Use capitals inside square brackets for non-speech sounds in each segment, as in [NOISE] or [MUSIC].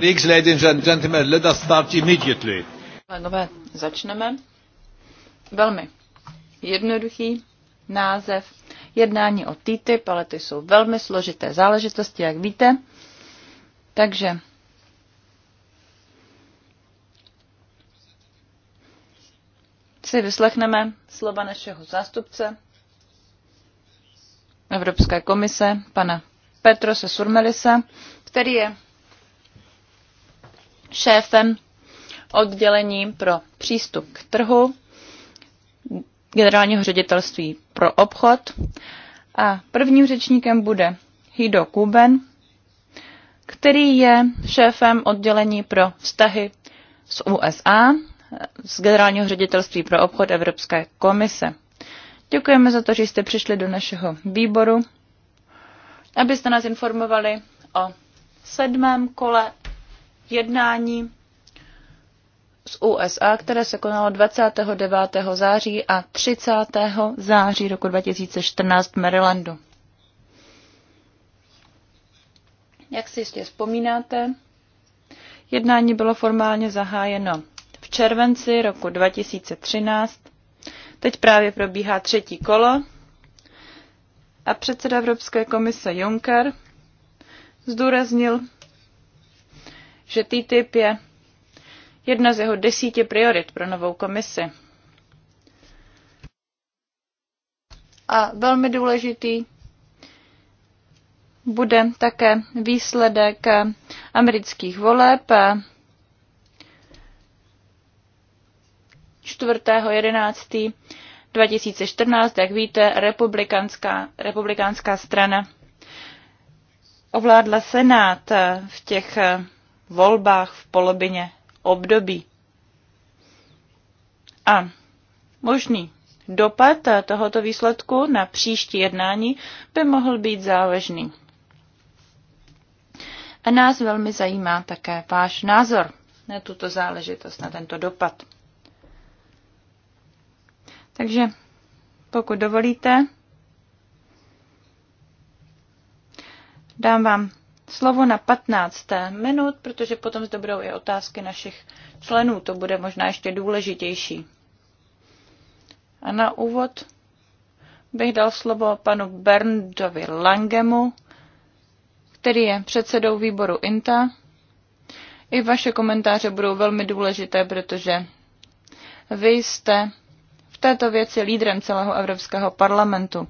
Colleagues, ladies and gentlemen, let us start immediately. začneme. Velmi jednoduchý název. Jednání o TTIP, ale ty jsou velmi složité záležitosti, jak víte. Takže si vyslechneme slova našeho zástupce Evropské komise, pana Petrose Surmelise, který je šéfem oddělení pro přístup k trhu generálního ředitelství pro obchod. A prvním řečníkem bude Hido Kuben, který je šéfem oddělení pro vztahy z USA z generálního ředitelství pro obchod Evropské komise. Děkujeme za to, že jste přišli do našeho výboru, abyste nás informovali o sedmém kole jednání z USA, které se konalo 29. září a 30. září roku 2014 v Marylandu. Jak si jistě vzpomínáte, jednání bylo formálně zahájeno v červenci roku 2013. Teď právě probíhá třetí kolo a předseda Evropské komise Juncker zdůraznil že TTIP je jedna z jeho desíti priorit pro novou komisi. A velmi důležitý bude také výsledek amerických voleb 4.11.2014, jak víte, republikánská, republikánská strana ovládla Senát v těch volbách v polovině období. A možný dopad tohoto výsledku na příští jednání by mohl být závažný. A nás velmi zajímá také váš názor na tuto záležitost, na tento dopad. Takže pokud dovolíte, dám vám slovo na 15 minut, protože potom zde budou i otázky našich členů. To bude možná ještě důležitější. A na úvod bych dal slovo panu Berndovi Langemu, který je předsedou výboru INTA. I vaše komentáře budou velmi důležité, protože vy jste této věci lídrem celého Evropského parlamentu.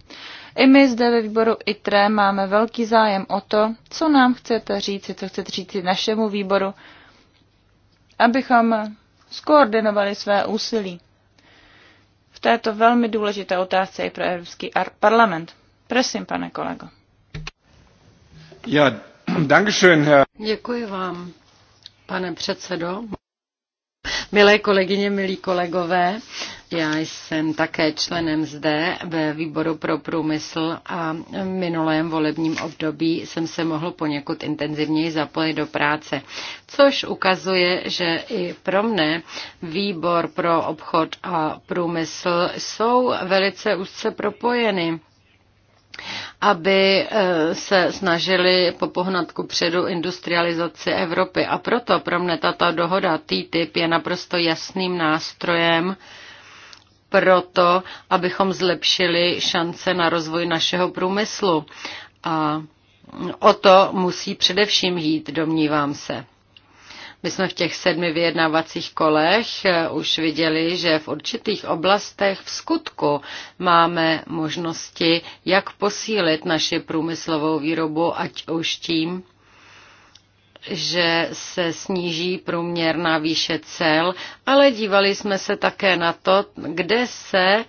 I my zde ve výboru ITRE máme velký zájem o to, co nám chcete říci, co chcete říci našemu výboru, abychom skoordinovali své úsilí v této velmi důležité otázce i pro Evropský parlament. Prosím, pane kolego. Ja, dankeschön, Herr. Děkuji vám, pane předsedo. Milé kolegyně, milí kolegové, já jsem také členem zde ve výboru pro průmysl a v minulém volebním období jsem se mohl poněkud intenzivněji zapojit do práce, což ukazuje, že i pro mne výbor pro obchod a průmysl jsou velice úzce propojeny aby eh, se snažili popohnat ku předu industrializaci Evropy. A proto pro mě tato dohoda TTIP je naprosto jasným nástrojem, proto, abychom zlepšili šance na rozvoj našeho průmyslu. A o to musí především jít, domnívám se. My jsme v těch sedmi vyjednávacích kolech eh, už viděli, že v určitých oblastech v skutku máme možnosti, jak posílit naši průmyslovou výrobu, ať už tím, že se sníží průměrná výše cel, ale dívali jsme se také na to, kde se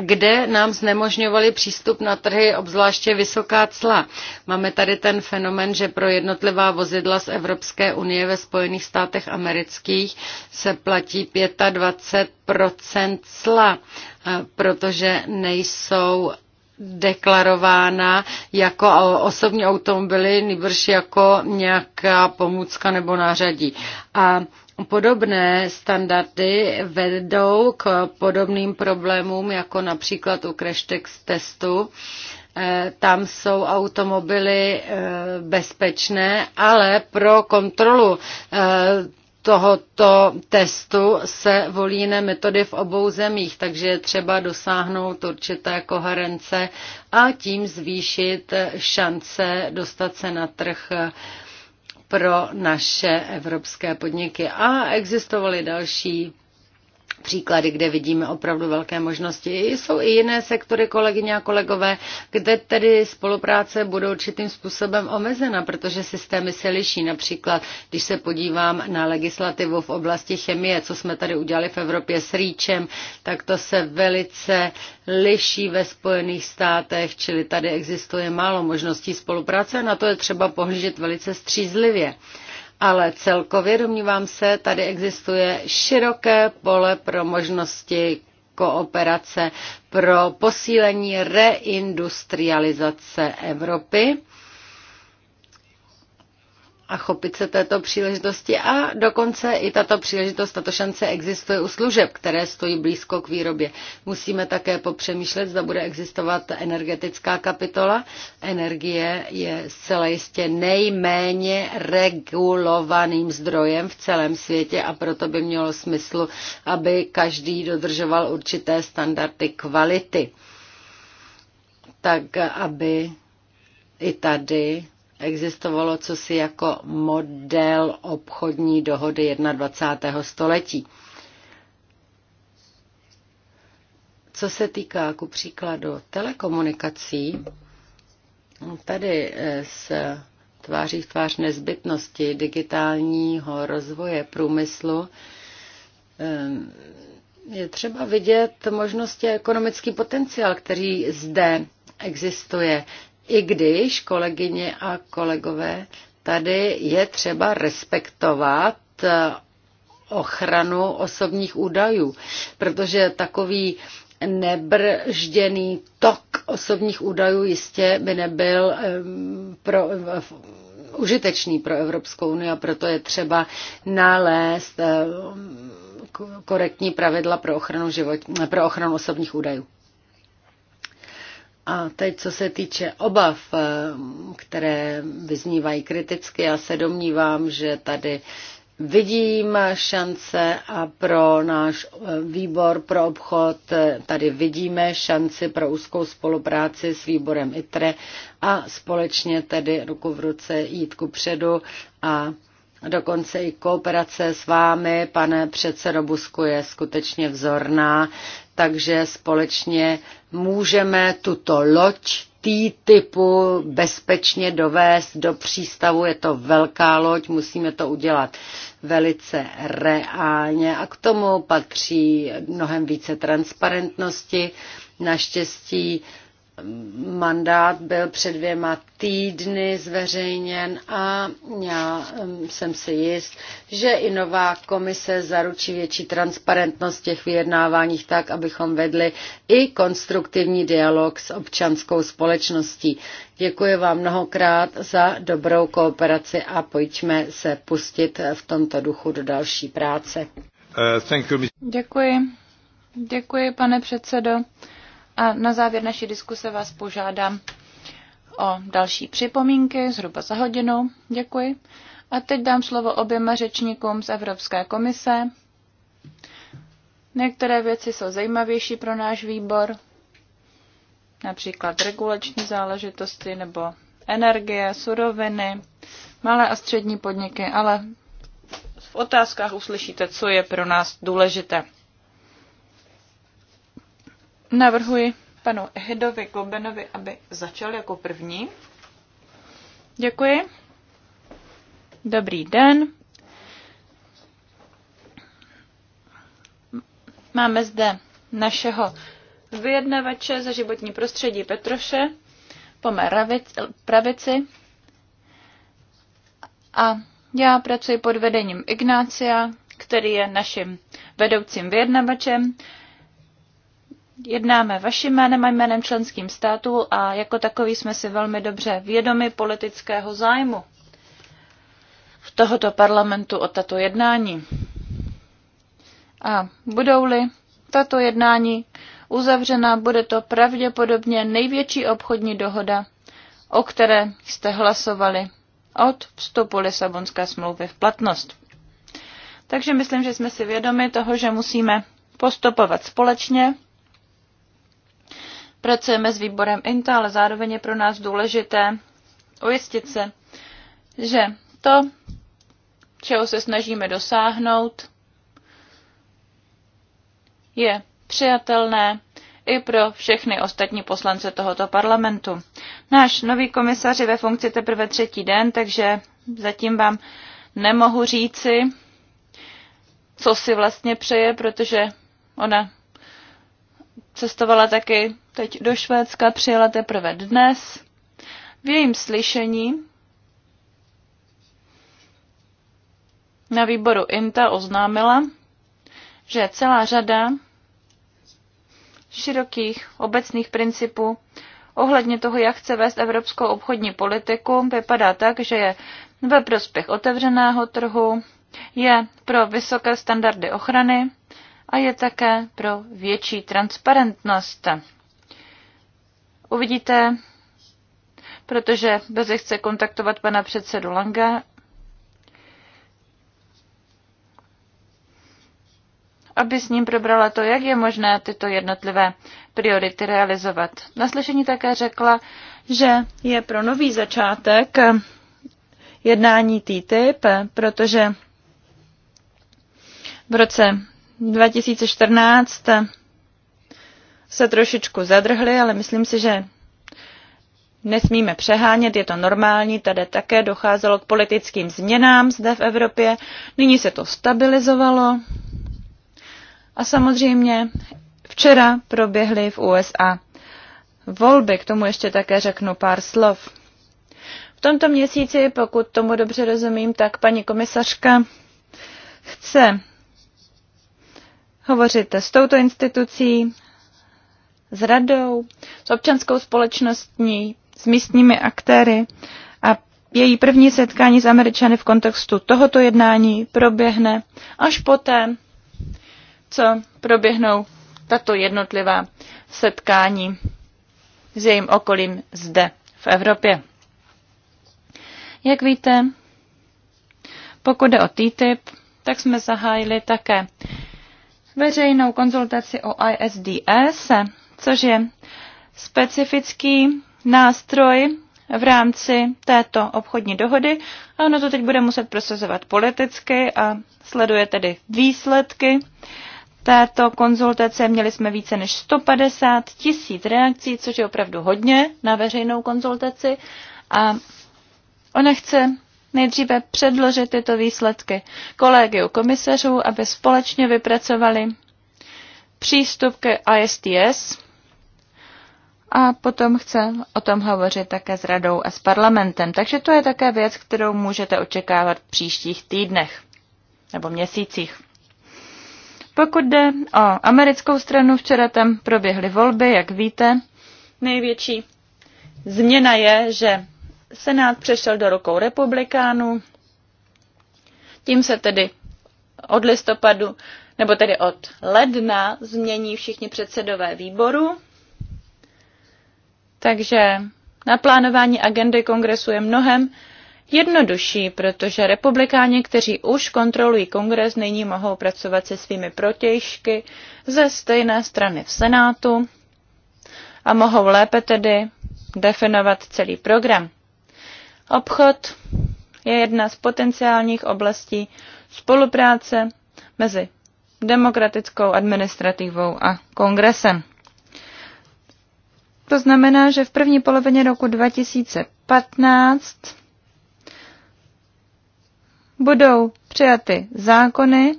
kde nám znemožňovali přístup na trhy obzvláště vysoká cla. Máme tady ten fenomen, že pro jednotlivá vozidla z Evropské unie ve Spojených státech amerických se platí 25 cla, eh, protože nejsou deklarována jako osobní automobily, nebož jako nějaká pomůcka nebo nářadí. A Podobné standardy vedou k podobným problémům, jako například u crash testu. Eh, tam jsou automobily eh, bezpečné, ale pro kontrolu eh, tohoto testu se volí jiné metody v obou zemích, takže je třeba dosáhnout určité koherence a tím zvýšit šance dostat se na trh pro naše evropské podniky. A existovaly další příklady, kde vidíme opravdu velké možnosti. Jsou i jiné sektory, kolegyně a kolegové, kde tedy spolupráce bude určitým způsobem omezena, protože systémy se liší. Například, když se podívám na legislativu v oblasti chemie, co jsme tady udělali v Evropě s Rýčem, tak to se velice liší ve Spojených státech, čili tady existuje málo možností spolupráce a na to je třeba pohlížet velice střízlivě ale celkově, domnívám se, tady existuje široké pole pro možnosti kooperace pro posílení reindustrializace Evropy a chopit se této příležitosti a dokonce i tato příležitost, tato šance existuje u služeb, které stojí blízko k výrobě. Musíme také popřemýšlet, zda bude existovat energetická kapitola. Energie je zcela jistě nejméně regulovaným zdrojem v celém světě a proto by mělo smysl, aby každý dodržoval určité standardy kvality. Tak aby i tady existovalo cosi jako model obchodní dohody 21. století. Co se týká ku příkladu telekomunikací, tady eh, s tváří v tvář nezbytnosti digitálního rozvoje průmyslu eh, je třeba vidět možnosti a ekonomický potenciál, který zde existuje. I když, kolegyně a kolegové, tady je třeba respektovat eh, ochranu osobních údajů, protože takový nebržděný tok osobních údajů jistě by nebyl pro, užitečný pro Evropskou unii a proto je třeba nalézt eh, korektní pravidla pro ochranu, život, pro ochranu osobních údajů. A teď, co se týče obav, eh, které vyznívají kriticky, já se domnívám, že tady vidím šance a pro náš eh, výbor pro obchod eh, tady vidíme šanci pro úzkou spolupráci s výborem ITRE a společně tedy ruku v ruce jít ku předu a dokonce i kooperace s vámi, pane předsedo Busku, je skutečně vzorná takže společně můžeme tuto loď T-typu bezpečně dovést do přístavu. Je to velká loď, musíme to udělat velice reálně a k tomu patří mnohem více transparentnosti. Naštěstí mandát byl před dvěma týdny zveřejněn a já jsem si jist, že i nová komise zaručí větší transparentnost těch vyjednáváních tak, abychom vedli i konstruktivní dialog s občanskou společností. Děkuji vám mnohokrát za dobrou kooperaci a pojďme se pustit v tomto duchu do další práce. Uh, Děkuji. Děkuji, pane předsedo. A na závěr naší diskuse vás požádám o další připomínky, zhruba za hodinu. Děkuji. A teď dám slovo oběma řečníkům z Evropské komise. Některé věci jsou zajímavější pro náš výbor, například regulační záležitosti nebo energie, suroviny, malé a střední podniky, ale v otázkách uslyšíte, co je pro nás důležité. Navrhuji panu Hedovi Gobenovi, aby začal jako první. Děkuji. Dobrý den. Máme zde našeho vyjednavače za životní prostředí Petroše po mé pravici. A já pracuji pod vedením Ignácia, který je naším vedoucím vyjednavačem jednáme vaším jménem a jménem členským států a jako takový jsme si velmi dobře vědomi politického zájmu v tohoto parlamentu o tato jednání. A budou-li tato jednání uzavřena, bude to pravděpodobně největší obchodní dohoda, o které jste hlasovali od vstupu Lisabonské smlouvy v platnost. Takže myslím, že jsme si vědomi toho, že musíme postupovat společně Pracujeme s výborem INTA, ale zároveň je pro nás důležité ujistit se, že to, čeho se snažíme dosáhnout, je přijatelné i pro všechny ostatní poslance tohoto parlamentu. Náš nový komisař je ve funkci teprve třetí den, takže zatím vám nemohu říci, co si vlastně přeje, protože ona cestovala taky teď do Švédska, přijela teprve dnes. V jejím slyšení na výboru INTA oznámila, že celá řada širokých obecných principů ohledně toho, jak chce vést evropskou obchodní politiku, vypadá tak, že je ve prospěch otevřeného trhu, je pro vysoké standardy ochrany a je také pro větší transparentnost. Uvidíte, protože Bezek chce kontaktovat pana předsedu Lange, aby s ním probrala to, jak je možné tyto jednotlivé priority realizovat. Na slyšení také řekla, že je pro nový začátek jednání TTIP, protože v roce 2014 se trošičku zadrhli, ale myslím si, že nesmíme přehánět, je to normální, tady také docházelo k politickým změnám zde v Evropě, nyní se to stabilizovalo a samozřejmě včera proběhly v USA volby, k tomu ještě také řeknu pár slov. V tomto měsíci, pokud tomu dobře rozumím, tak paní komisařka chce hovořit s touto institucí, s radou, s občanskou společností, s místními aktéry a její první setkání s Američany v kontextu tohoto jednání proběhne až poté, co proběhnou tato jednotlivá setkání s jejím okolím zde v Evropě. Jak víte, pokud jde o TTIP, tak jsme zahájili také veřejnou konzultaci o ISDS což je specifický nástroj v rámci této obchodní dohody a ono to teď bude muset prosazovat politicky a sleduje tedy výsledky této konzultace. Měli jsme více než 150 tisíc reakcí, což je opravdu hodně na veřejnou konzultaci a ona chce nejdříve předložit tyto výsledky kolegiu komisařů, aby společně vypracovali přístup ke ISTS, a potom chce o tom hovořit také s radou a s parlamentem. Takže to je také věc, kterou můžete očekávat v příštích týdnech nebo měsících. Pokud jde o americkou stranu, včera tam proběhly volby, jak víte. Největší změna je, že Senát přešel do rukou republikánů. Tím se tedy od listopadu, nebo tedy od ledna, změní všichni předsedové výboru takže naplánování agendy kongresu je mnohem jednodušší, protože republikáni, kteří už kontrolují kongres, nyní mohou pracovat se svými protějšky ze stejné strany v Senátu a mohou lépe tedy definovat celý program. Obchod je jedna z potenciálních oblastí spolupráce mezi demokratickou administrativou a kongresem. To znamená, že v první polovině roku 2015 budou přijaty zákony,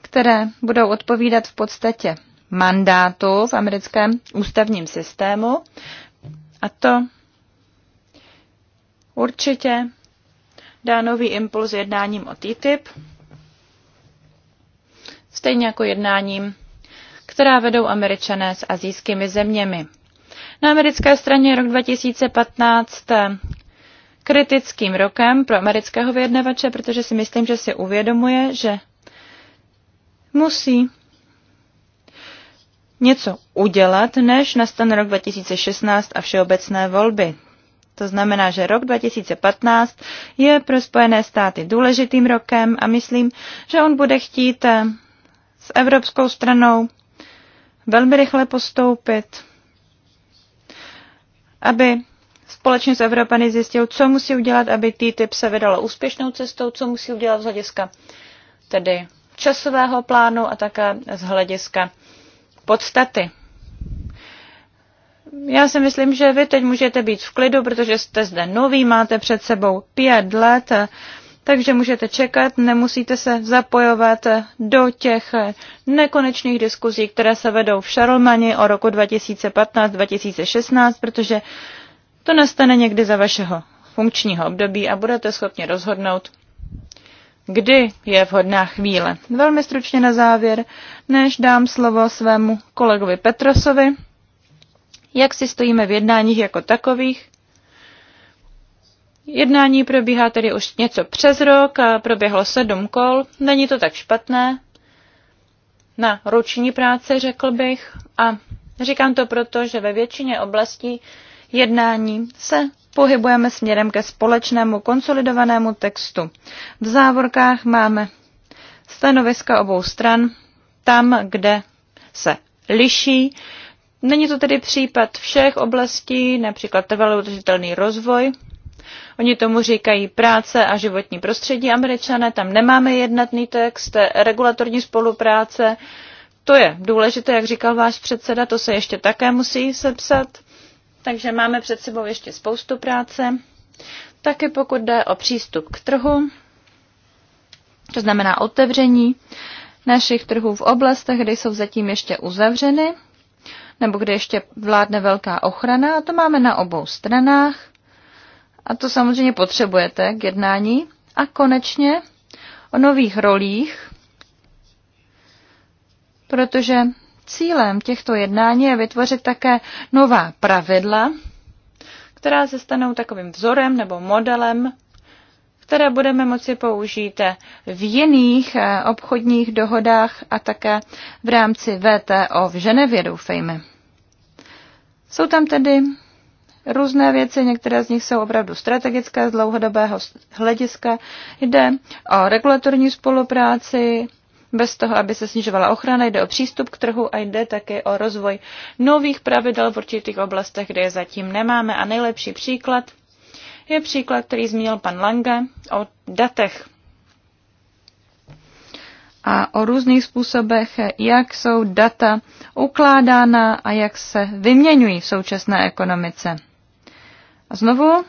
které budou odpovídat v podstatě mandátu v americkém ústavním systému. A to určitě dá nový impuls jednáním o TTIP, stejně jako jednáním která vedou američané s azijskými zeměmi. Na americké straně rok 2015 eh, kritickým rokem pro amerického vyjednavače, protože si myslím, že si uvědomuje, že musí něco udělat, než nastane rok 2016 a všeobecné volby. To znamená, že rok 2015 je pro Spojené státy důležitým rokem a myslím, že on bude chtít eh, s evropskou stranou velmi rychle postoupit, aby společně s Evropany zjistil, co musí udělat, aby TTIP se vydalo úspěšnou cestou, co musí udělat z hlediska tedy časového plánu a také z hlediska podstaty. Já si myslím, že vy teď můžete být v klidu, protože jste zde noví, máte před sebou pět let. A takže můžete čekat, nemusíte se zapojovat do těch nekonečných diskuzí, které se vedou v Šarlmani o roku 2015-2016, protože to nastane někdy za vašeho funkčního období a budete schopni rozhodnout, kdy je vhodná chvíle. Velmi stručně na závěr, než dám slovo svému kolegovi Petrosovi, jak si stojíme v jednáních jako takových, Jednání probíhá tedy už něco přes rok a proběhlo sedm kol. Není to tak špatné. Na ruční práci, řekl bych. A říkám to proto, že ve většině oblastí jednání se pohybujeme směrem ke společnému konsolidovanému textu. V závorkách máme stanoviska obou stran, tam, kde se liší. Není to tedy případ všech oblastí, například trvalý udržitelný rozvoj, Oni tomu říkají práce a životní prostředí američané, tam nemáme jednotný text, regulatorní spolupráce, to je důležité, jak říkal váš předseda, to se ještě také musí sepsat, takže máme před sebou ještě spoustu práce. Taky pokud jde o přístup k trhu, to znamená otevření našich trhů v oblastech, kde jsou zatím ještě uzavřeny, nebo kde ještě vládne velká ochrana, a to máme na obou stranách a to samozřejmě potřebujete k jednání. A konečně o nových rolích, protože cílem těchto jednání je vytvořit také nová pravidla, která se stanou takovým vzorem nebo modelem, které budeme moci použít v jiných eh, obchodních dohodách a také v rámci VTO v Ženevě, doufejme. Jsou tam tedy různé věci, některé z nich jsou opravdu strategické z dlouhodobého hlediska. Jde o regulatorní spolupráci, bez toho, aby se snižovala ochrana, jde o přístup k trhu a jde také o rozvoj nových pravidel v určitých oblastech, kde je zatím nemáme. A nejlepší příklad je příklad, který zmínil pan Lange o datech a o různých způsobech, jak jsou data ukládána a jak se vyměňují v současné ekonomice. A znovu,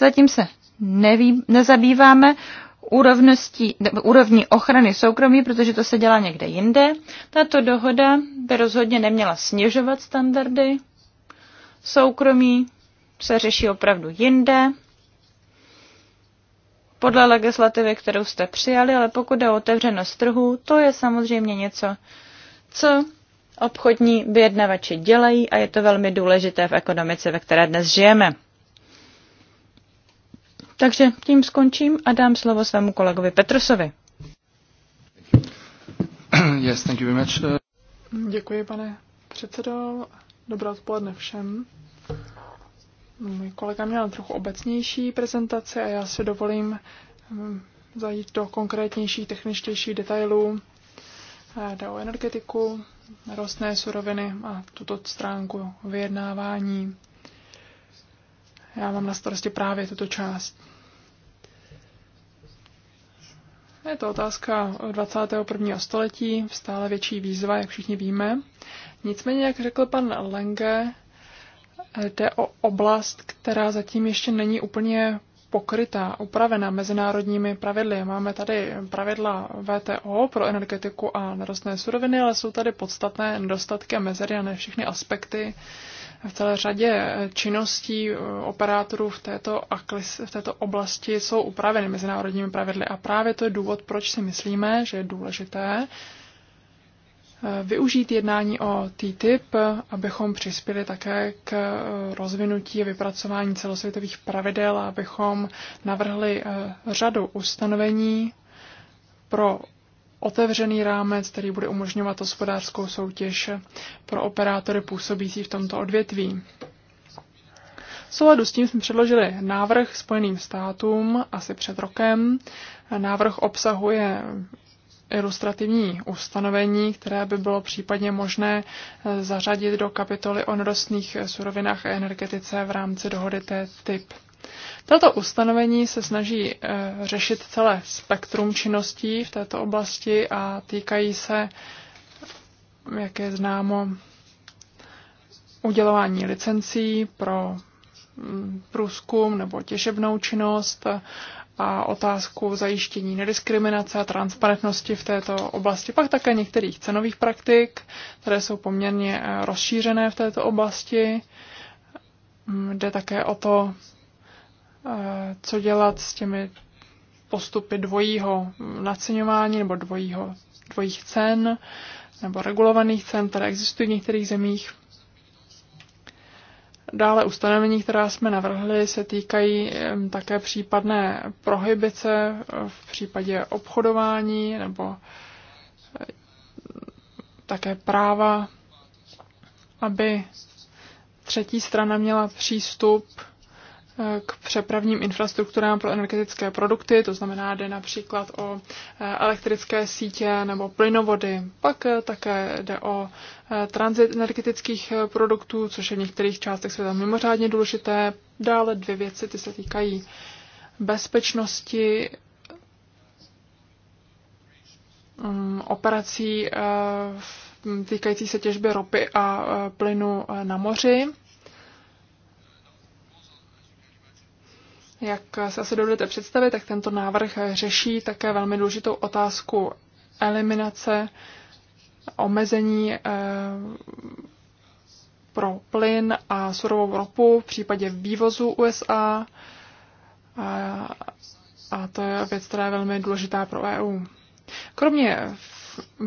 zatím se neví, nezabýváme úrovností, úrovní ochrany soukromí, protože to se dělá někde jinde. Tato dohoda by rozhodně neměla snižovat standardy. Soukromí se řeší opravdu jinde podle legislativy, kterou jste přijali, ale pokud je otevřenost trhu, to je samozřejmě něco, co obchodní vyjednavači dělají a je to velmi důležité v ekonomice, ve které dnes žijeme. Takže tím skončím a dám slovo svému kolegovi Petrosovi. [CLEARS THROAT] Yes, thank you very much. Děkuji, pane předsedo. Dobré odpoledne všem. Můj kolega měl trochu obecnější prezentaci a já si dovolím hm, zajít do konkrétnějších, techničtějších detailů. Eh, jde o energetiku, rostné suroviny a tuto stránku vyjednávání. Já mám na starosti právě tuto část. Je to otázka 21. století, stále větší výzva, jak všichni víme. Nicméně, jak řekl pan Lenge, jde o oblast, která zatím ještě není úplně pokrytá, upravená mezinárodními pravidly. Máme tady pravidla VTO pro energetiku a nerostné suroviny, ale jsou tady podstatné nedostatky a mezery a ne všechny aspekty v celé řadě činností eh, operátorů v této, v této oblasti jsou upraveny mezinárodními pravidly. A právě to je důvod, proč si myslíme, že je důležité využít jednání o TTIP, abychom přispěli také k rozvinutí a vypracování celosvětových pravidel a abychom navrhli eh, řadu ustanovení pro otevřený rámec, který bude umožňovat hospodářskou soutěž pro operátory působící v tomto odvětví. V souladu s tím jsme předložili návrh Spojeným státům asi před rokem. Návrh obsahuje ilustrativní ustanovení, které by bylo případně možné eh, zařadit do kapitoly o nerostných surovinách a energetice v rámci dohody té typ Tato ustanovení se snaží eh, řešit celé spektrum činností v této oblasti a týkají se, jak je známo, udělování licencí pro mm, průzkum nebo těžebnou činnost, a otázku zajištění nediskriminace a transparentnosti v této oblasti. Pak také některých cenových praktik, které jsou poměrně eh, rozšířené v této oblasti. Mm, jde také o to, eh, co dělat s těmi postupy dvojího naceňování nebo dvojího, dvojích cen nebo regulovaných cen, které existují v některých zemích. Dále ustanovení, která jsme navrhli, se týkají také případné prohybice v případě obchodování nebo eh, také práva, aby třetí strana měla přístup k přepravním infrastrukturám pro energetické produkty, to znamená, jde například o eh, elektrické sítě nebo plynovody. Pak eh, také jde o eh, transit energetických produktů, což je v některých částech světa mimořádně důležité. Dále dvě věci, ty se týkají bezpečnosti mm, operací týkající se těžby ropy a plynu na moři. Jak se asi dovedete představit, tak tento návrh řeší také velmi důležitou otázku eliminace, omezení eh, pro plyn a surovou ropu v případě vývozu USA. A to je věc, která je velmi důležitá pro EU. Kromě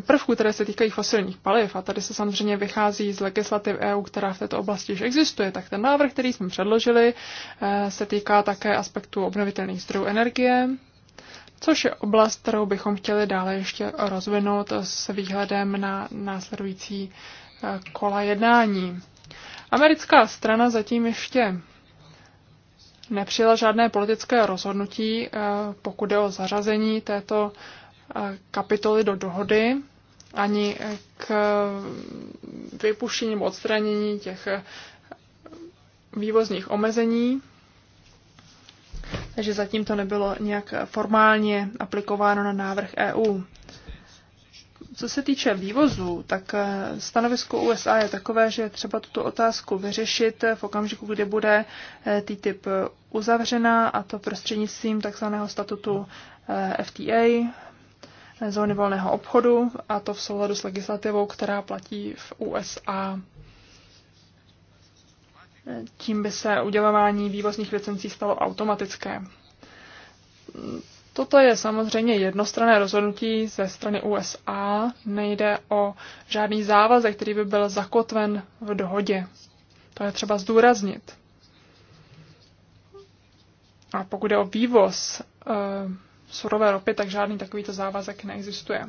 prvků, které se týkají fosilních paliv, a tady se samozřejmě vychází z legislativ EU, která v této oblasti již existuje, tak ten návrh, který jsme předložili, eh, se týká také aspektu obnovitelných zdrojů energie, což je oblast, kterou bychom chtěli dále ještě rozvinout s výhledem na následující eh, kola jednání. Americká strana zatím ještě nepřijala žádné politické rozhodnutí, eh, pokud je o zařazení této kapitoly do dohody, ani k vypuštění nebo odstranění těch vývozních omezení. Takže zatím to nebylo nějak formálně aplikováno na návrh EU. Co se týče vývozu, tak stanovisko USA je takové, že je třeba tuto otázku vyřešit v okamžiku, kdy bude TTIP uzavřena, a to prostřednictvím takzvaného statutu FTA, zóny volného obchodu, a to v souladu s legislativou, která platí v USA. Tím by se udělování vývozních licencí stalo automatické. Toto je samozřejmě jednostranné rozhodnutí ze strany USA. Nejde o žádný závazek, který by byl zakotven v dohodě. To je třeba zdůraznit. A pokud je o vývoz eh, surové ropy, tak žádný takovýto závazek neexistuje.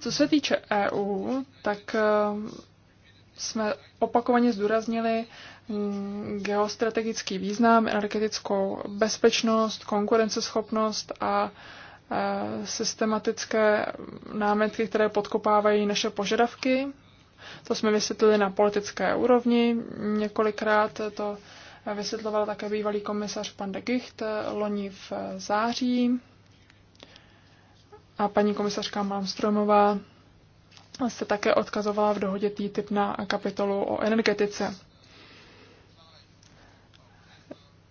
Co se týče EU, tak eh, jsme opakovaně zdůraznili mm, geostrategický význam, energetickou bezpečnost, konkurenceschopnost a eh, systematické námětky, které podkopávají naše požadavky. To jsme vysvětlili na politické úrovni několikrát. To vysvětloval také bývalý komisař pan de Gicht eh, loni v eh, září. A paní komisařka Malmströmová se také odkazovala v dohodě TTIP na kapitolu o energetice.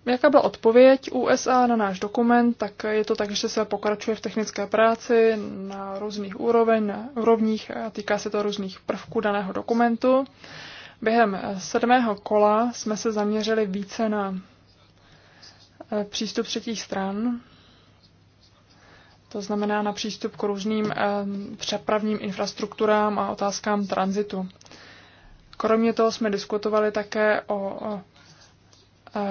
Jaká byla odpověď USA na náš dokument, tak je to tak, že se pokračuje v technické práci na různých úroveň, na úrovních a týká se to různých prvků daného dokumentu. Během eh, sedmého kola jsme se zaměřili více na eh, přístup třetích stran, to znamená na přístup k různým eh, přepravním infrastrukturám a otázkám tranzitu. Kromě toho jsme diskutovali také o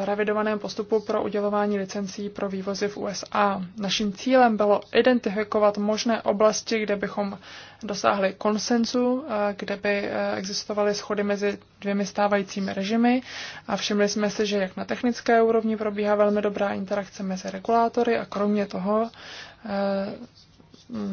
revidovaném postupu pro udělování licencí pro vývozy v USA. Naším cílem bylo identifikovat možné oblasti, kde bychom dosáhli konsenzu, eh, kde by eh, existovaly schody mezi dvěmi stávajícími režimy a všimli jsme si, že jak na technické úrovni probíhá velmi dobrá interakce mezi regulátory a kromě toho eh,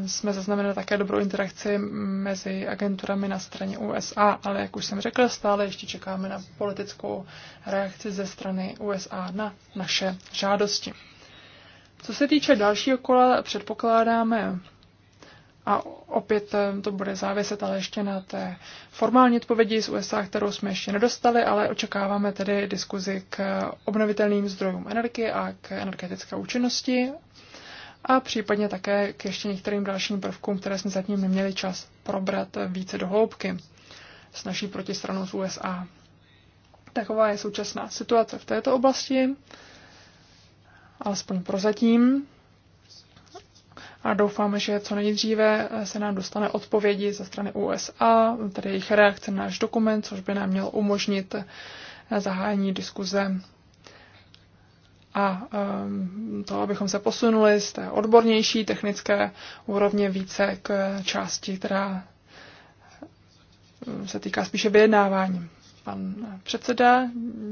jsme zaznamenali také dobrou interakci mezi agenturami na straně USA, ale jak už jsem řekl, stále ještě čekáme na politickou reakci ze strany USA na naše žádosti. Co se týče dalšího kola, předpokládáme, a opět eh, to bude záviset ale ještě na té formální odpovědi z USA, kterou jsme ještě nedostali, ale očekáváme tedy diskuzi k obnovitelným zdrojům energie a k energetické účinnosti a případně také k ještě některým dalším prvkům, které jsme zatím neměli čas probrat více do hloubky s naší protistranou z USA. Taková je současná situace v této oblasti, alespoň prozatím. A doufáme, že co nejdříve se nám dostane odpovědi ze strany USA, tedy jejich reakce na náš dokument, což by nám mělo umožnit zahájení diskuze a ehm, to, abychom se posunuli z té odbornější technické úrovně více k části, která ehm, se týká spíše vyjednávání. Pan předseda,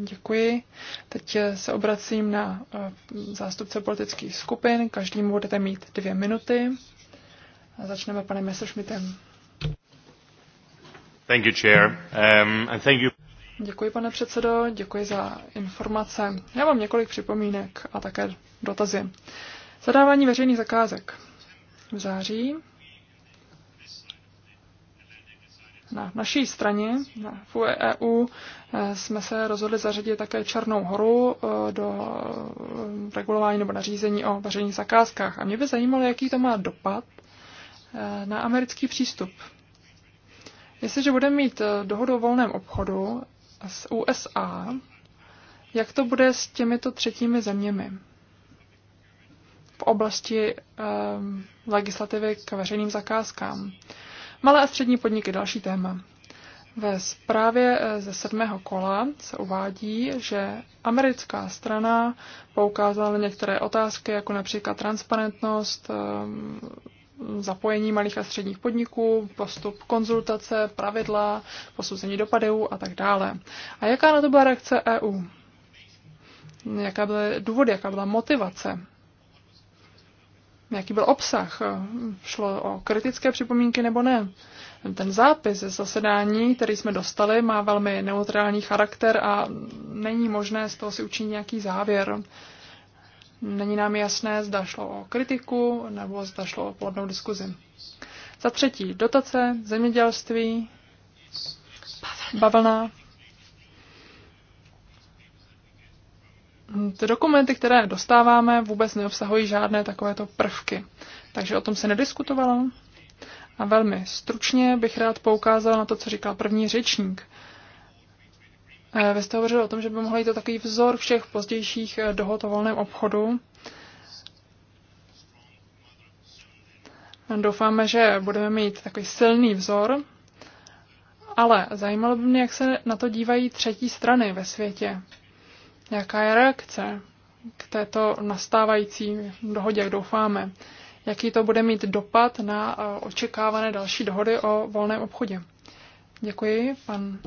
děkuji. Teď se obracím na ehm, zástupce politických skupin. Každému budete mít dvě minuty. A začneme panem Messerschmittem. Thank you, Chair. Um, and thank you. Děkuji, pane předsedo, děkuji za informace. Já mám několik připomínek a také dotazy. Zadávání veřejných zakázek. V září na naší straně, na FUEU, e jsme se rozhodli zařadit také Černou horu eh, do eh, regulování nebo nařízení o veřejných zakázkách. A mě by zajímalo, jaký to má dopad eh, na americký přístup. Jestliže budeme mít dohodu o volném obchodu, z USA, jak to bude s těmito třetími zeměmi v oblasti um, legislativy k veřejným zakázkám. Malé a střední podniky, další téma. Ve zprávě eh, ze sedmého kola se uvádí, že americká strana poukázala na některé otázky, jako například transparentnost, ehm, zapojení malých a středních podniků, postup konzultace, pravidla, posouzení dopadů a tak dále. A jaká na to byla reakce EU? Jaká byly důvody, jaká byla motivace? Jaký byl obsah? Šlo o kritické připomínky nebo ne? Ten zápis ze zasedání, který jsme dostali, má velmi neutrální charakter a není možné z toho si učinit nějaký závěr. Není nám jasné, zda šlo o kritiku nebo zda šlo o plodnou diskuzi. Za třetí, dotace, zemědělství, bavlna. Ty dokumenty, které dostáváme, vůbec neobsahují žádné takovéto prvky. Takže o tom se nediskutovalo. A velmi stručně bych rád poukázal na to, co říkal první řečník. Eh, vy jste hovořil o tom, že by mohl jít o takový vzor všech pozdějších eh, dohod o volném obchodu. Doufáme, že budeme mít takový silný vzor, ale zajímalo by mě, jak se na to dívají třetí strany ve světě. Jaká je reakce k této nastávající dohodě, jak doufáme? Jaký to bude mít dopad na eh, očekávané další dohody o volném obchodě? Děkuji, pan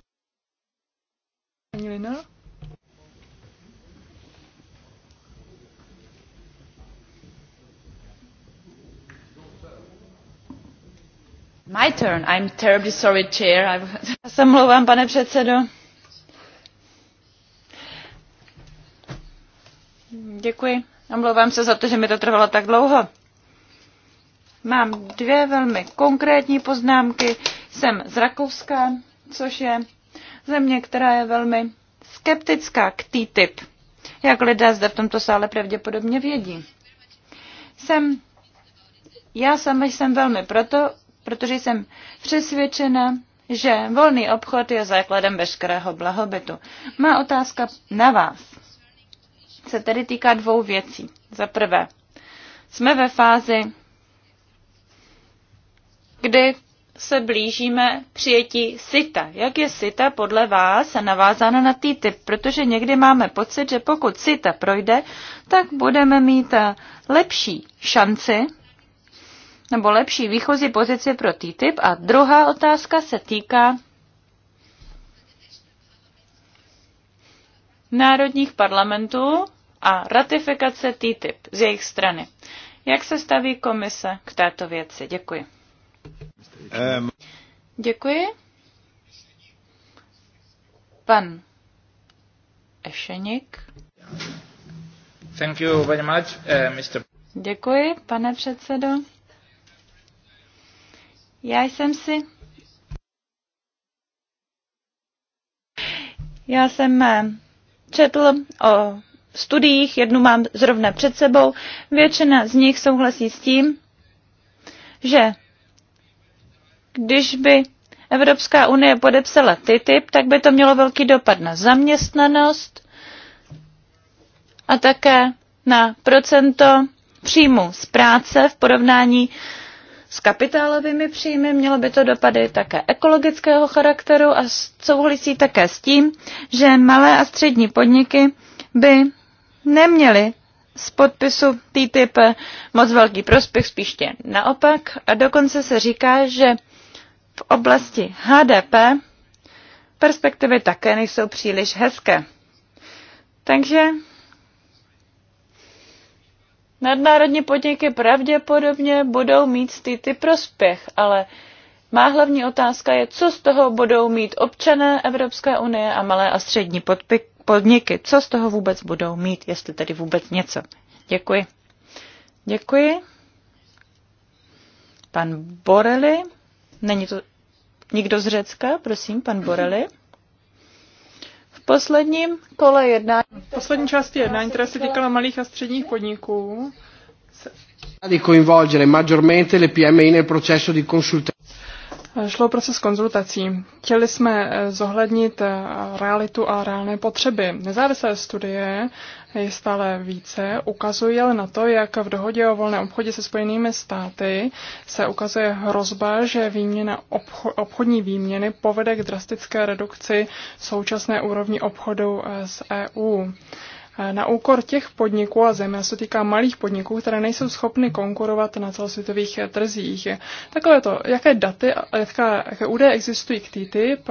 Paní Lina? My turn. I'm terribly sorry, chair. Já se mluvám, pane předsedo. Děkuji. Omlouvám se za to, že mi to trvalo tak dlouho. Mám dvě velmi konkrétní poznámky. Jsem z Rakouska, což je země, která je velmi skeptická k TTIP, jak lidé zde v tomto sále pravděpodobně vědí. Jsem, já sama jsem velmi proto, protože jsem přesvědčena, že volný obchod je základem veškerého blahobytu. Má otázka na vás se tedy týká dvou věcí. Za prvé, jsme ve fázi, kdy se blížíme přijetí SITA. Jak je SITA podle vás navázána na TTIP? Protože někdy máme pocit, že pokud SITA projde, tak budeme mít eh, lepší šanci nebo lepší výchozí pozici pro TTIP. A druhá otázka se týká národních parlamentů a ratifikace TTIP z jejich strany. Jak se staví komise k této věci? Děkuji. Ehm. Děkuji. Pan Ešenik. Thank you very much, uh, eh, Mr. Děkuji, pane předsedo. Já jsem si Já jsem eh, četl o studiích, jednu mám zrovna před sebou. Většina z nich souhlasí s tím, že když by Evropská unie podepsala TTIP, tak by to mělo velký dopad na zaměstnanost a také na procento příjmu z práce v porovnání s kapitálovými příjmy. Mělo by to dopady také ekologického charakteru a souhlasí také s tím, že malé a střední podniky by neměly z podpisu TTIP moc velký prospěch, spíště naopak. A dokonce se říká, že v oblasti HDP perspektivy také nejsou příliš hezké. Takže nadnárodní podniky pravděpodobně budou mít z ty prospěch, ale má hlavní otázka je, co z toho budou mít občané Evropské unie a malé a střední podniky. Co z toho vůbec budou mít, jestli tedy vůbec něco. Děkuji. Děkuji. Pan Borely. Není to nikdo z Řecka? Prosím, pan Borely. V posledním kole jednání... V poslední části jednání, která se týkala malých a středních podniků, di coinvolgere maggiormente le PMI e nel processo di consultazione. Šlo proces konzultací. Chtěli jsme eh, zohlednit eh, realitu a reálné potřeby. Nezávislé studie je stále více, ukazuje ale na to, jak v dohodě o volném obchodě se Spojenými státy se ukazuje hrozba, že výměna obcho- obchodní výměny povede k drastické redukci současné úrovni obchodu eh, s EU eh, na úkor těch podniků, a země se týká malých podniků, které nejsou schopny konkurovat na celosvětových eh, trzích. Takové to, jaké daty, jaké, jaké údaje existují k TTIP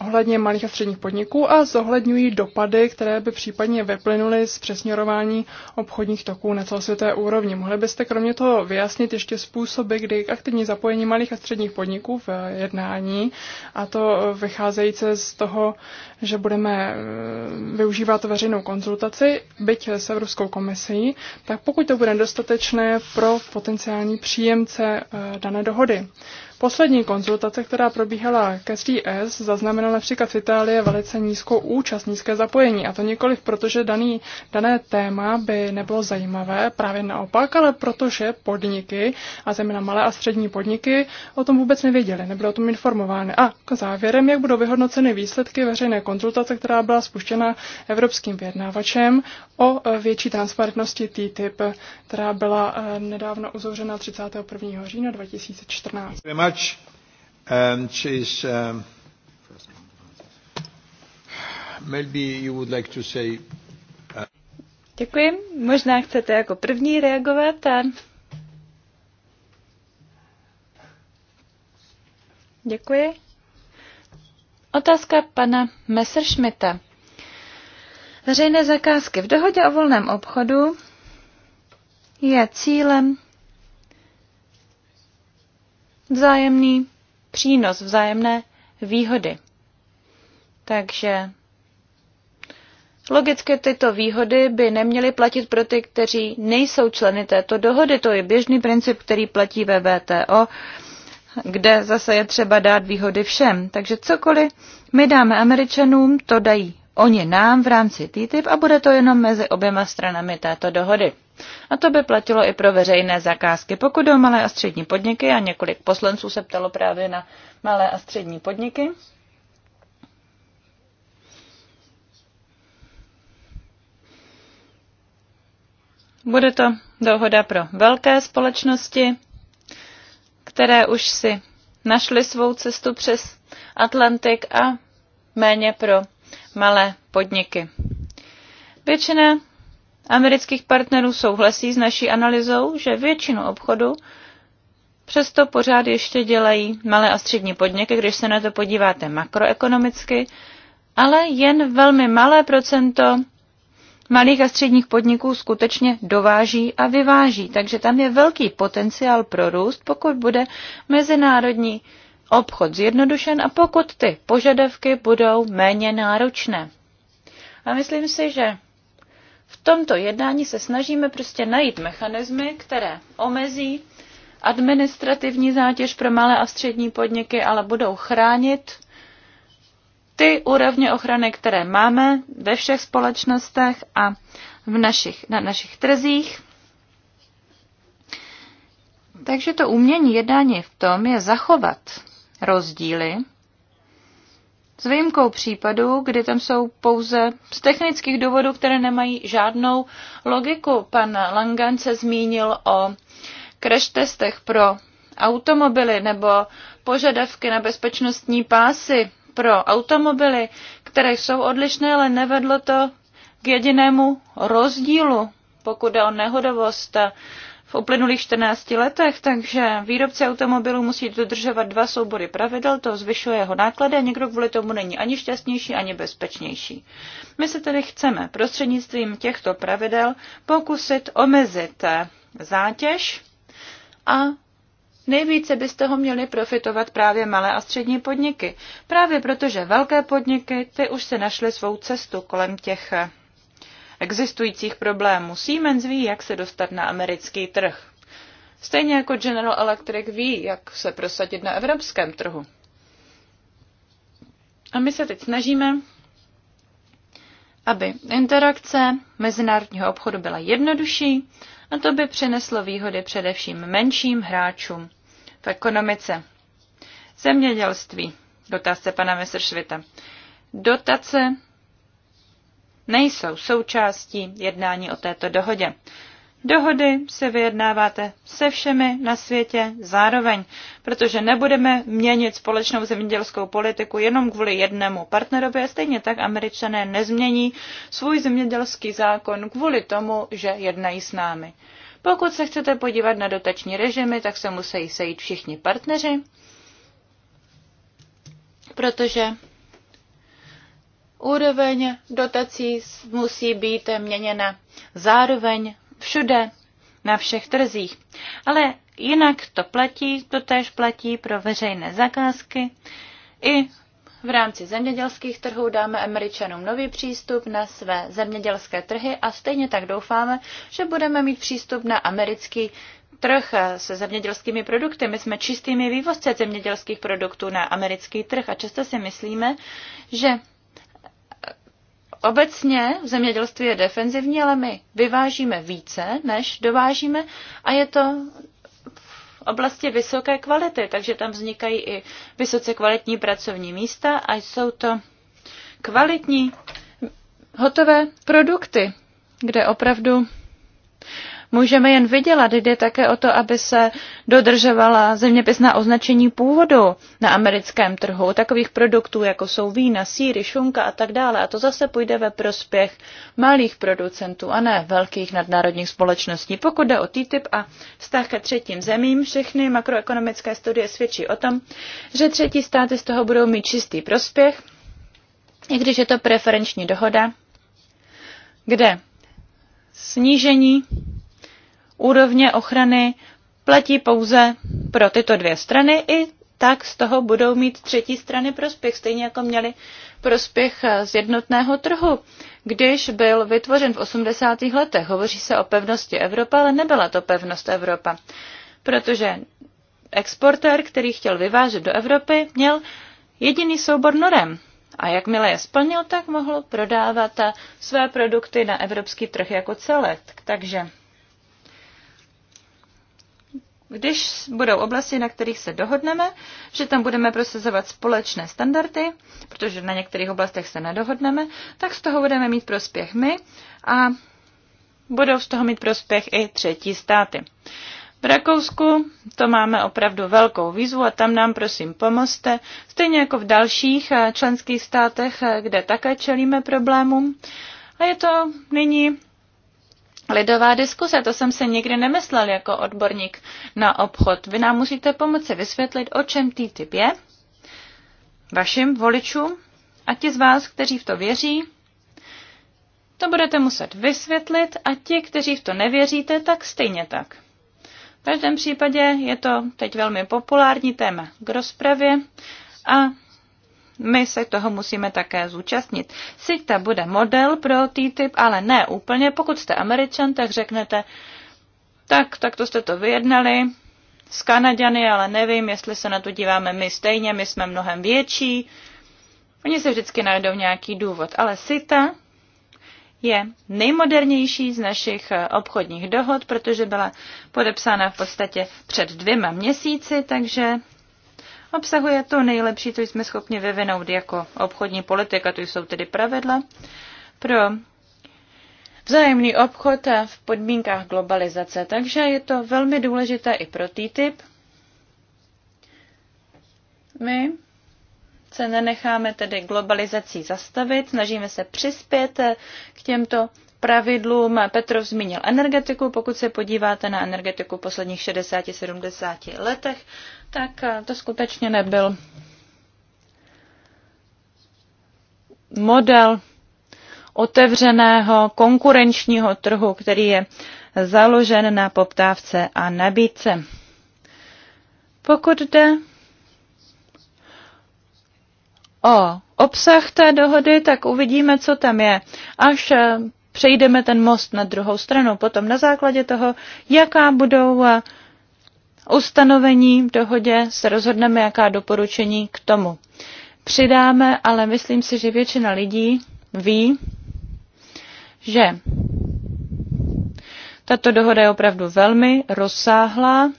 ohledně malých a středních podniků a zohledňují dopady, které by případně vyplynuly z přesměrování obchodních toků na celosvětové úrovni. Mohli byste kromě toho vyjasnit ještě způsoby, kdy k aktivní zapojení malých a středních podniků v jednání, a to vycházející z toho, že budeme eh, využívat veřejnou konzultaci, byť s Evropskou komisí, tak pokud to bude dostatečné pro potenciální příjemce eh, dané dohody poslední konzultace, která probíhala ke 3S, zaznamenala například v Itálii velice nízkou účast, nízké zapojení. A to nikoliv proto, že daný, dané téma by nebylo zajímavé, právě naopak, ale protože podniky, a zejména malé a střední podniky, o tom vůbec nevěděly, nebyly o tom informovány. A k závěrem, jak budou vyhodnoceny výsledky veřejné konzultace, která byla spuštěna evropským vyjednávačem o větší transparentnosti TTIP, která byla eh, nedávno uzavřena 31. října 2014 much. And um, she's, um, maybe you would like to say. Uh... Děkuji. Možná chcete jako první reagovat. A... Děkuji. Otázka pana Messerschmitta. Veřejné zakázky v dohodě o volném obchodu je cílem vzájemný přínos, vzájemné výhody. Takže Logicky tyto výhody by neměly platit pro ty, kteří nejsou členy této dohody. To je běžný princip, který platí ve VTO, kde zase je třeba dát výhody všem. Takže cokoliv my dáme Američanům, to dají oni nám v rámci TTIP a bude to jenom mezi oběma stranami této dohody. A to by platilo i pro veřejné zakázky. Pokud o malé a střední podniky, a několik poslanců se ptalo právě na malé a střední podniky, Bude to dohoda pro velké společnosti, které už si našly svou cestu přes Atlantik a méně pro malé podniky. Většina amerických partnerů souhlasí s naší analýzou, že většinu obchodu přesto pořád ještě dělají malé a střední podniky, když se na to podíváte makroekonomicky, ale jen velmi malé procento malých a středních podniků skutečně dováží a vyváží. Takže tam je velký potenciál pro růst, pokud bude mezinárodní obchod zjednodušen a pokud ty požadavky budou méně náročné. A myslím si, že v tomto jednání se snažíme prostě najít mechanismy, které omezí administrativní zátěž pro malé a střední podniky, ale budou chránit ty úrovně ochrany, které máme ve všech společnostech a v našich, na našich trzích. Takže to umění jednání v tom je zachovat rozdíly s výjimkou případů, kdy tam jsou pouze z technických důvodů, které nemají žádnou logiku. Pan Langan se zmínil o crash testech pro automobily nebo požadavky na bezpečnostní pásy pro automobily, které jsou odlišné, ale nevedlo to k jedinému rozdílu, pokud je o nehodovost uplynulých 14 letech, takže výrobce automobilů musí dodržovat dva soubory pravidel, to zvyšuje jeho náklady a někdo kvůli tomu není ani šťastnější, ani bezpečnější. My se tedy chceme prostřednictvím těchto pravidel pokusit omezit zátěž a Nejvíce by z toho měly profitovat právě malé a střední podniky, právě protože velké podniky ty už se našly svou cestu kolem těch existujících problémů. Siemens ví, jak se dostat na americký trh. Stejně jako General Electric ví, jak se prosadit na evropském trhu. A my se teď snažíme, aby interakce mezinárodního obchodu byla jednodušší a to by přineslo výhody především menším hráčům v ekonomice. Zemědělství, dotazce pana Messerschmitta. Dotace nejsou součástí jednání o této dohodě. Dohody se vyjednáváte se všemi na světě zároveň, protože nebudeme měnit společnou zemědělskou politiku jenom kvůli jednému partnerovi a stejně tak američané nezmění svůj zemědělský zákon kvůli tomu, že jednají s námi. Pokud se chcete podívat na dotační režimy, tak se musí sejít všichni partneři, protože úroveň dotací musí být měněna zároveň všude, na všech trzích. Ale jinak to platí, to též platí pro veřejné zakázky. I v rámci zemědělských trhů dáme Američanům nový přístup na své zemědělské trhy a stejně tak doufáme, že budeme mít přístup na americký trh se zemědělskými produkty. My jsme čistými vývozce zemědělských produktů na americký trh a často si myslíme, že Obecně v zemědělství je defenzivní, ale my vyvážíme více, než dovážíme a je to v oblasti vysoké kvality, takže tam vznikají i vysoce kvalitní pracovní místa a jsou to kvalitní hotové produkty, kde opravdu můžeme jen vydělat. Jde také o to, aby se dodržovala zeměpisná označení původu na americkém trhu. Takových produktů, jako jsou vína, síry, šunka a tak dále. A to zase půjde ve prospěch malých producentů a ne velkých nadnárodních společností. Pokud jde o TTIP a vztah ke třetím zemím, všechny makroekonomické studie svědčí o tom, že třetí státy z toho budou mít čistý prospěch, i když je to preferenční dohoda, kde snížení úrovně ochrany platí pouze pro tyto dvě strany i tak z toho budou mít třetí strany prospěch, stejně jako měli prospěch eh, z jednotného trhu, když byl vytvořen v 80. letech. Hovoří se o pevnosti Evropa, ale nebyla to pevnost Evropa, protože exportér, který chtěl vyvážet do Evropy, měl jediný soubor norem. A jakmile je splnil, tak mohl prodávat eh, své produkty na evropský trh jako celek. Takže když budou oblasti, na kterých se dohodneme, že tam budeme prosazovat společné standardy, protože na některých oblastech se nedohodneme, tak z toho budeme mít prospěch my a budou z toho mít prospěch i třetí státy. V Rakousku to máme opravdu velkou výzvu a tam nám prosím pomozte, stejně jako v dalších eh, členských státech, eh, kde také čelíme problémům. A je to nyní lidová diskuse. To jsem se nikdy nemyslel jako odborník na obchod. Vy nám musíte pomoci vysvětlit, o čem TTIP je, vašim voličům a ti z vás, kteří v to věří, to budete muset vysvětlit a ti, kteří v to nevěříte, tak stejně tak. V každém případě je to teď velmi populární téma k rozpravě a my se toho musíme také zúčastnit. SIGTA bude model pro TTIP, ale ne úplně. Pokud jste američan, tak řeknete, tak, tak to jste to vyjednali s Kanaďany, ale nevím, jestli se na to díváme my stejně, my jsme mnohem větší. Oni se vždycky najdou nějaký důvod, ale SITA je nejmodernější z našich eh, obchodních dohod, protože byla podepsána v podstatě před dvěma měsíci, takže Obsahuje to nejlepší, co jsme schopni vyvinout jako obchodní politika, to jsou tedy pravidla pro vzájemný obchod a v podmínkách globalizace. Takže je to velmi důležité i pro TTIP. My se nenecháme tedy globalizací zastavit, snažíme se přispět k těmto pravidlům. Petrov zmínil energetiku. Pokud se podíváte na energetiku posledních 60-70 letech, tak eh, to skutečně nebyl model otevřeného konkurenčního trhu, který je založen na poptávce a nabídce. Pokud jde o obsah té dohody, tak uvidíme, co tam je, až eh, přejdeme ten most na druhou stranu. Potom na základě toho, jaká budou eh, ustanovení v dohodě, se rozhodneme, jaká doporučení k tomu přidáme, ale myslím si, že většina lidí ví, že tato dohoda je opravdu velmi rozsáhlá.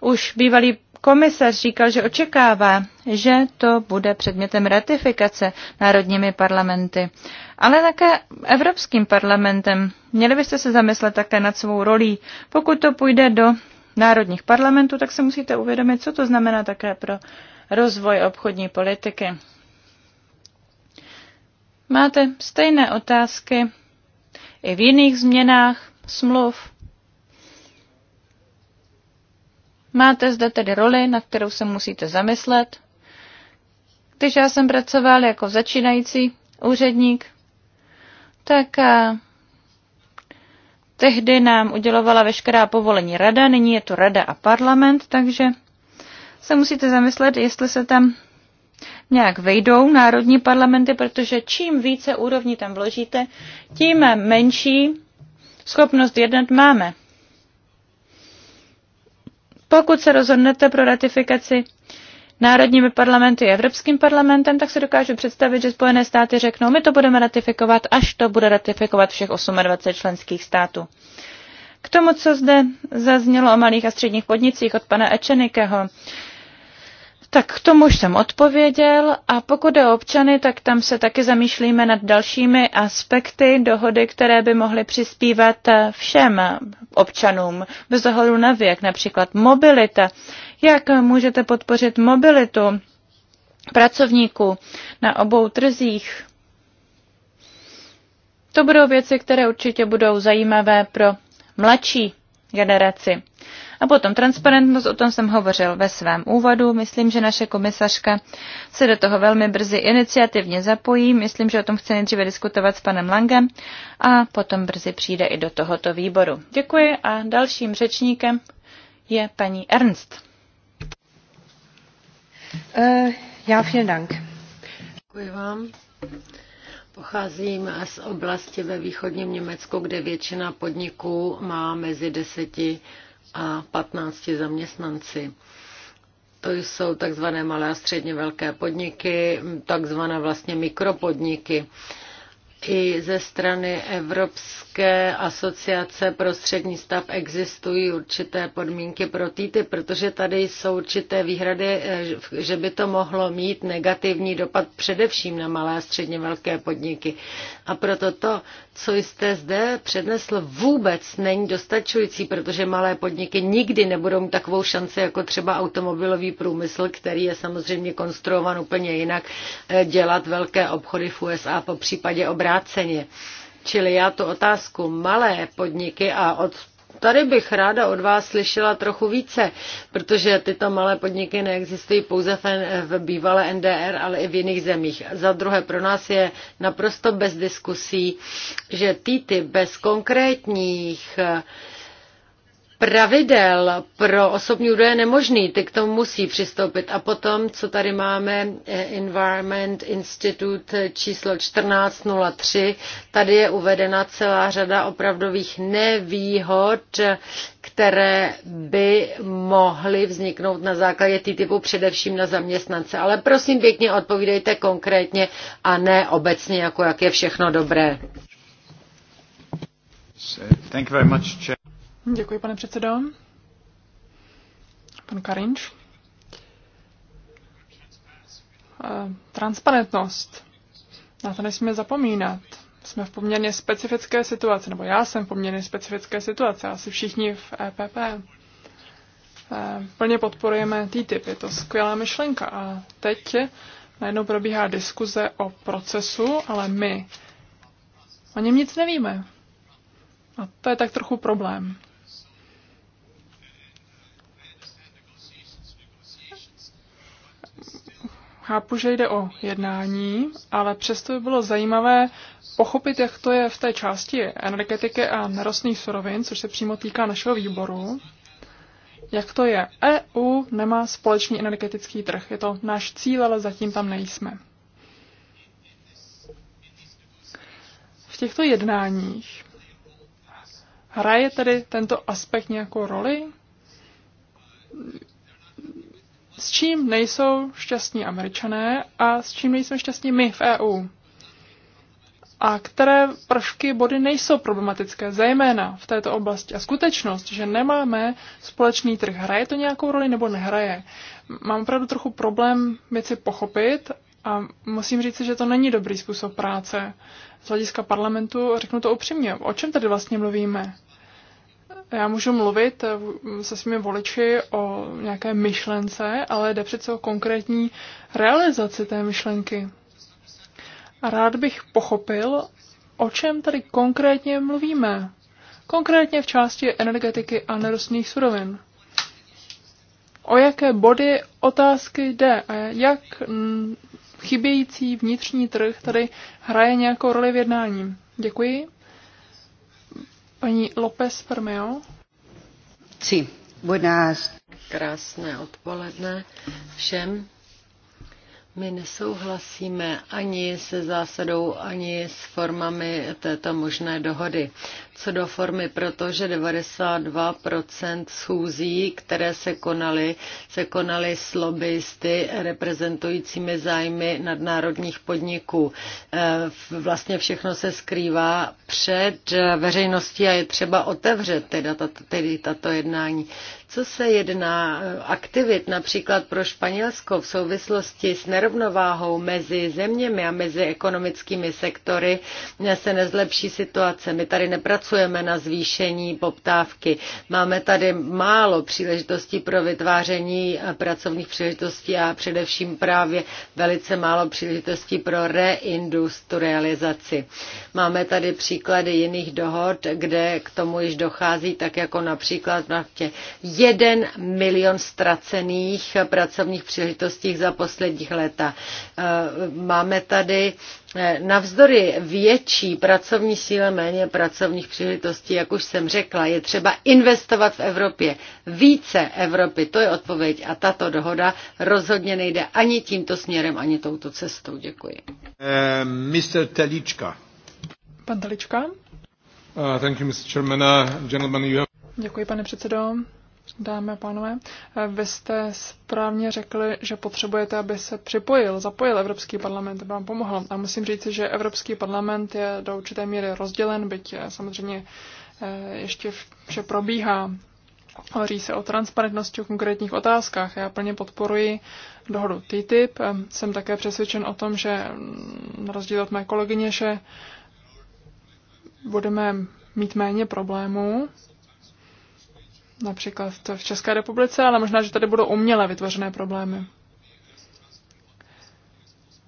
Už bývalý Komisař říkal, že očekává, že to bude předmětem ratifikace národními parlamenty, ale také Evropským parlamentem. Měli byste se zamyslet také nad svou rolí. Pokud to půjde do národních parlamentů, tak se musíte uvědomit, co to znamená také pro rozvoj obchodní politiky. Máte stejné otázky i v jiných změnách smluv Máte zde tedy roli, na kterou se musíte zamyslet. Když já jsem pracoval jako začínající úředník, tak a eh, tehdy nám udělovala veškerá povolení rada, nyní je to rada a parlament, takže se musíte zamyslet, jestli se tam nějak vejdou národní parlamenty, protože čím více úrovní tam vložíte, tím menší schopnost jednat máme. Pokud se rozhodnete pro ratifikaci národními parlamenty a Evropským parlamentem, tak se dokážu představit, že Spojené státy řeknou, my to budeme ratifikovat, až to bude ratifikovat všech 28 členských států. K tomu, co zde zaznělo o malých a středních podnicích od pana Ečenikeho, tak k tomu už jsem odpověděl a pokud je občany, tak tam se taky zamýšlíme nad dalšími aspekty dohody, které by mohly přispívat eh, všem občanům bez ohledu na věk, například mobilita. Jak můžete podpořit mobilitu pracovníků na obou trzích? To budou věci, které určitě budou zajímavé pro mladší generaci. A potom transparentnost, o tom jsem hovořil ve svém úvodu. Myslím, že naše komisařka se do toho velmi brzy iniciativně zapojí. Myslím, že o tom chce nejdříve diskutovat s panem Langem a potom brzy přijde i do tohoto výboru. Děkuji a dalším řečníkem je paní Ernst. Uh, já vielen Dank. Děkuji vám. Pocházím z oblasti ve východním Německu, kde většina podniků má mezi 10 a 15 zaměstnanci. To jsou takzvané malé a středně velké podniky, takzvané vlastně mikropodniky. I ze strany Evropské Evropské asociace pro střední stav existují určité podmínky pro TTIP, protože tady jsou určité výhrady, eh, že by to mohlo mít negativní dopad především na malé a středně velké podniky. A proto to, co jste zde přednesl, vůbec není dostačující, protože malé podniky nikdy nebudou mít takovou šanci jako třeba automobilový průmysl, který je samozřejmě konstruovan úplně jinak, eh, dělat velké obchody v USA po případě obráceně. Čili já tu otázku malé podniky a od Tady bych ráda od vás slyšela trochu více, protože tyto malé podniky neexistují pouze v bývalé NDR, ale i v jiných zemích. Za druhé, pro nás je naprosto bez diskusí, že týty bez konkrétních uh, pravidel pro osobní údaje nemožný, ty k tomu musí přistoupit. A potom, co tady máme, eh, Environment Institute číslo 1403, tady je uvedena celá řada opravdových nevýhod, které by mohly vzniknout na základě ty typu především na zaměstnance. Ale prosím pěkně odpovídejte konkrétně a ne obecně, jako jak je všechno dobré. Thank you very much, Děkuji, pane předsedo. Pan Karinč. Eh, transparentnost. Na to nesmíme zapomínat. Jsme v poměrně specifické situaci, nebo já jsem v poměrně specifické situaci, asi všichni v EPP. Eh, plně podporujeme TTIP, je to skvělá myšlenka. A teď najednou probíhá diskuze o procesu, ale my o něm nic nevíme. A to je tak trochu problém. Chápu, že jde o jednání, ale přesto by bylo zajímavé pochopit, jak to je v té části energetiky a nerostných surovin, což se přímo týká našeho výboru. Jak to je? EU nemá společný energetický trh. Je to náš cíl, ale zatím tam nejsme. V těchto jednáních hraje tedy tento aspekt nějakou roli? s čím nejsou šťastní američané a s čím nejsme šťastní my v EU. A které prvky body nejsou problematické, zejména v této oblasti. A skutečnost, že nemáme společný trh, hraje to nějakou roli nebo nehraje. Mám opravdu trochu problém věci pochopit a musím říct, že to není dobrý způsob práce. Z hlediska parlamentu, řeknu to upřímně, o čem tady vlastně mluvíme? Já můžu mluvit eh, se svými voliči o nějaké myšlence, ale jde přece o konkrétní realizaci té myšlenky. A rád bych pochopil, o čem tady konkrétně mluvíme. Konkrétně v části energetiky a nerostných surovin. O jaké body otázky jde a jak chybějící vnitřní trh tady hraje nějakou roli v jednání. Děkuji. Paní López Permeo. Sí, buenas. Krásné odpoledne všem. My nesouhlasíme ani se zásadou, ani s formami této možné dohody. Co do formy, protože 92% schůzí, které se konaly, se konaly s lobbyisty reprezentujícími zájmy nadnárodních podniků. E, vlastně všechno se skrývá před veřejností a je třeba otevřet teda tato, tedy tato jednání. Co se jedná eh, aktivit například pro Španělsko v souvislosti s nerovnováhou mezi zeměmi a mezi ekonomickými sektory, eh, se nezlepší situace. My tady nepracujeme na zvýšení poptávky. Máme tady málo příležitostí pro vytváření eh, pracovních příležitostí a především právě velice málo příležitostí pro reindustrializaci. Máme tady příklady jiných dohod, kde k tomu již dochází, tak jako například v naftě jeden milion ztracených pracovních příležitostí za posledních léta. Eh, máme tady eh, navzdory větší pracovní síle méně pracovních příležitostí, jak už jsem řekla, je třeba investovat v Evropě. Více Evropy, to je odpověď a tato dohoda rozhodně nejde ani tímto směrem, ani touto cestou. Děkuji. Uh, eh, Mr. Telička. Pan Telička. Uh, thank you, Mr. Chairman. Uh, gentlemen, you have... Děkuji, pane předsedo. Dámy a pánové, vy jste správně řekli, že potřebujete, aby se připojil, zapojil Evropský parlament, aby vám pomohl. A musím říct, že Evropský parlament je do určité míry rozdělen, byť eh, samozřejmě eh, ještě vše probíhá. Hovoří se o transparentnosti, o konkrétních otázkách. Já plně podporuji dohodu TTIP. Jsem také přesvědčen o tom, že mm, na rozdíl od mé kolegyně, že budeme mít méně problémů například v České republice, ale možná, že tady budou uměle vytvořené problémy.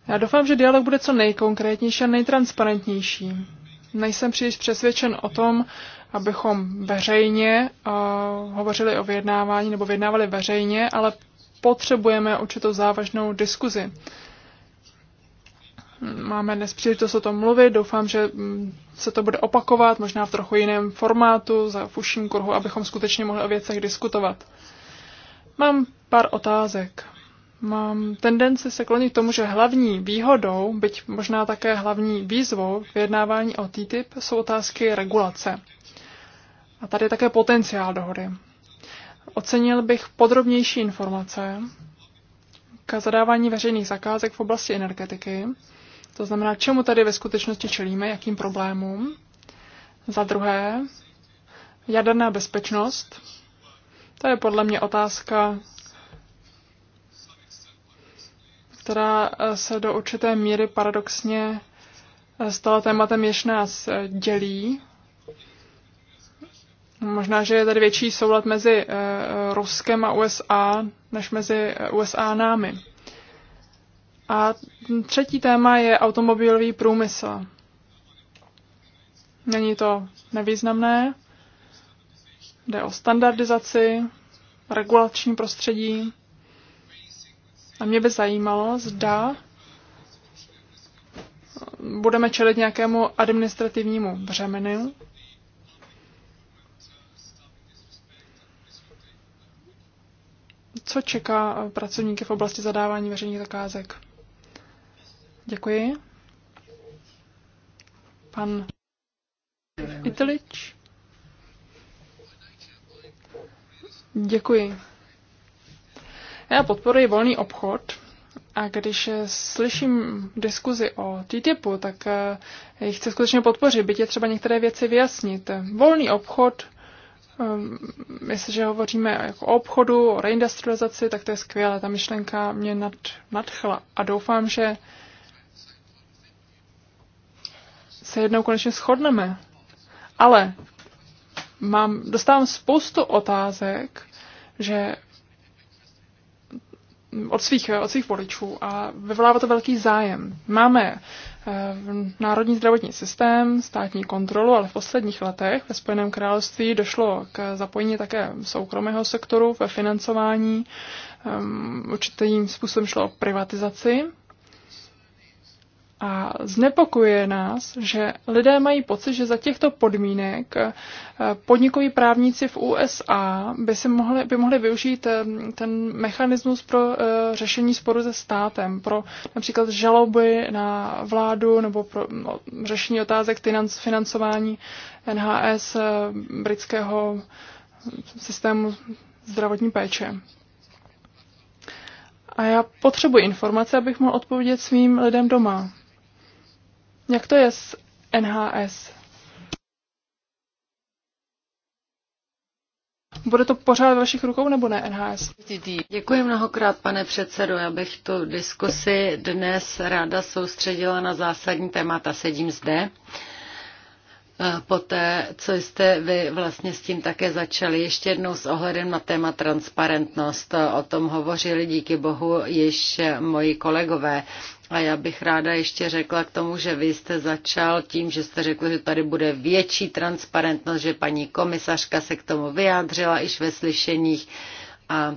Já doufám, že dialog bude co nejkonkrétnější a nejtransparentnější. Nejsem příliš přesvědčen o tom, abychom veřejně uh, hovořili o vyjednávání nebo vyjednávali veřejně, ale potřebujeme určitou závažnou diskuzi. Máme dnes příležitost o tom mluvit, doufám, že se to bude opakovat, možná v trochu jiném formátu, za fuším kruhu, abychom skutečně mohli o věcech diskutovat. Mám pár otázek. Mám tendenci se klonit tomu, že hlavní výhodou, byť možná také hlavní výzvou vyjednávání o TTIP jsou otázky regulace. A tady je také potenciál dohody. Ocenil bych podrobnější informace k zadávání veřejných zakázek v oblasti energetiky to znamená, čemu tady ve skutečnosti čelíme, jakým problémům. Za druhé, jaderná bezpečnost. To je podle mě otázka, která eh, se do určité míry paradoxně eh, stala tématem, jež nás eh, dělí. Možná, že je tady větší soulad mezi Ruskem a USA, než mezi USA a námi. A třetí téma je automobilový průmysl. Není to nevýznamné, jde o standardizaci, regulační prostředí. A mě by zajímalo, zda budeme čelit nějakému administrativnímu břemenu. Co čeká pracovníky v oblasti zadávání veřejných zakázek? Děkuji. Pan Italič. Děkuji. Já podporuji volný obchod a když slyším diskuzi o TTIPu, tak eh, ji chci skutečně podpořit, byť je třeba některé věci vyjasnit. Volný obchod, eh, jestliže hovoříme jako o obchodu, o reindustrializaci, tak to je skvělé. Ta myšlenka mě nad, nadchla a doufám, že se jednou konečně shodneme. Ale mám, dostávám spoustu otázek, že od svých, od svých voličů a vyvolává to velký zájem. Máme eh, národní zdravotní systém, státní kontrolu, ale v posledních letech ve Spojeném království došlo k zapojení také soukromého sektoru ve financování. Ehm, určitým způsobem šlo o privatizaci a znepokuje nás, že lidé mají pocit, že za těchto podmínek eh, podnikoví právníci v USA by, si mohli, by mohli využít eh, ten mechanismus pro eh, řešení sporu se státem, pro například žaloby na vládu nebo pro no, řešení otázek financování NHS britského systému zdravotní péče. A já potřebuji informace, abych mohl odpovědět svým lidem doma. Jak to je s NHS? Bude to pořád v vašich rukou nebo ne NHS? Děkuji mnohokrát, pane předsedo. Já bych tu diskusi dnes ráda soustředila na zásadní témata. Sedím zde. Poté, co jste vy vlastně s tím také začali, ještě jednou s ohledem na téma transparentnost, o tom hovořili díky bohu již moji kolegové. A já bych ráda ještě řekla k tomu, že vy jste začal tím, že jste řekl, že tady bude větší transparentnost, že paní komisařka se k tomu vyjádřila iž ve slyšeních a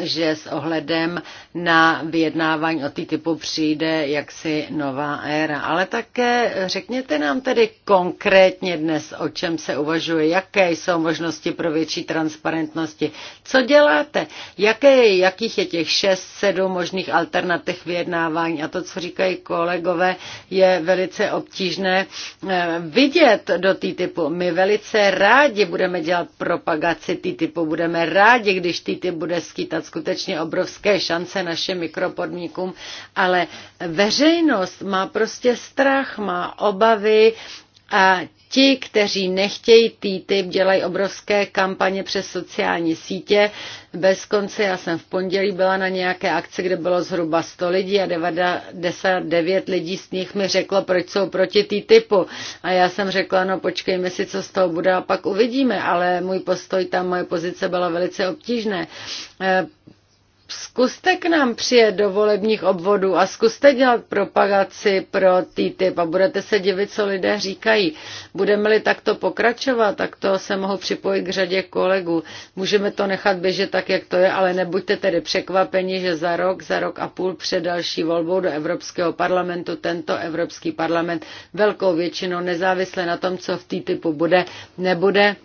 že s ohledem na vyjednávání o TTIPu přijde jaksi nová éra. Ale také řekněte nám tedy konkrétně dnes, o čem se uvažuje, jaké jsou možnosti pro větší transparentnosti. Co děláte? Jaké, jakých je těch šest, sedm možných alternativ vyjednávání? A to, co říkají kolegové, je velice obtížné eh, vidět do TTIPu. My velice rádi budeme dělat propagaci TTIPu, budeme rádi, když TTIP bude s skýtat skutečně obrovské šance našim mikropodnikům, ale veřejnost má prostě strach, má obavy a Ti, kteří nechtějí TTIP, dělají obrovské kampaně přes sociální sítě. Bez konce, já jsem v pondělí byla na nějaké akci, kde bylo zhruba 100 lidí a 99 lidí z nich mi řeklo, proč jsou proti TTIPu. A já jsem řekla, no počkejme si, co z toho bude a pak uvidíme. Ale můj postoj tam, moje pozice byla velice obtížné zkuste k nám přijet do volebních obvodů a zkuste dělat propagaci pro TTIP a budete se divit, co lidé říkají. Budeme-li takto pokračovat, tak to se mohu připojit k řadě kolegů. Můžeme to nechat běžet tak, jak to je, ale nebuďte tedy překvapeni, že za rok, za rok a půl před další volbou do Evropského parlamentu tento Evropský parlament velkou většinou nezávisle na tom, co v TTIPu bude, nebude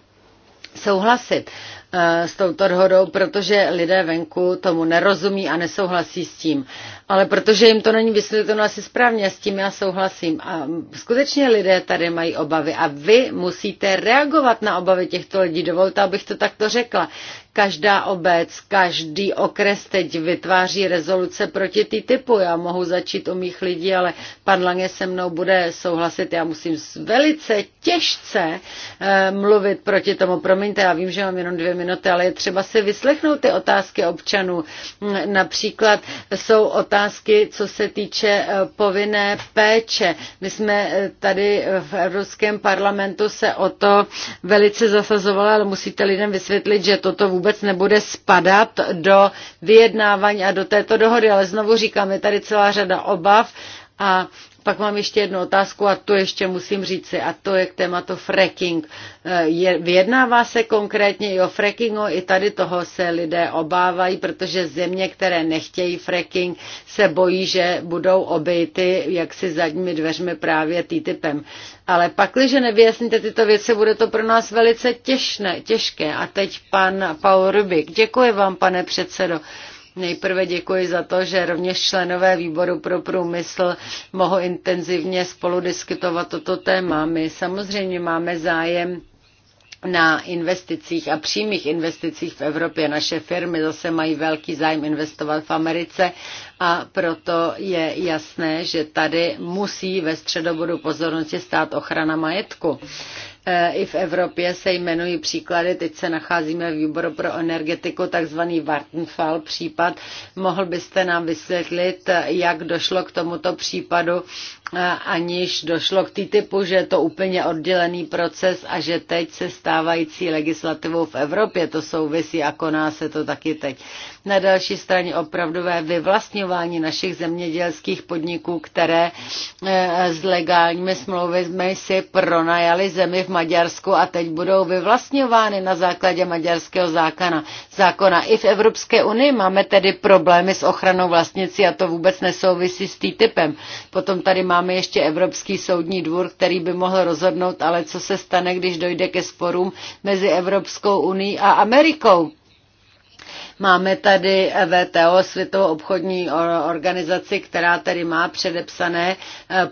souhlasit eh, s touto dohodou, protože lidé venku tomu nerozumí a nesouhlasí s tím. Ale protože jim to není vysvětleno asi správně, s tím já souhlasím. A skutečně lidé tady mají obavy a vy musíte reagovat na obavy těchto lidí. Dovolte, abych to takto řekla. Každá obec, každý okres teď vytváří rezoluce proti ty typu. Já mohu začít u mých lidí, ale pan Lange se mnou bude souhlasit. Já musím velice těžce e, mluvit proti tomu. Promiňte, já vím, že mám jenom dvě minuty, ale je třeba si vyslechnout ty otázky občanů. Hm, například jsou otázky, co se týče eh, povinné péče. My jsme eh, tady v Evropském parlamentu se o to velice zasazovali, ale musíte lidem vysvětlit, že toto vůbec vůbec nebude spadat do vyjednávání a do této dohody. Ale znovu říkám, je tady celá řada obav a pak mám ještě jednu otázku a to ještě musím si, a to je k tématu fracking. Eh, je, vyjednává se konkrétně i o frackingu, i tady toho se lidé obávají, protože země, které nechtějí fracking, se bojí, že budou obejty jaksi zadními dveřmi právě TTIPem. Ale pakliže nevyjasníte tyto věci, bude to pro nás velice těžné, těžké. A teď pan Paul Rubik. Děkuji vám, pane předsedo. Nejprve děkuji za to, že rovněž členové výboru pro průmysl mohou intenzivně spolu diskutovat toto téma. My samozřejmě máme zájem na investicích a přímých investicích v Evropě. Naše firmy zase mají velký zájem investovat v Americe a proto je jasné, že tady musí ve středobodu pozornosti stát ochrana majetku. Eh, i v Evropě se jmenují příklady. Teď se nacházíme v výboru pro energetiku, takzvaný Vartenfall případ. Mohl byste nám vysvětlit, jak došlo k tomuto případu, eh, aniž došlo k typu, že je to úplně oddělený proces a že teď se stávající legislativou v Evropě to souvisí a koná se to taky teď. Na další straně opravdové vyvlastňování našich zemědělských podniků, které eh, s legálními jsme si pronajali zemi v Maďarsku a teď budou vyvlastňovány na základě maďarského zákona. zákona. I v Evropské unii máme tedy problémy s ochranou vlastnicí a to vůbec nesouvisí s TTIPem. Potom tady máme ještě Evropský soudní dvůr, který by mohl rozhodnout, ale co se stane, když dojde ke sporům mezi Evropskou unii a Amerikou. Máme tady VTO, Světovou obchodní organizaci, která tedy má předepsané eh,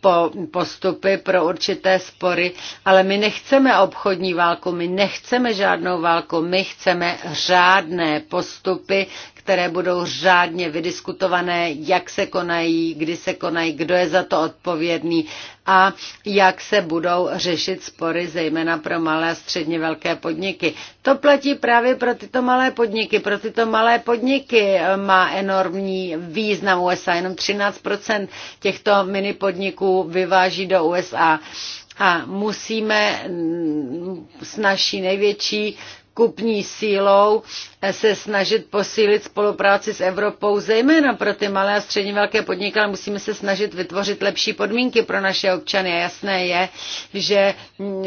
po, postupy pro určité spory, ale my nechceme obchodní válku, my nechceme žádnou válku, my chceme řádné postupy, které budou řádně vydiskutované, jak se konají, kdy se konají, kdo je za to odpovědný a jak se budou řešit spory, zejména pro malé a středně velké podniky. To platí právě pro tyto malé podniky. Pro tyto malé podniky eh, má enormní význam USA. Jenom 13% těchto mini podniků vyváží do USA a musíme mm, s naší největší kupní sílou se snažit posílit spolupráci s Evropou, zejména pro ty malé a středně velké podniky, ale musíme se snažit vytvořit lepší podmínky pro naše občany. A jasné je, že mm,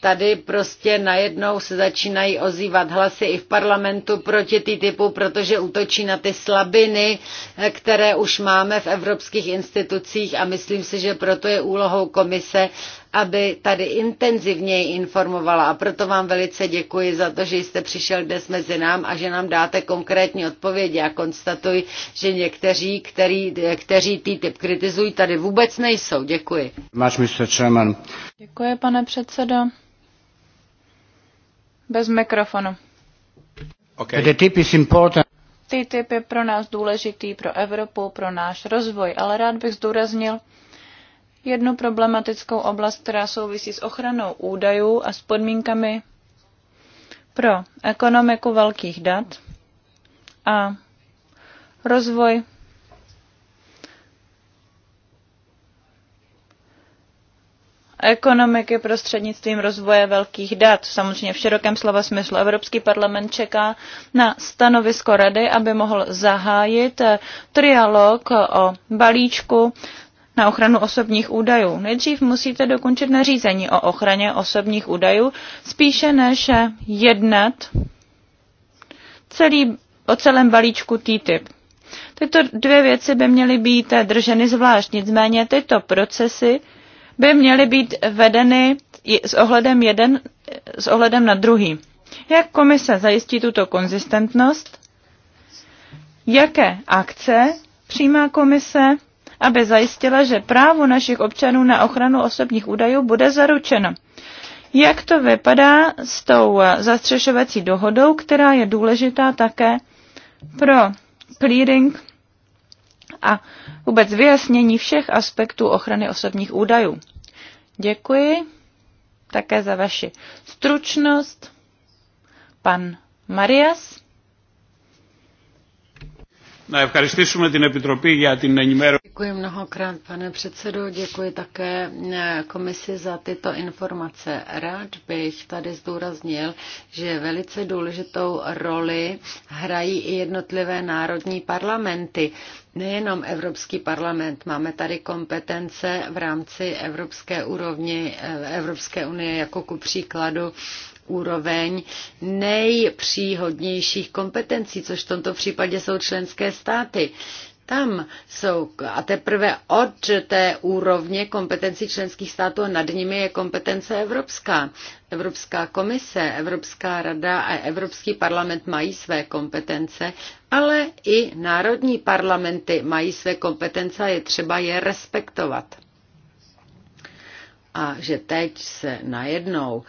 tady prostě najednou se začínají ozývat hlasy i v parlamentu proti ty typu, protože útočí na ty slabiny, eh, které už máme v evropských institucích a myslím si, že proto je úlohou komise, aby tady intenzivněji informovala. A proto vám velice děkuji za to, že jste přišel dnes mezi nám a že nám dáte konkrétní odpovědi. A konstatuji, že někteří, který, kteří TTIP kritizují, tady vůbec nejsou. Děkuji. Máš, Mr. Chairman. Děkuji, pane předsedo. Bez mikrofonu. Okay. The tip is important. TTIP je pro nás důležitý, pro Evropu, pro náš rozvoj, ale rád bych zdůraznil, jednu problematickou oblast, která souvisí s ochranou údajů a s podmínkami pro ekonomiku velkých dat a rozvoj ekonomiky prostřednictvím rozvoje velkých dat. Samozřejmě v širokém slova smyslu Evropský parlament čeká na stanovisko rady, aby mohl zahájit trialog o balíčku na ochranu osobních údajů. Nejdřív musíte dokončit nařízení o ochraně osobních údajů, spíše než jednat celý, o celém balíčku TTIP. Tyto dvě věci by měly být drženy zvlášť, nicméně tyto procesy by měly být vedeny s ohledem, jeden, s ohledem na druhý. Jak komise zajistí tuto konzistentnost? Jaké akce přijímá komise aby zajistila, že právo našich občanů na ochranu osobních údajů bude zaručeno. Jak to vypadá s tou zastřešovací dohodou, která je důležitá také pro clearing a vůbec vyjasnění všech aspektů ochrany osobních údajů. Děkuji také za vaši stručnost. Pan Marias. Na ευχαριστήσουμε την Επιτροπή για την ενημέρωση. Děkuji mnohokrát, pane předsedo, děkuji také eh, komisi za tyto informace. Rád bych tady zdůraznil, že velice důležitou roli hrají i jednotlivé národní parlamenty. Nejenom Evropský parlament, máme tady kompetence v rámci Evropské úrovni, eh, Evropské unie, jako ku příkladu úroveň nejpříhodnějších kompetencí, což v tomto případě jsou členské státy. Tam jsou a teprve od té úrovně kompetencí členských států a nad nimi je kompetence evropská. Evropská komise, Evropská rada a Evropský parlament mají své kompetence, ale i národní parlamenty mají své kompetence a je třeba je respektovat. A že teď se najednou uh,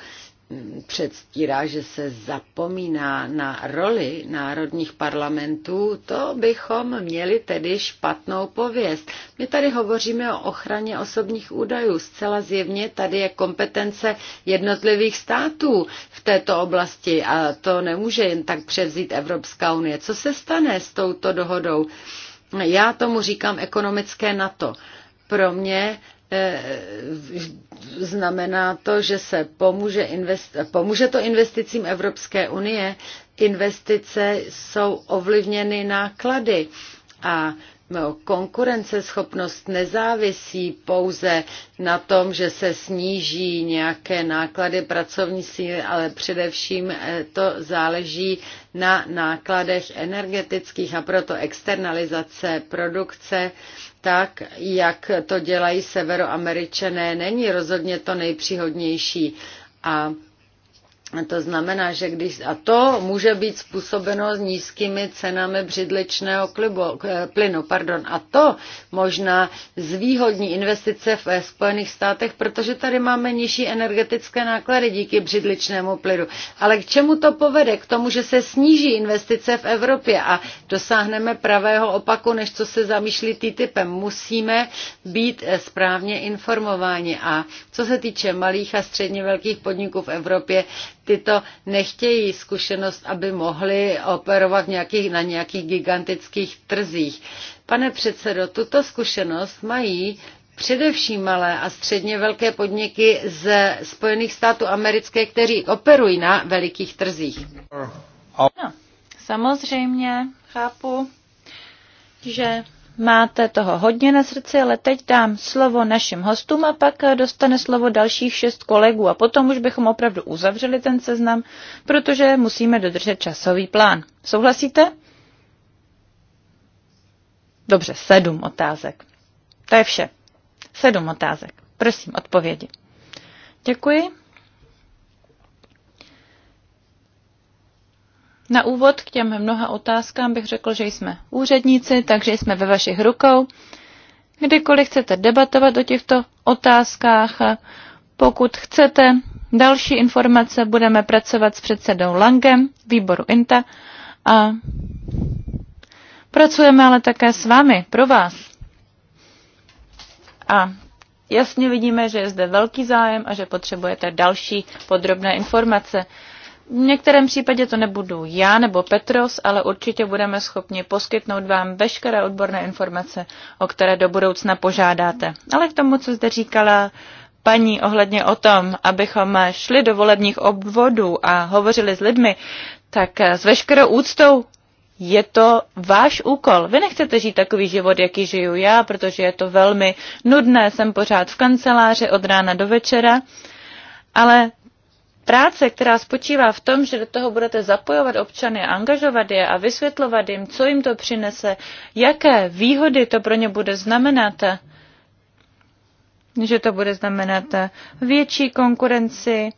předstírá, že se zapomíná na roli národních parlamentů, to bychom měli tedy špatnou pověst. My tady hovoříme o ochraně osobních údajů. Zcela zjevně tady je kompetence jednotlivých států v této oblasti a to nemůže jen tak převzít Evropská unie. Co se stane s touto dohodou? Já tomu říkám ekonomické NATO. Pro mě Eh, znamená to, že se pomůže, invest, pomůže to investicím Evropské unie. Investice jsou ovlivněny náklady a No, konkurenceschopnost nezávisí pouze na tom, že se sníží nějaké náklady pracovní síly, ale především eh, to záleží na nákladech energetických a proto externalizace produkce tak, jak to dělají severoameričané, není rozhodně to nejpříhodnější. A to znamená, že když, a to může být způsobeno s nízkými cenami břidličného klibo, eh, plynu. Pardon. A to možná zvýhodní investice v Spojených státech, protože tady máme nižší energetické náklady díky břidličnému plynu. Ale k čemu to povede? K tomu, že se sníží investice v Evropě a dosáhneme pravého opaku, než co se zamýšlí TTIPem. Musíme být eh, správně informováni. A co se týče malých a středně velkých podniků v Evropě, tyto nechtějí zkušenost, aby mohli operovat nějakých, na nějakých gigantických trzích. Pane předsedo, tuto zkušenost mají především malé a středně velké podniky ze Spojených států amerických, kteří operují na velikých trzích. No, samozřejmě chápu, že máte toho hodně na srdci, ale teď dám slovo našim hostům a pak dostane slovo dalších šest kolegů a potom už bychom opravdu uzavřeli ten seznam, protože musíme dodržet časový plán. Souhlasíte? Dobře, sedm otázek. To je vše. Sedm otázek. Prosím, odpovědi. Děkuji. Na úvod k těm mnoha otázkám bych řekl, že jsme úředníci, takže jsme ve vašich rukou. Kdykoliv chcete debatovat o těchto otázkách, pokud chcete další informace, budeme pracovat s předsedou Langem, výboru INTA a pracujeme ale také s vámi, pro vás. A jasně vidíme, že je zde velký zájem a že potřebujete další podrobné informace. V některém případě to nebudu já nebo Petros, ale určitě budeme schopni poskytnout vám veškeré odborné informace, o které do budoucna požádáte. Ale k tomu, co zde říkala paní ohledně o tom, abychom šli do volebních obvodů a hovořili s lidmi, tak s veškerou úctou je to váš úkol. Vy nechcete žít takový život, jaký žiju já, protože je to velmi nudné, jsem pořád v kanceláři od rána do večera, ale Práce, která spočívá v tom, že do toho budete zapojovat občany, angažovat je a vysvětlovat jim, co jim to přinese, jaké výhody to pro ně bude znamenat, že to bude znamenat větší konkurenci,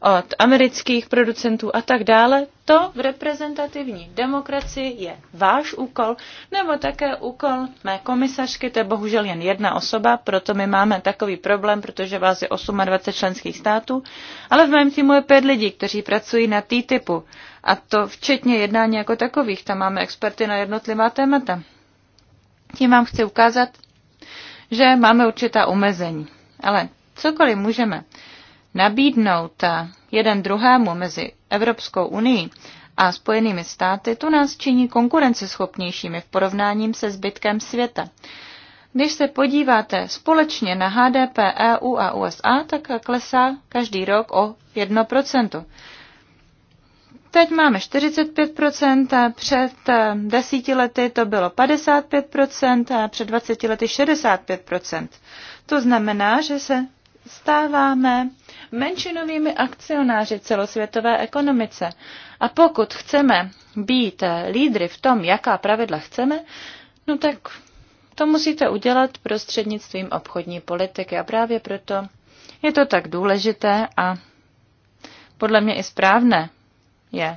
od amerických producentů a tak dále, to v reprezentativní demokracii je váš úkol, nebo také úkol mé komisařky, to je bohužel jen jedna osoba, proto my máme takový problém, protože vás je 28 členských států, ale v mém týmu je pět lidí, kteří pracují na T-typu, a to včetně jednání jako takových, tam máme experty na jednotlivá témata. Tím vám chci ukázat, že máme určitá omezení, ale cokoliv můžeme nabídnout jeden druhému mezi Evropskou unii a Spojenými státy, to nás činí konkurenceschopnějšími v porovnáním se zbytkem světa. Když se podíváte společně na HDP EU a USA, tak klesá každý rok o 1%. Teď máme 45%, před desíti lety to bylo 55% a před 20 lety 65%. To znamená, že se stáváme menšinovými akcionáři celosvětové ekonomice. A pokud chceme být lídry v tom, jaká pravidla chceme, no tak to musíte udělat prostřednictvím obchodní politiky. A právě proto je to tak důležité a podle mě i správné je,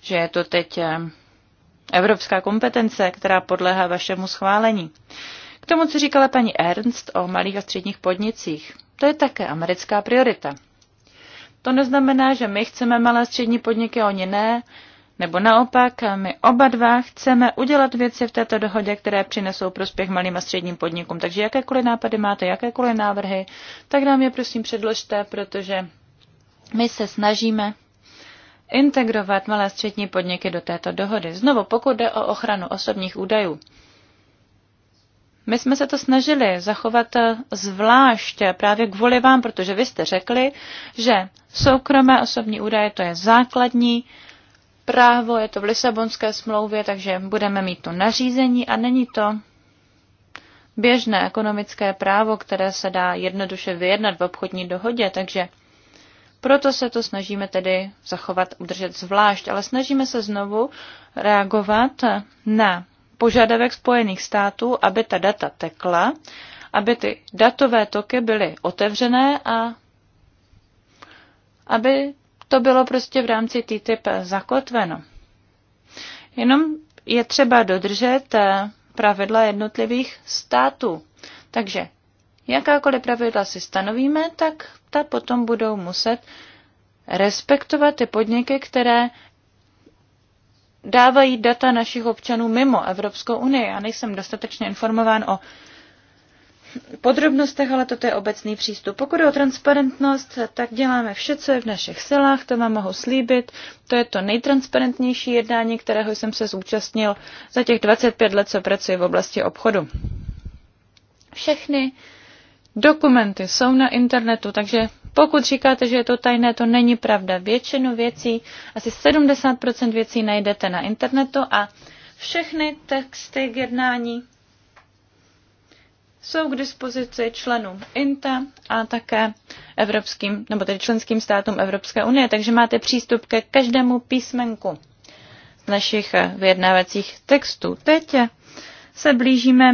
že je to teď eh, evropská kompetence, která podléhá vašemu schválení. K tomu, co říkala paní Ernst o malých a středních podnicích, to je také americká priorita. To neznamená, že my chceme malé střední podniky, oni ne. Nebo naopak, my oba dva chceme udělat věci v této dohodě, které přinesou prospěch malým a středním podnikům. Takže jakékoliv nápady máte, jakékoliv návrhy, tak nám je prosím předložte, protože my se snažíme integrovat malé a střední podniky do této dohody. Znovu, pokud jde o ochranu osobních údajů. My jsme se to snažili zachovat eh, zvlášť eh, právě kvůli vám, protože vy jste řekli, že soukromé osobní údaje to je základní právo, je to v Lisabonské smlouvě, takže budeme mít to nařízení a není to běžné ekonomické právo, které se dá jednoduše vyjednat v obchodní dohodě, takže proto se to snažíme tedy zachovat, udržet zvlášť, ale snažíme se znovu reagovat na požadavek Spojených států, aby ta data tekla, aby ty datové toky byly otevřené a aby to bylo prostě v rámci TTIP zakotveno. Jenom je třeba dodržet eh, pravidla jednotlivých států. Takže jakákoliv pravidla si stanovíme, tak ta potom budou muset respektovat ty podniky, které dávají data našich občanů mimo Evropskou unii. Já nejsem dostatečně informován o podrobnostech, ale toto je obecný přístup. Pokud je o transparentnost, tak děláme vše, co je v našich silách, to vám mohu slíbit. To je to nejtransparentnější jednání, kterého jsem se zúčastnil za těch 25 let, co pracuji v oblasti obchodu. Všechny dokumenty jsou na internetu, takže pokud říkáte, že je to tajné, to není pravda. Většinu věcí, asi 70% věcí najdete na internetu a všechny texty k jednání jsou k dispozici členům INTA a také evropským, nebo tedy členským státům Evropské unie, takže máte přístup ke každému písmenku z našich vyjednávacích textů. Teď se blížíme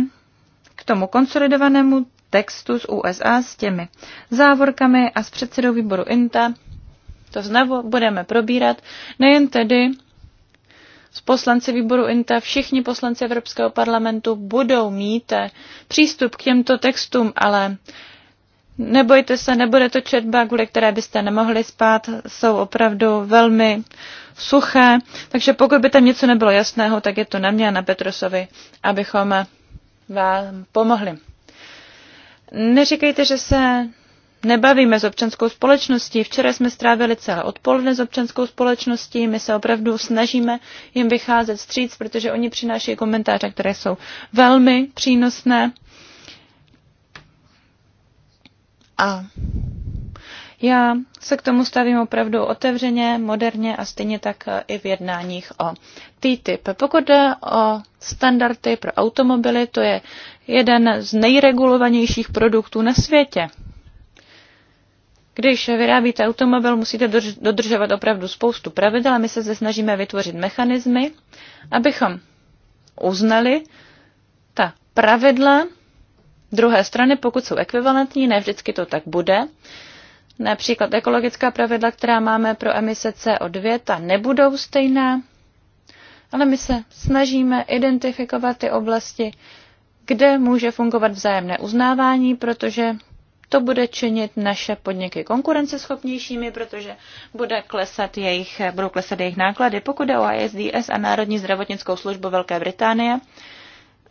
k tomu konsolidovanému textu z USA s těmi závorkami a s předsedou výboru INTA. To znovu budeme probírat nejen tedy z poslanci výboru INTA, všichni poslanci Evropského parlamentu budou mít eh, přístup k těmto textům, ale nebojte se, nebude to četba, kvůli které byste nemohli spát, jsou opravdu velmi suché, takže pokud by tam něco nebylo jasného, tak je to na mě a na Petrosovi, abychom eh, vám pomohli. Neříkejte, že se nebavíme s občanskou společností. Včera jsme strávili celé odpoledne s občanskou společností. My se opravdu snažíme jim vycházet vstříc, protože oni přinášejí komentáře, které jsou velmi přínosné. A já se k tomu stavím opravdu otevřeně, moderně a stejně tak eh, i v jednáních o TTIP. Pokud jde o standardy pro automobily, to je jeden z nejregulovanějších produktů na světě. Když vyrábíte automobil, musíte dodržovat opravdu spoustu pravidel a my se zde snažíme vytvořit mechanismy, abychom uznali ta pravidla druhé strany, pokud jsou ekvivalentní, ne vždycky to tak bude, Například ekologická pravidla, která máme pro emise CO2, ta nebudou stejná, ale my se snažíme identifikovat ty oblasti, kde může fungovat vzájemné uznávání, protože to bude činit naše podniky konkurenceschopnějšími, protože bude klesat jejich, budou klesat jejich náklady. Pokud je o ISDS a Národní zdravotnickou službu Velké Británie,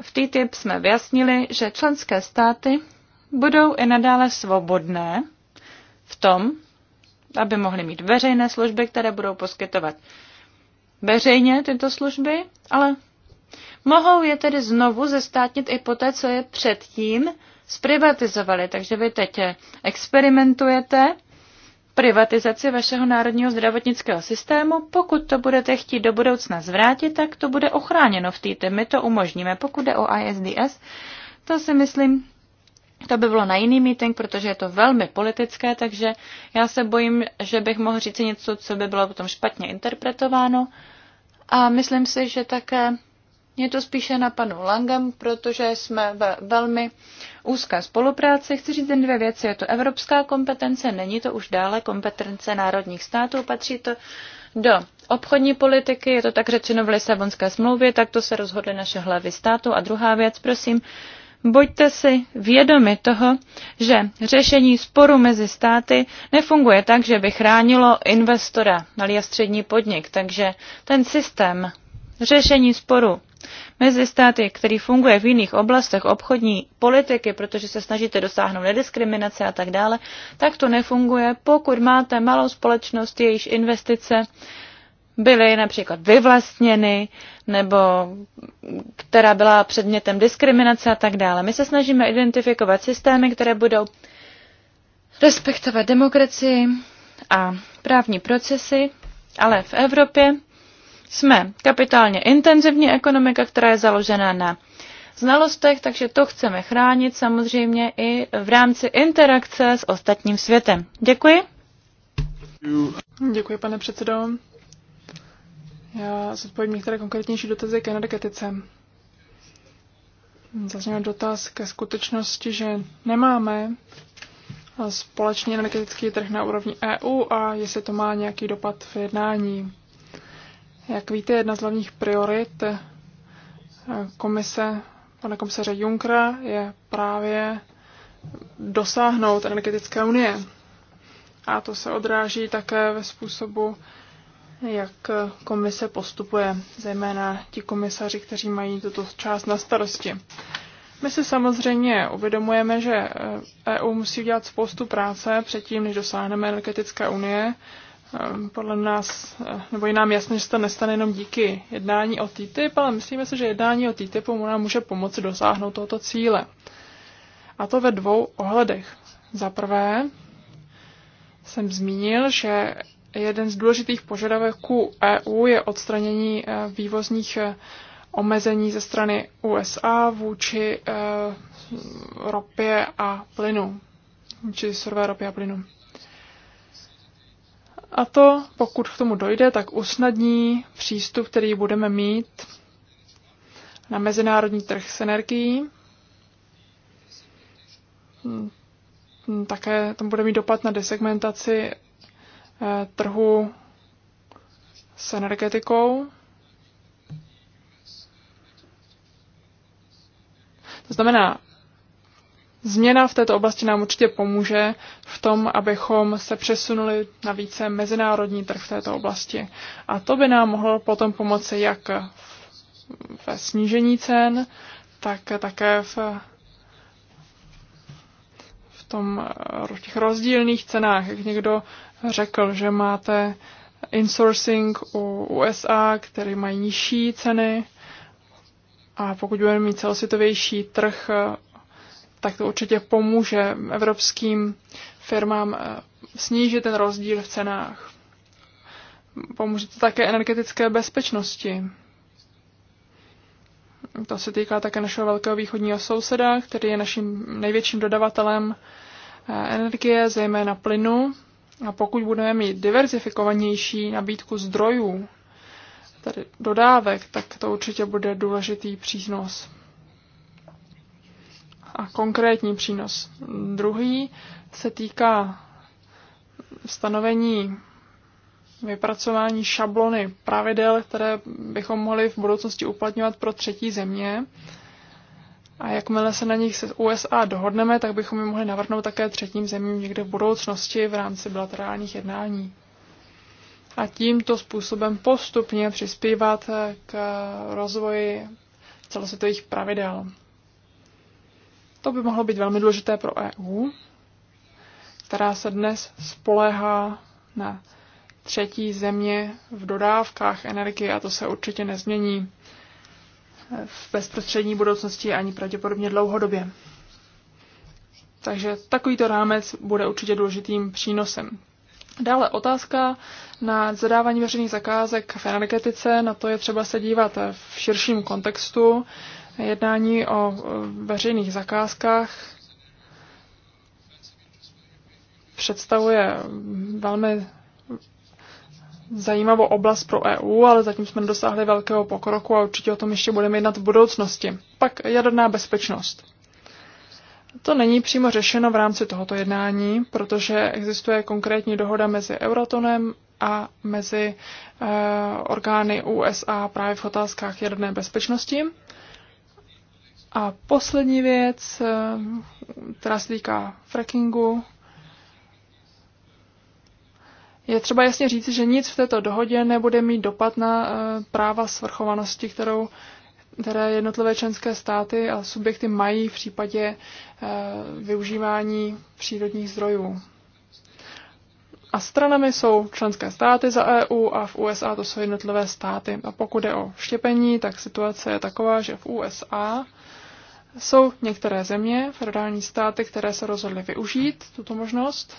v TTIP jsme vyjasnili, že členské státy budou i nadále svobodné v tom, aby mohli mít veřejné služby, které budou poskytovat veřejně tyto služby, ale mohou je tedy znovu zestátnit i poté, co je předtím zprivatizovali. Takže vy teď experimentujete privatizaci vašeho národního zdravotnického systému. Pokud to budete chtít do budoucna zvrátit, tak to bude ochráněno v TTIP. My to umožníme. Pokud jde o ISDS, to si myslím, to by bylo na jiný meeting, protože je to velmi politické, takže já se bojím, že bych mohl říct něco, co by bylo potom špatně interpretováno. A myslím si, že také je to spíše na panu Langem, protože jsme ve velmi úzké spolupráci. Chci říct jen dvě věci. Je to evropská kompetence, není to už dále kompetence národních států, patří to do obchodní politiky, je to tak řečeno v Lisabonské smlouvě, tak to se rozhodly naše hlavy státu. A druhá věc, prosím, buďte si vědomi toho, že řešení sporu mezi státy nefunguje tak, že by chránilo investora, malý a střední podnik. Takže ten systém řešení sporu mezi státy, který funguje v jiných oblastech obchodní politiky, protože se snažíte dosáhnout nediskriminace a tak dále, tak to nefunguje, pokud máte malou společnost, jejíž investice byly například vyvlastněny nebo která byla předmětem diskriminace a tak dále. My se snažíme identifikovat systémy, které budou respektovat demokracii a právní procesy, ale v Evropě jsme kapitálně intenzivní ekonomika, která je založena na znalostech, takže to chceme chránit samozřejmě i v rámci interakce s ostatním světem. Děkuji. Děkuji, pane předsedo. Já zodpovím některé konkrétnější dotazy k energetice. Zazněl dotaz ke skutečnosti, že nemáme společný energetický trh na úrovni EU a jestli to má nějaký dopad v jednání. Jak víte, jedna z hlavních priorit eh, komise pana komisaře Junckera, je právě dosáhnout energetické unie. A to se odráží také ve způsobu, jak komise postupuje, zejména ti komisaři, kteří mají tuto část na starosti. My si samozřejmě uvědomujeme, že EU eh, e musí udělat spoustu práce předtím, než dosáhneme energetické unie. Eh, podle nás, eh, nebo je nám jasné, že se to nestane jenom díky jednání o TTIP, ale myslíme si, že jednání o TTIPu nám může pomoci dosáhnout tohoto cíle. A to ve dvou ohledech. Za prvé jsem zmínil, že jeden z důležitých požadavků EU je odstranění eh, vývozních eh, omezení ze strany USA vůči eh, ropě a plynu, vůči surové ropě a plynu. A to, pokud k tomu dojde, tak usnadní přístup, který budeme mít na mezinárodní trh s energií. Také tam bude mít dopad na desegmentaci Eh, trhu s energetikou. To znamená, změna v této oblasti nám určitě pomůže v tom, abychom se přesunuli na více mezinárodní trh v této oblasti. A to by nám mohlo potom pomoci jak ve snížení cen, tak také v tom, v eh, těch rozdílných cenách. Jak někdo řekl, že máte insourcing u USA, který mají nižší ceny a pokud budeme mít celosvětovější trh, eh, tak to určitě pomůže evropským firmám eh, snížit ten rozdíl v cenách. Pomůže to také energetické bezpečnosti. To se týká také našeho velkého východního souseda, který je naším největším dodavatelem eh, energie, zejména plynu. A pokud budeme mít diverzifikovanější nabídku zdrojů, tedy dodávek, tak to určitě bude důležitý přínos. A konkrétní přínos. Druhý se týká stanovení vypracování šablony pravidel, které bychom mohli v budoucnosti uplatňovat pro třetí země. A jakmile se na nich se USA dohodneme, tak bychom je mohli navrhnout také třetím zemím někde v budoucnosti v rámci bilaterálních jednání. A tímto způsobem postupně přispívat k rozvoji celosvětových pravidel. To by mohlo být velmi důležité pro EU, která se dnes spolehá na třetí země v dodávkách energie a to se určitě nezmění v bezprostřední budoucnosti ani pravděpodobně dlouhodobě. Takže takovýto rámec bude určitě důležitým přínosem. Dále otázka na zadávání veřejných zakázek v energetice. Na to je třeba se dívat v širším kontextu. Jednání o veřejných zakázkách představuje velmi zajímavou oblast pro EU, ale zatím jsme nedosáhli velkého pokroku a určitě o tom ještě budeme jednat v budoucnosti. Pak jaderná bezpečnost. To není přímo řešeno v rámci tohoto jednání, protože existuje konkrétní dohoda mezi Euratonem a mezi e, orgány USA právě v otázkách jaderné bezpečnosti. A poslední věc, eh, která se týká frackingu, je třeba jasně říci, že nic v této dohodě nebude mít dopad na eh, práva svrchovanosti, kterou které jednotlivé členské státy a subjekty mají v případě eh, využívání přírodních zdrojů. A stranami jsou členské státy za EU a v USA to jsou jednotlivé státy. A pokud je o štěpení, tak situace je taková, že v USA jsou některé země, federální státy, které se rozhodly využít tuto možnost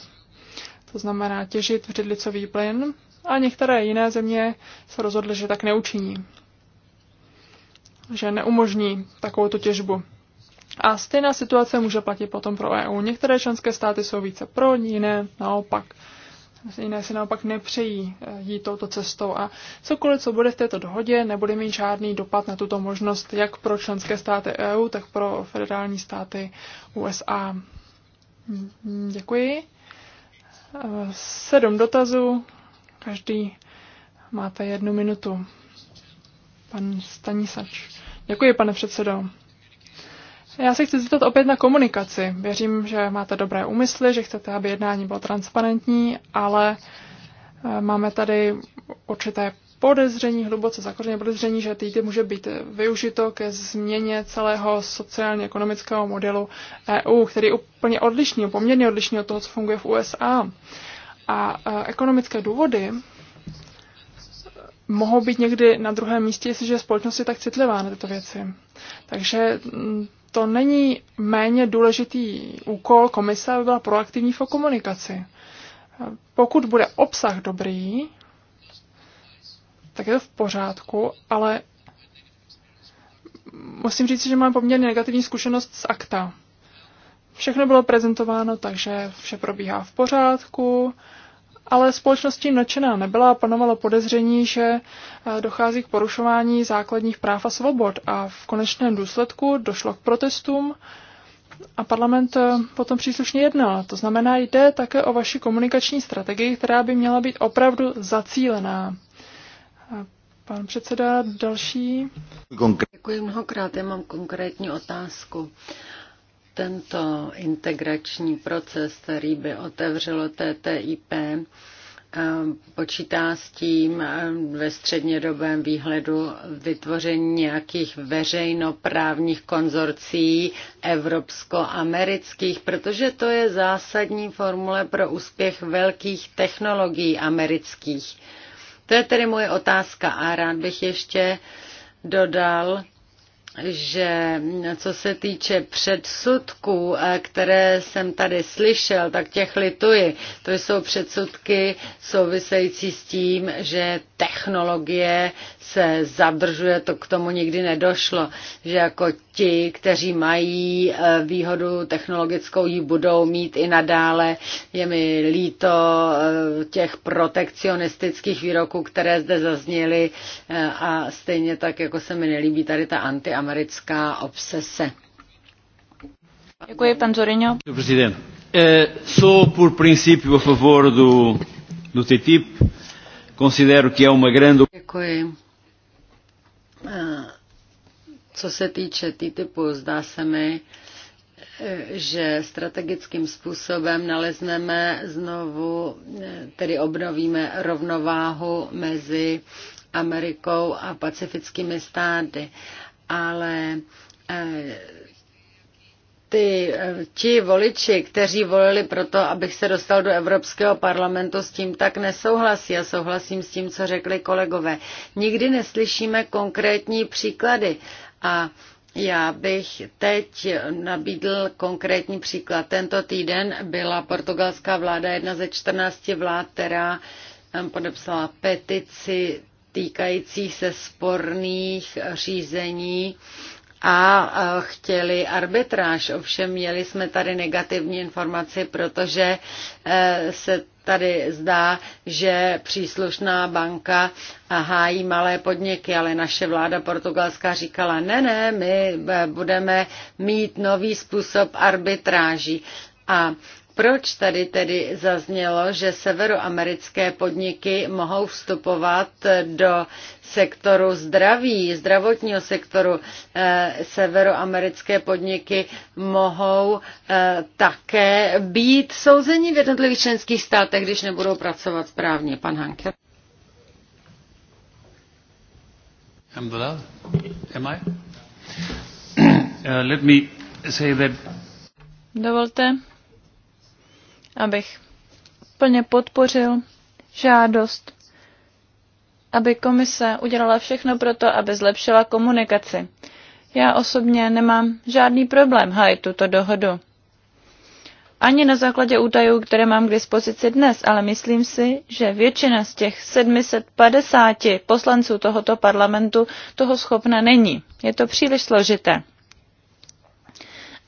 to znamená těžit vředlicový plyn, a některé jiné země se rozhodly, že tak neučiní, že neumožní takovou těžbu. A stejná situace může platit potom pro EU. Některé členské státy jsou více pro, jiné naopak. Jiné si naopak nepřejí eh, jít touto cestou a cokoliv, co bude v této dohodě, nebude mít žádný dopad na tuto možnost jak pro členské státy EU, tak pro federální státy USA. Děkuji sedm dotazů, každý máte jednu minutu. Pan Stanisač. Děkuji, pane předsedo. Já se chci zeptat opět na komunikaci. Věřím, že máte dobré úmysly, že chcete, aby jednání bylo transparentní, ale eh, máme tady určité podezření, hluboce zakořeněné podezření, že TTIP může být využito ke změně celého sociálně-ekonomického modelu EU, který je úplně odlišný, poměrně odlišný od toho, co funguje v USA. A e, ekonomické důvody e, mohou být někdy na druhém místě, jestliže společnost je tak citlivá na tyto věci. Takže to není méně důležitý úkol komise, aby byla proaktivní v komunikaci. E, pokud bude obsah dobrý, tak je to v pořádku, ale musím říct, že mám poměrně negativní zkušenost z akta. Všechno bylo prezentováno, takže vše probíhá v pořádku, ale společnost tím nadšená nebyla a panovalo podezření, že eh, dochází k porušování základních práv a svobod a v konečném důsledku došlo k protestům a parlament eh, potom příslušně jednal. To znamená, jde také o vaši komunikační strategii, která by měla být opravdu zacílená. Pan předseda, další. Děkuji mnohokrát, já mám konkrétní otázku. Tento integrační proces, který by otevřelo TTIP, eh, počítá s tím eh, ve střednědobém výhledu vytvoření nějakých veřejnoprávních konzorcí evropsko-amerických, protože to je zásadní formule pro úspěch velkých technologií amerických to je tedy moje otázka a rád bych ještě dodal, že co se týče předsudků, eh, které jsem tady slyšel, tak těch lituji. To jsou předsudky související s tím, že technologie se zadržuje, to k tomu nikdy nedošlo, že jako ti, kteří mají eh, výhodu technologickou, ji budou mít i nadále. Je mi líto eh, těch protekcionistických výroků, které zde zazněly a stejně tak, jako se mi nelíbí tady ta anti americká obsese. Děkuji, pan Zorinho. Eh, sou por princípio a favor do, do TTIP. Considero que é uma grande... Děkuji. Eh, co se týče TTIPu, zdá se mi, eh, že strategickým způsobem nalezneme znovu, tedy obnovíme rovnováhu mezi Amerikou a pacifickými státy ale eh, ty, eh, ti voliči, kteří volili proto, abych se dostal do Evropského parlamentu, s tím tak nesouhlasí a souhlasím s tím, co řekli kolegové. Nikdy neslyšíme konkrétní příklady a já bych teď nabídl konkrétní příklad. Tento týden byla portugalská vláda jedna ze 14 vlád, která eh, podepsala petici týkajících se sporných řízení a chtěli arbitráž. Ovšem měli jsme tady negativní informaci, protože e, se tady zdá, že příslušná banka hájí malé podniky, ale naše vláda portugalská říkala, ne, ne, my e, budeme mít nový způsob arbitráží. A proč tady tedy zaznělo, že severoamerické podniky mohou vstupovat do sektoru zdraví, zdravotního sektoru? Eh, severoamerické podniky mohou eh, také být souzeni v jednotlivých členských státech, když nebudou pracovat správně. Pan Hanke. Am Am I? [CLEARS THROAT] Uh, let me say that... Dovolte, abych plně podpořil žádost, aby komise udělala všechno pro to, aby zlepšila komunikaci. Já osobně nemám žádný problém hájit tuto dohodu. Ani na základě útajů, které mám k dispozici dnes, ale myslím si, že většina z těch 750 poslanců tohoto parlamentu toho schopna není. Je to příliš složité.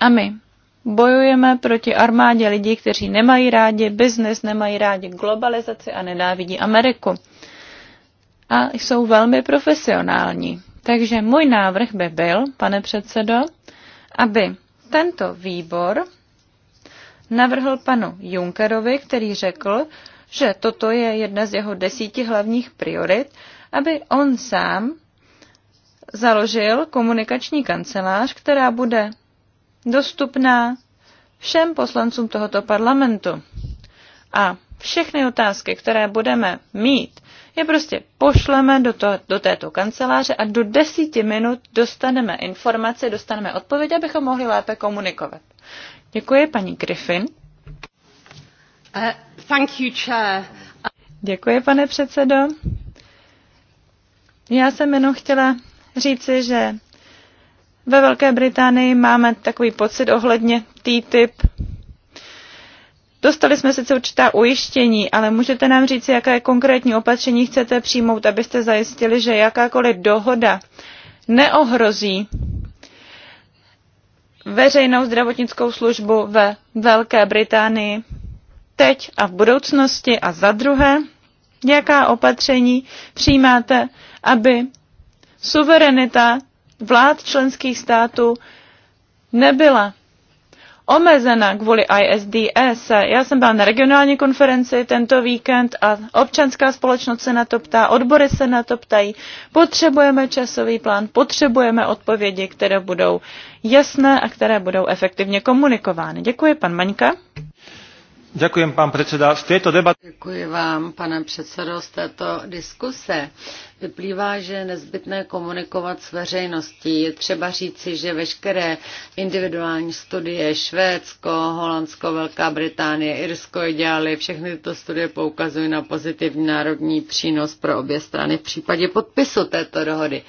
A my, Bojujeme proti armádě lidí, kteří nemají rádi biznis, nemají rádi globalizaci a nenávidí Ameriku. A jsou velmi profesionální. Takže můj návrh by byl, pane předsedo, aby tento výbor navrhl panu Junkerovi, který řekl, že toto je jedna z jeho desíti hlavních priorit, aby on sám založil komunikační kancelář, která bude dostupná všem poslancům tohoto parlamentu. A všechny otázky, které budeme mít, je prostě pošleme do, to, do této kanceláře a do desíti minut dostaneme informace, dostaneme odpověď, abychom mohli lépe komunikovat. Děkuji, paní Griffin. Uh, thank you, chair. Děkuji, pane předsedo. Já jsem jenom chtěla říci, že ve Velké Británii máme takový pocit ohledně TTIP. Dostali jsme sice určitá ujištění, ale můžete nám říct, jaké konkrétní opatření chcete přijmout, abyste zajistili, že jakákoliv dohoda neohrozí veřejnou zdravotnickou službu ve Velké Británii teď a v budoucnosti a za druhé, jaká opatření přijímáte, aby suverenita vlád členských států nebyla omezena kvůli ISDS. Já jsem byla na regionální konferenci tento víkend a občanská společnost se na to ptá, odbory se na to ptají. Potřebujeme časový plán, potřebujeme odpovědi, které budou jasné a které budou efektivně komunikovány. Děkuji, pan Maňka. Děkuji, pan předseda. Z této debaty... Děkuji vám, pane předsedo, z této diskuse vyplývá, že je nezbytné komunikovat s veřejností. Je třeba říci, že veškeré individuální studie Švédsko, Holandsko, Velká Británie, Irsko dělali, všechny tyto studie poukazují na pozitivní národní přínos pro obě strany v případě podpisu této dohody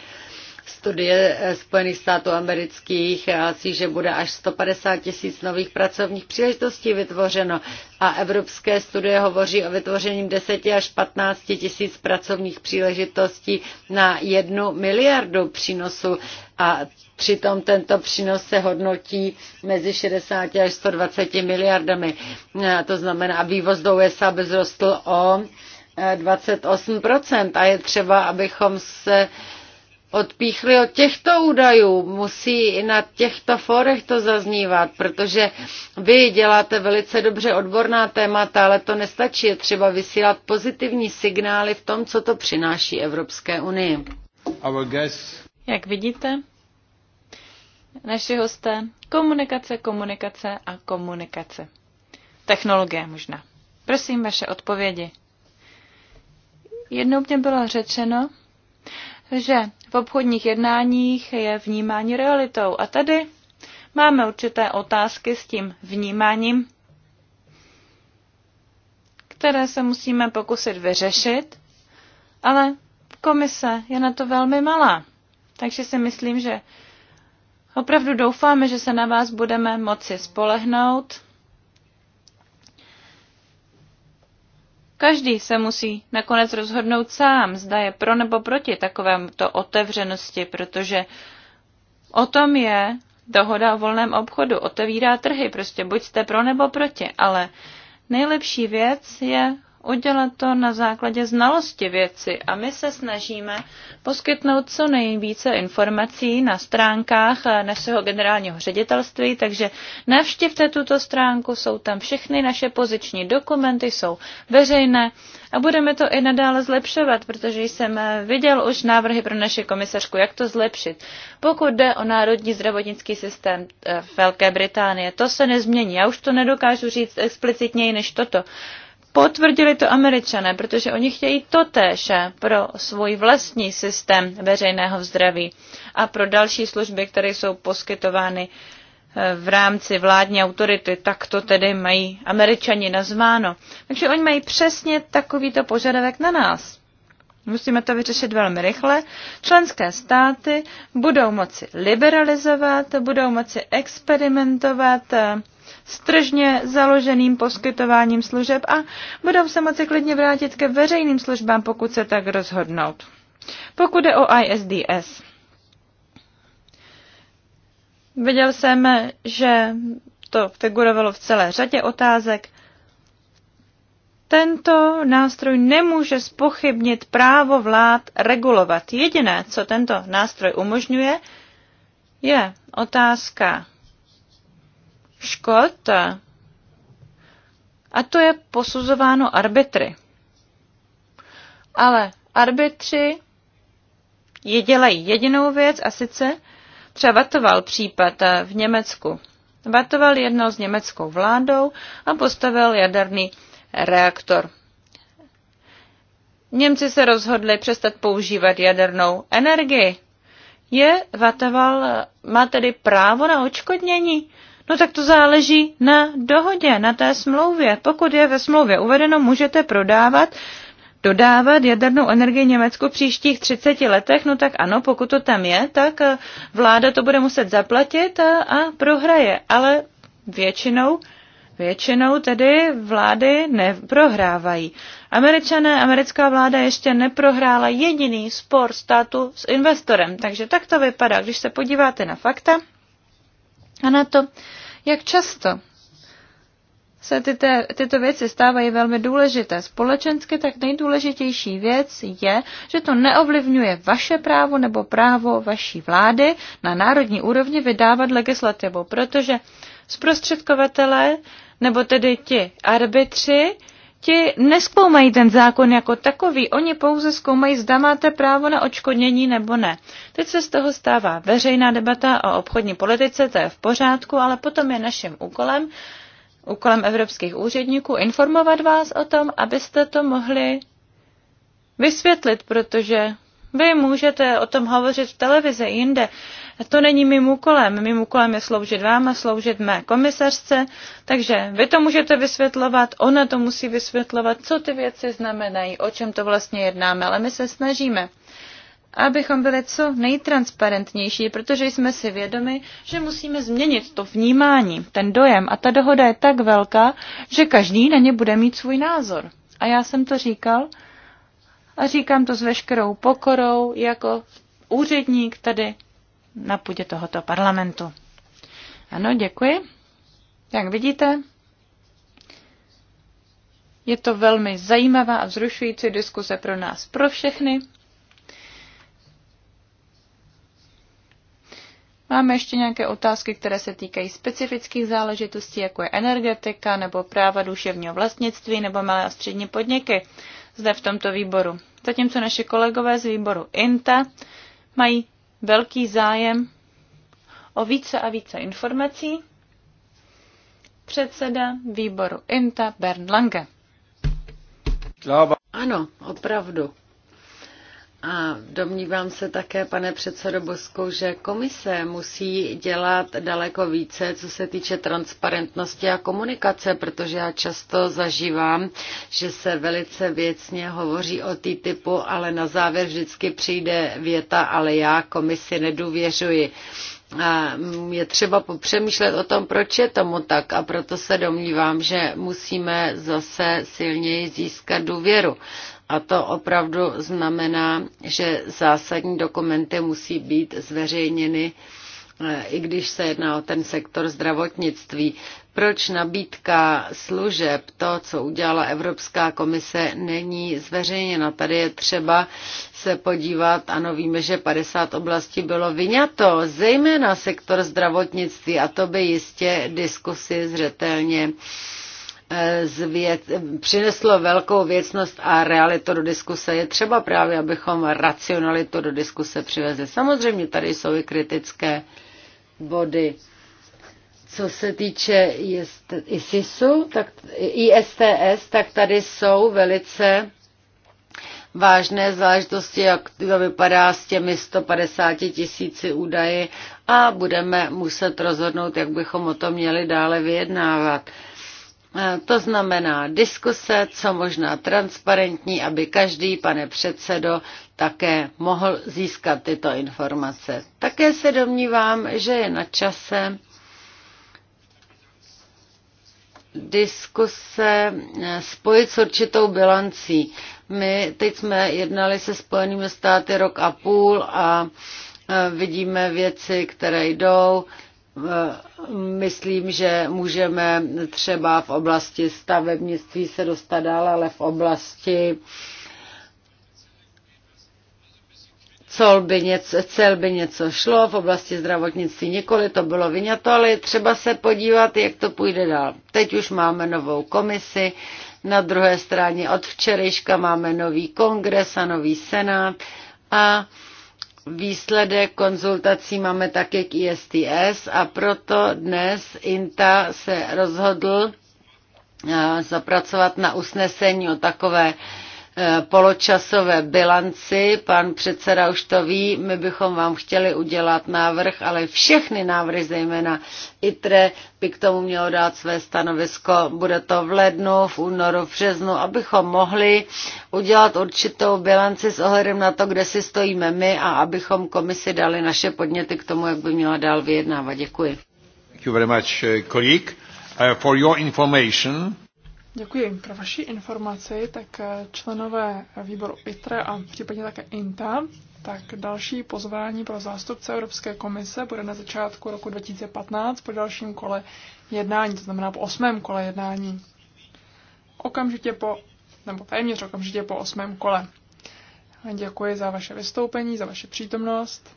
studie eh, Spojených států amerických eh, hlásí, že bude až 150 tisíc nových pracovních příležitostí vytvořeno a evropské studie hovoří o vytvoření 10 až 15 tisíc pracovních příležitostí na jednu miliardu přínosu a přitom tento přínos se hodnotí mezi 60 až 120 miliardami. A eh, to znamená, a vývoz do USA by zrostl o 28% a je třeba, abychom se odpíchli od těchto údajů. Musí i na těchto forech to zaznívat, protože vy děláte velice dobře odborná témata, ale to nestačí. Je třeba vysílat pozitivní signály v tom, co to přináší Evropské unii. Jak vidíte, naši hosté, komunikace, komunikace a komunikace. Technologie možná. Prosím vaše odpovědi. Jednou mě bylo řečeno, že v obchodních jednáních je vnímání realitou. A tady máme určité otázky s tím vnímáním, které se musíme pokusit vyřešit, ale komise je na to velmi malá. Takže si myslím, že opravdu doufáme, že se na vás budeme moci spolehnout Každý se musí nakonec rozhodnout sám, zda je pro nebo proti takovémto otevřenosti, protože o tom je dohoda o volném obchodu. Otevírá trhy, prostě buď jste pro nebo proti, ale nejlepší věc je udělat to na základě znalosti věci a my se snažíme poskytnout co nejvíce informací na stránkách našeho generálního ředitelství, takže navštivte tuto stránku, jsou tam všechny naše poziční dokumenty, jsou veřejné a budeme to i nadále zlepšovat, protože jsem viděl už návrhy pro naše komisařku, jak to zlepšit. Pokud jde o národní zdravotnický systém eh, Velké Británie, to se nezmění. Já už to nedokážu říct explicitněji než toto. Potvrdili to američané, protože oni chtějí totéž pro svůj vlastní systém veřejného zdraví a pro další služby, které jsou poskytovány eh, v rámci vládní autority, tak to tedy mají američani nazváno. Takže oni mají přesně takovýto požadavek na nás. Musíme to vyřešit velmi rychle. Členské státy budou moci liberalizovat, budou moci experimentovat eh, s tržně založeným poskytováním služeb a budou se moci klidně vrátit ke veřejným službám, pokud se tak rozhodnout. Pokud je o ISDS, viděl jsem, že to figurovalo v celé řadě otázek. Tento nástroj nemůže spochybnit právo vlád regulovat. Jediné, co tento nástroj umožňuje, je otázka škod a to je posuzováno arbitry. Ale arbitři je dělají jedinou věc a sice třeba Vatoval případ eh, v Německu. Vatoval jednal s německou vládou a postavil jaderný reaktor. Němci se rozhodli přestat používat jadernou energii. Je Vatoval, má tedy právo na očkodnění No tak to záleží na dohodě, na té smlouvě. Pokud je ve smlouvě uvedeno, můžete prodávat, dodávat jadernou energii Německu v příštích 30 letech, no tak ano, pokud to tam je, tak eh, vláda to bude muset zaplatit a, a prohraje. Ale většinou Většinou tedy vlády neprohrávají. Američané, americká vláda ještě neprohrála jediný spor státu s investorem. Takže tak to vypadá. Když se podíváte na fakta, a na to, jak často se tyto, tyto věci stávají velmi důležité. Společensky tak nejdůležitější věc je, že to neovlivňuje vaše právo nebo právo vaší vlády na národní úrovni vydávat legislativu, protože zprostředkovatelé nebo tedy ti arbitři ti neskoumají ten zákon jako takový, oni pouze zkoumají, zda máte právo na očkodnění nebo ne. Teď se z toho stává veřejná debata o obchodní politice, to je v pořádku, ale potom je naším úkolem, úkolem evropských úředníků, informovat vás o tom, abyste to mohli vysvětlit, protože vy můžete o tom hovořit v televizi jinde to není mým úkolem. Mým úkolem je sloužit vám a sloužit mé komisařce, takže vy to můžete vysvětlovat, ona to musí vysvětlovat, co ty věci znamenají, o čem to vlastně jednáme, ale my se snažíme abychom byli co nejtransparentnější, protože jsme si vědomi, že musíme změnit to vnímání, ten dojem. A ta dohoda je tak velká, že každý na ně bude mít svůj názor. A já jsem to říkal a říkám to s veškerou pokorou jako úředník tady na půdě tohoto parlamentu. Ano, děkuji. Jak vidíte, je to velmi zajímavá a vzrušující diskuse pro nás, pro všechny. Máme ještě nějaké otázky, které se týkají specifických záležitostí, jako je energetika nebo práva duševního vlastnictví nebo malé a střední podniky zde v tomto výboru. Zatímco naše kolegové z výboru INTA mají velký zájem o více a více informací předseda výboru INTA Bernd Lange. Ano, opravdu. A domnívám se také, pane předsedo Bosku, že komise musí dělat daleko více, co se týče transparentnosti a komunikace, protože já často zažívám, že se velice věcně hovoří o tý typu, ale na závěr vždycky přijde věta, ale já komisi nedůvěřuji. A je třeba popřemýšlet o tom, proč je tomu tak a proto se domnívám, že musíme zase silněji získat důvěru. A to opravdu znamená, že zásadní dokumenty musí být zveřejněny, eh, i když se jedná o ten sektor zdravotnictví. Proč nabídka služeb, to, co udělala Evropská komise, není zveřejněna? Tady je třeba se podívat, ano, víme, že 50 oblastí bylo vyňato, zejména sektor zdravotnictví, a to by jistě diskusy zřetelně uh, Eh, zvěd, přineslo velkou věcnost a realitu do diskuse. Je třeba právě, abychom racionalitu do diskuse přivezli. Samozřejmě tady jsou i kritické body. Co se týče ISISu, tak, ISTS, tak tady jsou velice vážné záležitosti, jak to vypadá s těmi 150 tisíci údaji a budeme muset rozhodnout, jak bychom o tom měli dále vyjednávat. To znamená diskuse, co možná transparentní, aby každý, pane předsedo, také mohl získat tyto informace. Také se domnívám, že je na čase diskuse eh, spojit s určitou bilancí. My teď jsme jednali se Spojenými státy rok a půl a eh, vidíme věci, které jdou Eh, myslím, že můžeme třeba v oblasti stavebnictví se dostat dál, ale v oblasti cel by, něco, cel by něco šlo, v oblasti zdravotnictví nikoli, to bylo vyňato, ale třeba se podívat, jak to půjde dál. Teď už máme novou komisi, na druhé straně od včerejška máme nový kongres a nový senát a Výsledek konzultací máme také k ISTS a proto dnes INTA se rozhodl zapracovat na usnesení o takové Eh, poločasové bilanci. Pan předseda už to ví, my bychom vám chtěli udělat návrh, ale všechny návrhy, zejména ITRE, by k tomu mělo dát své stanovisko. Bude to v lednu, v únoru, v březnu, abychom mohli udělat určitou bilanci s ohledem na to, kde si stojíme my a abychom komisi dali naše podněty k tomu, jak by měla dál vyjednávat. Děkuji. Thank you very much, eh, colleague. Uh, for your information, Děkuji. Pro vaši informaci, tak eh, členové výboru ITRE a případně také INTA, tak další pozvání pro zástupce Evropské komise bude na začátku roku 2015 po dalším kole jednání, to znamená po osmém kole jednání. Okamžitě po, nebo téměř okamžitě po osmém kole. Děkuji za vaše vystoupení, za vaše přítomnost.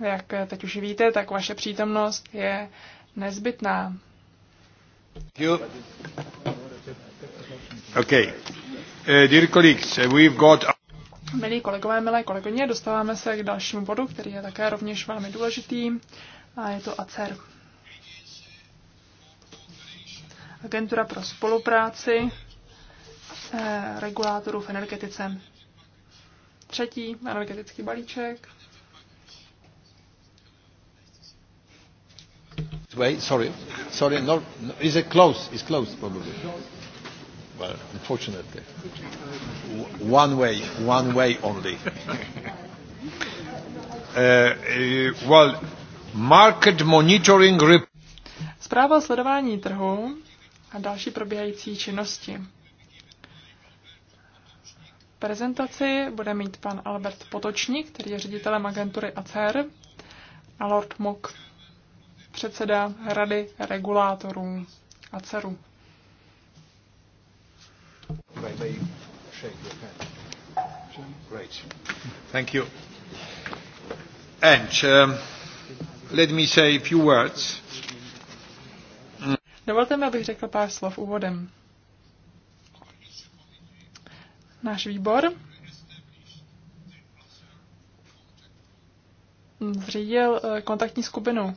Jak teď už víte, tak vaše přítomnost je nezbytná Okay. Uh, uh, we've got... Milí kolegové, milé kolegyně, dostáváme se k dalšímu bodu, který je také rovněž velmi důležitý, a je to ACER. Agentura pro spolupráci eh, regulátorů v energetice. Třetí energetický balíček. Wait, sorry. Sorry, no, no, is it close? It's close, probably. Well, unfortunately. One way, one way only. [LAUGHS] uh, uh, well, market monitoring report. Zpráva o sledování trhu a další probíhající činnosti. Prezentaci bude mít pan Albert Potočník, který je ředitelem agentury ACER, a Lord Mook předseda Rady regulátorů a CERu. Great. Thank you. And um, let me say a few words. Dovolte mi, abych řekl pár slov úvodem. Náš výbor zřídil eh, kontaktní skupinu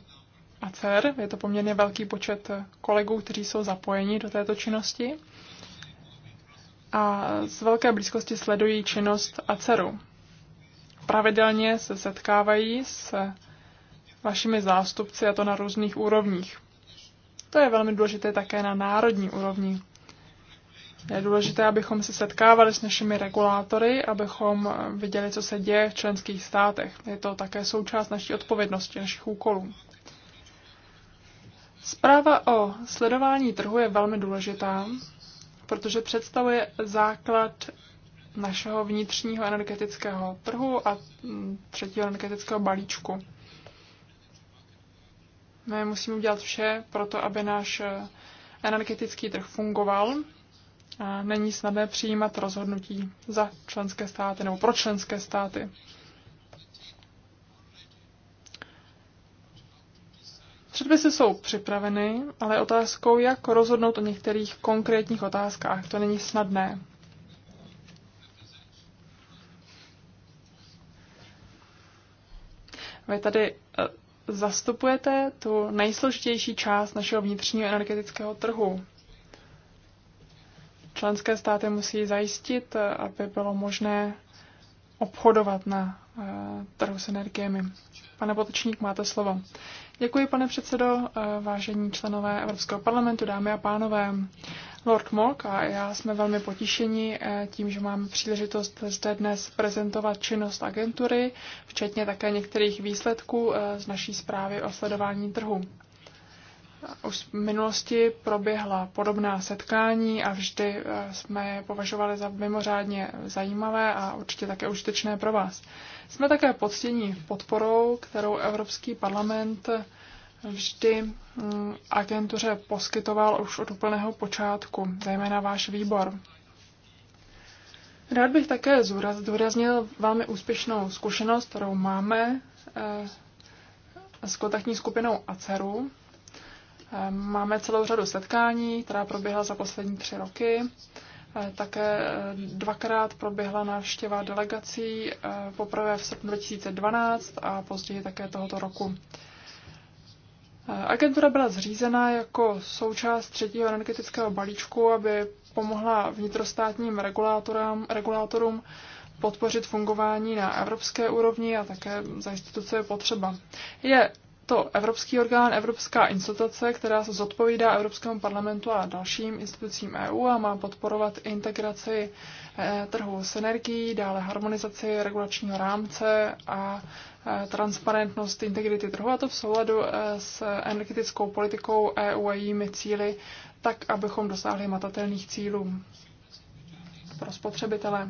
a dcer. Je to poměrně velký počet kolegů, kteří jsou zapojeni do této činnosti a z velké blízkosti sledují činnost ACERu. Pravidelně se setkávají s vašimi zástupci a to na různých úrovních. To je velmi důležité také na národní úrovni. Je důležité, abychom se setkávali s našimi regulátory, abychom viděli, co se děje v členských státech. Je to také součást naší odpovědnosti, našich úkolů. Zpráva o sledování trhu je velmi důležitá, protože představuje základ našeho vnitřního energetického trhu a mm, třetího energetického balíčku. My musíme udělat vše pro to, aby náš energetický trh fungoval. A není snadné přijímat rozhodnutí za členské státy nebo pro členské státy. Předpisy jsou připraveny, ale otázkou, jak rozhodnout o některých konkrétních otázkách, to není snadné. Vy tady eh, zastupujete tu nejsložitější část našeho vnitřního energetického trhu. Členské státy musí zajistit, eh, aby bylo možné obchodovat na eh, trhu s energiemi. Pane Potočník, máte slovo. Děkuji, pane předsedo, eh, vážení členové Evropského parlamentu, dámy a pánové. Lord Mock a já jsme velmi potěšeni eh, tím, že máme příležitost zde dnes prezentovat činnost agentury, včetně také některých výsledků eh, z naší zprávy o sledování trhu. Už v minulosti proběhla podobná setkání a vždy eh, jsme je považovali za mimořádně zajímavé a určitě také užitečné pro vás. Jsme také poctěni podporou, kterou Evropský parlament eh, vždy mm, agentuře poskytoval už od úplného počátku, zejména váš výbor. Rád bych také zdůraznil velmi úspěšnou zkušenost, kterou máme eh, s kontaktní skupinou ACERu, Máme celou řadu setkání, která proběhla za poslední tři roky. Také dvakrát proběhla návštěva delegací, poprvé v srpnu 2012 a později také tohoto roku. Agentura byla zřízena jako součást třetího energetického balíčku, aby pomohla vnitrostátním regulátorům, regulátorům podpořit fungování na evropské úrovni a také zajistit to, co je potřeba. Je to evropský orgán, evropská instituce, která se zodpovídá Evropskému parlamentu a dalším institucím EU a má podporovat integraci eh, trhu s energií, dále harmonizaci regulačního rámce a eh, transparentnost integrity trhu, a to v souladu eh, s energetickou politikou EU a jejími cíly, tak abychom dosáhli matatelných cílů pro spotřebitele.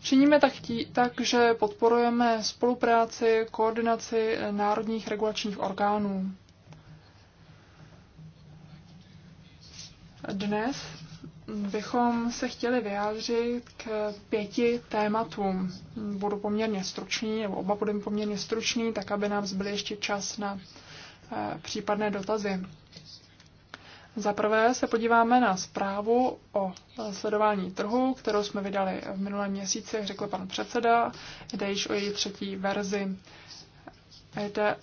Činíme tak, tí, tak, že podporujeme spolupráci, koordinaci národních regulačních orgánů. Dnes bychom se chtěli vyjádřit k pěti tématům. Budu poměrně stručný, nebo oba budeme poměrně stručný, tak aby nám zbyl ještě čas na eh, případné dotazy. Za prvé se podíváme na zprávu o sledování trhu, kterou jsme vydali v minulém měsíci, jak řekl pan předseda. Jde již o její třetí verzi. Jde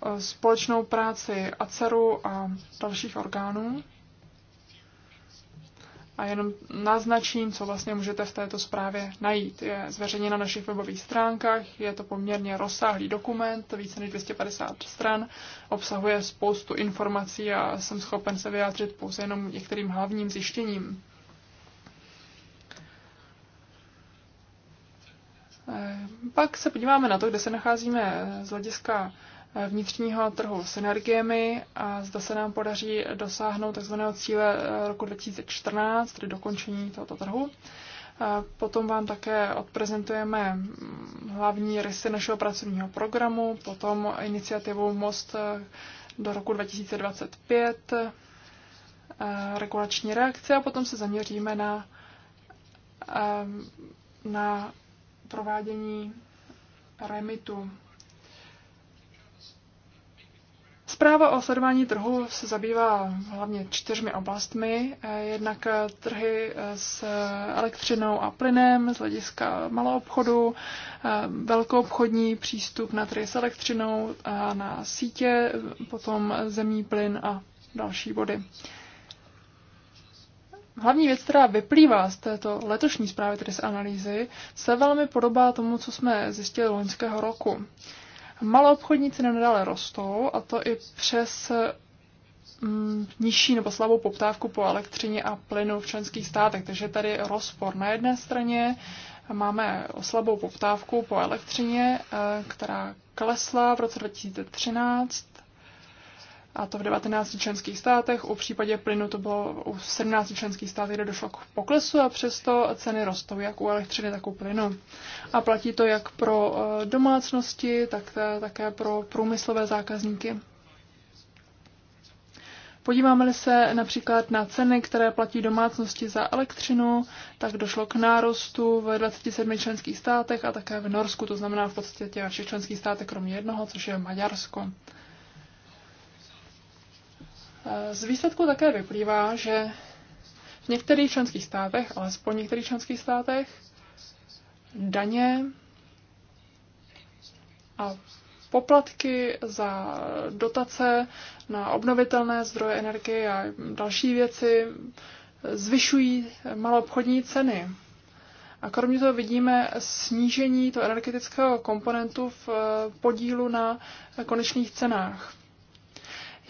o společnou práci ACERu a dalších orgánů a jenom naznačím, co vlastně můžete v této zprávě najít. Je zveřejněna na našich webových stránkách, je to poměrně rozsáhlý dokument, více než 250 stran, obsahuje spoustu informací a jsem schopen se vyjádřit pouze jenom některým hlavním zjištěním. Eh, pak se podíváme na to, kde se nacházíme z hlediska vnitřního trhu s energiemi a zda se nám podaří dosáhnout tzv. cíle eh, roku 2014, tedy dokončení tohoto trhu. Potom vám také odprezentujeme mm, hlavní rysy našeho pracovního programu, potom iniciativu Most eh, do roku 2025, eh, regulační reakce a potom se zaměříme na, na provádění remitu Zpráva o sledování trhu se zabývá hlavně čtyřmi oblastmi. Eh, jednak eh, trhy eh, s elektřinou a plynem z hlediska malou obchodu, velkou obchodní přístup na trhy s elektřinou, a na sítě, potom zemní plyn a další body. Hlavní věc, která vyplývá z této letošní zprávy, tedy z analýzy, se velmi podobá tomu, co jsme zjistili loňského roku. Maloobchodní ceny nadále rostou, a to i přes mm, nižší nebo slabou poptávku po elektřině a plynu v členských státech. Takže tady rozpor. Na jedné straně máme slabou poptávku po elektřině, eh, která klesla v roce 2013 a to v 19 členských státech. U případě plynu to bylo u 17 členských států, kde došlo k poklesu a přesto ceny rostou jak u elektřiny, tak u plynu. A platí to jak pro eh, domácnosti, tak také pro průmyslové zákazníky. Podíváme-li se například na ceny, které platí domácnosti za elektřinu, tak došlo k nárostu v 27 členských státech a také v Norsku, to znamená v podstatě ve všech členských státech kromě jednoho, což je Maďarsko. Eh, z výsledku také vyplývá, že v některých členských státech, alespoň v některých členských státech, daně a poplatky za dotace na obnovitelné zdroje energie a další věci zvyšují maloobchodní ceny. A kromě toho vidíme snížení toho energetického komponentu v eh, podílu na konečných cenách.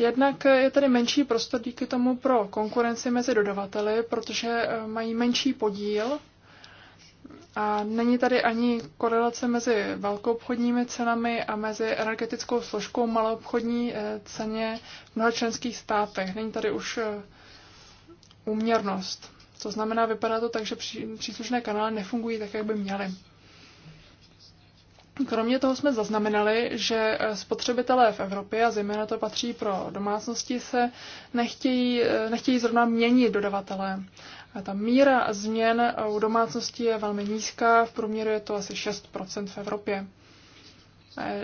Jednak je tady menší prostor díky tomu pro konkurenci mezi dodavateli, protože eh, mají menší podíl a není tady ani korelace mezi obchodními cenami a mezi energetickou složkou maloobchodní eh, ceně v mnoha členských státech. Není tady už eh, úměrnost. To znamená, vypadá to tak, že příslušné kanály nefungují tak, jak by měly. Kromě toho jsme zaznamenali, že eh, spotřebitelé v Evropě, a zejména to patří pro domácnosti, se nechtějí, eh, nechtějí zrovna měnit dodavatele. A ta míra změn u domácností je velmi nízká, v průměru je to asi 6% v Evropě.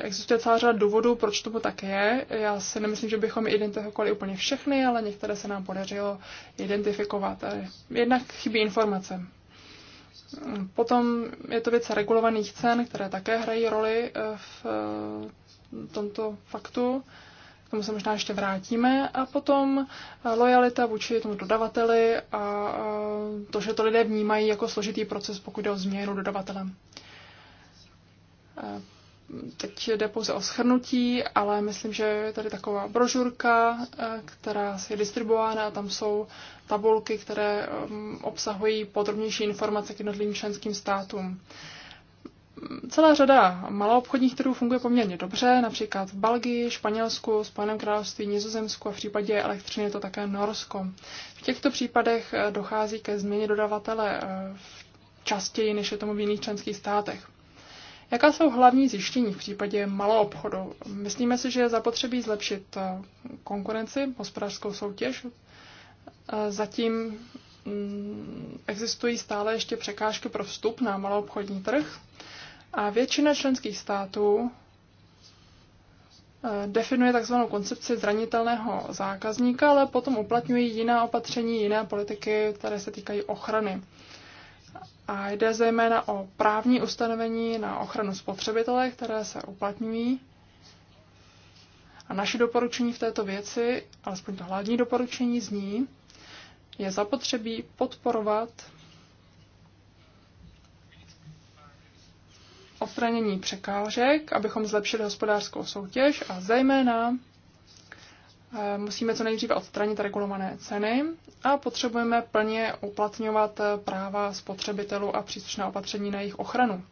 Existuje celá řada důvodů, proč tomu tak je. Já si nemyslím, že bychom identifikovali úplně všechny, ale některé se nám podařilo identifikovat. Eh, jednak chybí informace. Potom je to věc regulovaných cen, které také hrají roli eh, v eh, tomto faktu. K tomu se možná ještě vrátíme. A potom eh, lojalita vůči tomu dodavateli a to, že to lidé vnímají jako složitý proces, pokud jde o změnu dodavatele. Teď jde pouze o schrnutí, ale myslím, že je tady taková brožurka, eh, která je distribuována a tam jsou tabulky, které mm, obsahují podrobnější informace k jednotlivým členským státům. Celá řada maloobchodních trhů funguje poměrně dobře, například v Belgii, Španělsku, Spojeném království, Nizozemsku a v případě elektřiny je to také Norsko. V těchto případech eh, dochází ke změně dodavatele eh, častěji, než je tomu v jiných členských státech. Jaká jsou hlavní zjištění v případě malou obchodu? Myslíme si, že je zapotřebí zlepšit eh, konkurenci, hospodářskou soutěž. Eh, zatím mm, existují stále ještě překážky pro vstup na malou obchodní trh a většina členských států eh, definuje takzvanou koncepci zranitelného zákazníka, ale potom uplatňují jiná opatření, jiné politiky, které se týkají ochrany. A jde zejména o právní ustanovení na ochranu spotřebitele, které se uplatňují. A naše doporučení v této věci, alespoň to hlavní doporučení zní, je zapotřebí podporovat odstranění překážek, abychom zlepšili hospodářskou soutěž a zejména Eh, musíme co nejdříve odstranit regulované ceny a potřebujeme plně uplatňovat eh, práva spotřebitelů a příslušné opatření na jejich ochranu.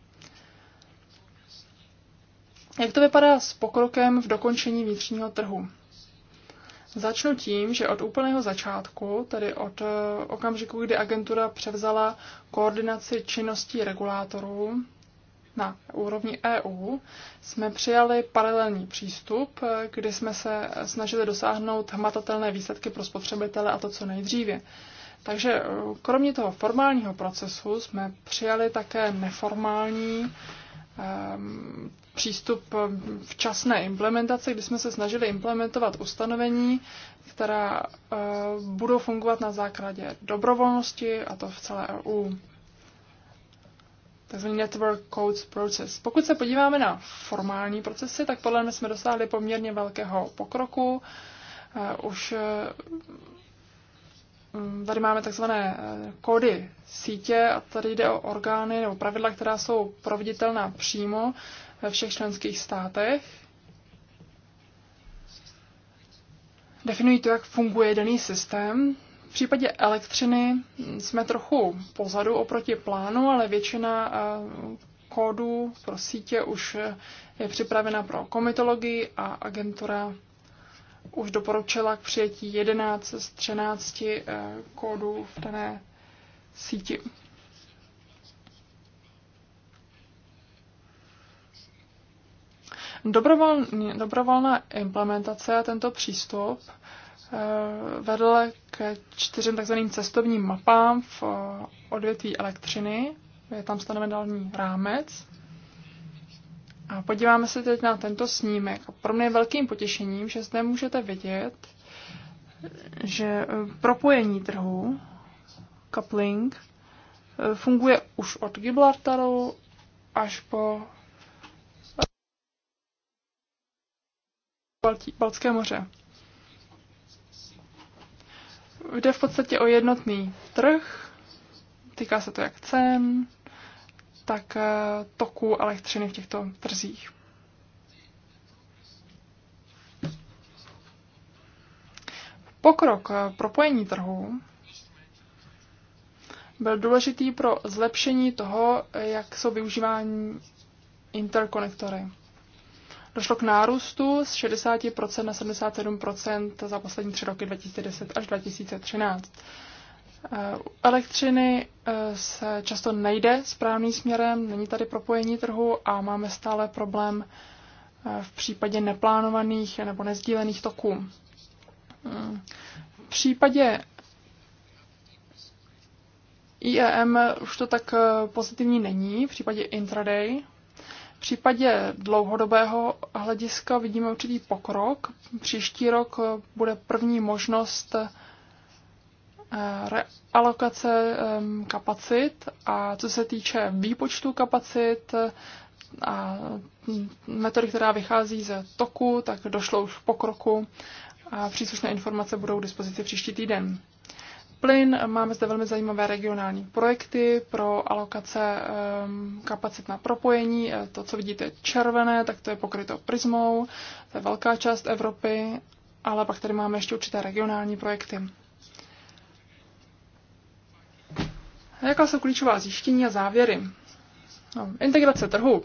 Jak to vypadá s pokrokem v dokončení vnitřního trhu? Začnu tím, že od úplného začátku, tedy od eh, okamžiku, kdy agentura převzala koordinaci činností regulátorů, na úrovni EU jsme přijali paralelní přístup, eh, kdy jsme se snažili dosáhnout hmatatelné výsledky pro spotřebitele a to co nejdříve. Takže eh, kromě toho formálního procesu jsme přijali také neformální um, přístup eh, včasné implementace, kdy jsme se snažili implementovat ustanovení, která uh, budou fungovat na základě dobrovolnosti, a to v celé EU takzvaný Network Codes Process. Pokud se podíváme na formální procesy, tak podle mě jsme dosáhli poměrně velkého pokroku. Eh, už eh, mm, tady máme takzvané eh, kódy sítě a tady jde o orgány nebo pravidla, která jsou proveditelná přímo ve všech členských státech. Definují to, jak funguje daný systém v případě elektřiny jsme trochu pozadu oproti plánu, ale většina eh, kódu pro sítě už eh, je připravena pro komitologii a agentura už doporučila k přijetí 11 z 13 eh, kódů v dané síti. dobrovolná implementace a tento přístup Eh, vedl k čtyřem takzvaným cestovním mapám v eh, odvětví elektřiny. Je tam stanoven dální rámec. A podíváme se teď na tento snímek. pro mě je velkým potěšením, že zde můžete vidět, že eh, propojení trhu, coupling, funguje už od Gibraltaru až po Baltské moře jde v podstatě o jednotný trh, týká se to jak cen, tak eh, toků elektřiny v těchto trzích. Pokrok eh, propojení trhu byl důležitý pro zlepšení toho, jak jsou využívání interkonektory. Došlo k nárůstu z 60% na 77% za poslední tři roky 2010 až 2013. U eh, elektřiny eh, se často nejde správným směrem, není tady propojení trhu a máme stále problém eh, v případě neplánovaných nebo nezdílených toků. V případě IEM už to tak pozitivní není, v případě intraday, v případě dlouhodobého hlediska vidíme určitý pokrok. Příští rok bude první možnost eh, realokace ehm, kapacit a co se týče výpočtu kapacit eh, a metody, která vychází ze toku, tak došlo už pokroku a příslušné informace budou k dispozici příští týden plyn. Máme zde velmi zajímavé regionální projekty pro alokace ehm, kapacit na propojení. E, to, co vidíte červené, tak to je pokryto prismou. To je velká část Evropy, ale pak tady máme ještě určité regionální projekty. Jaká jsou klíčová zjištění a závěry? No, integrace trhu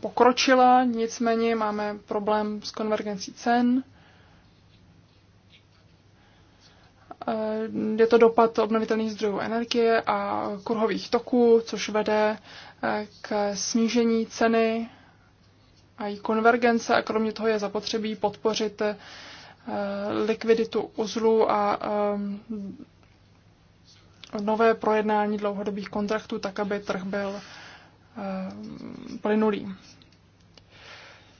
pokročila, nicméně máme problém s konvergencí cen. Eh, je to dopad obnovitelných zdrojů energie a kruhových toků, což vede eh, k snížení ceny a její konvergence a kromě toho je zapotřebí podpořit eh, likviditu uzlu a nové projednání dlouhodobých kontraktů, tak aby trh byl plynulý.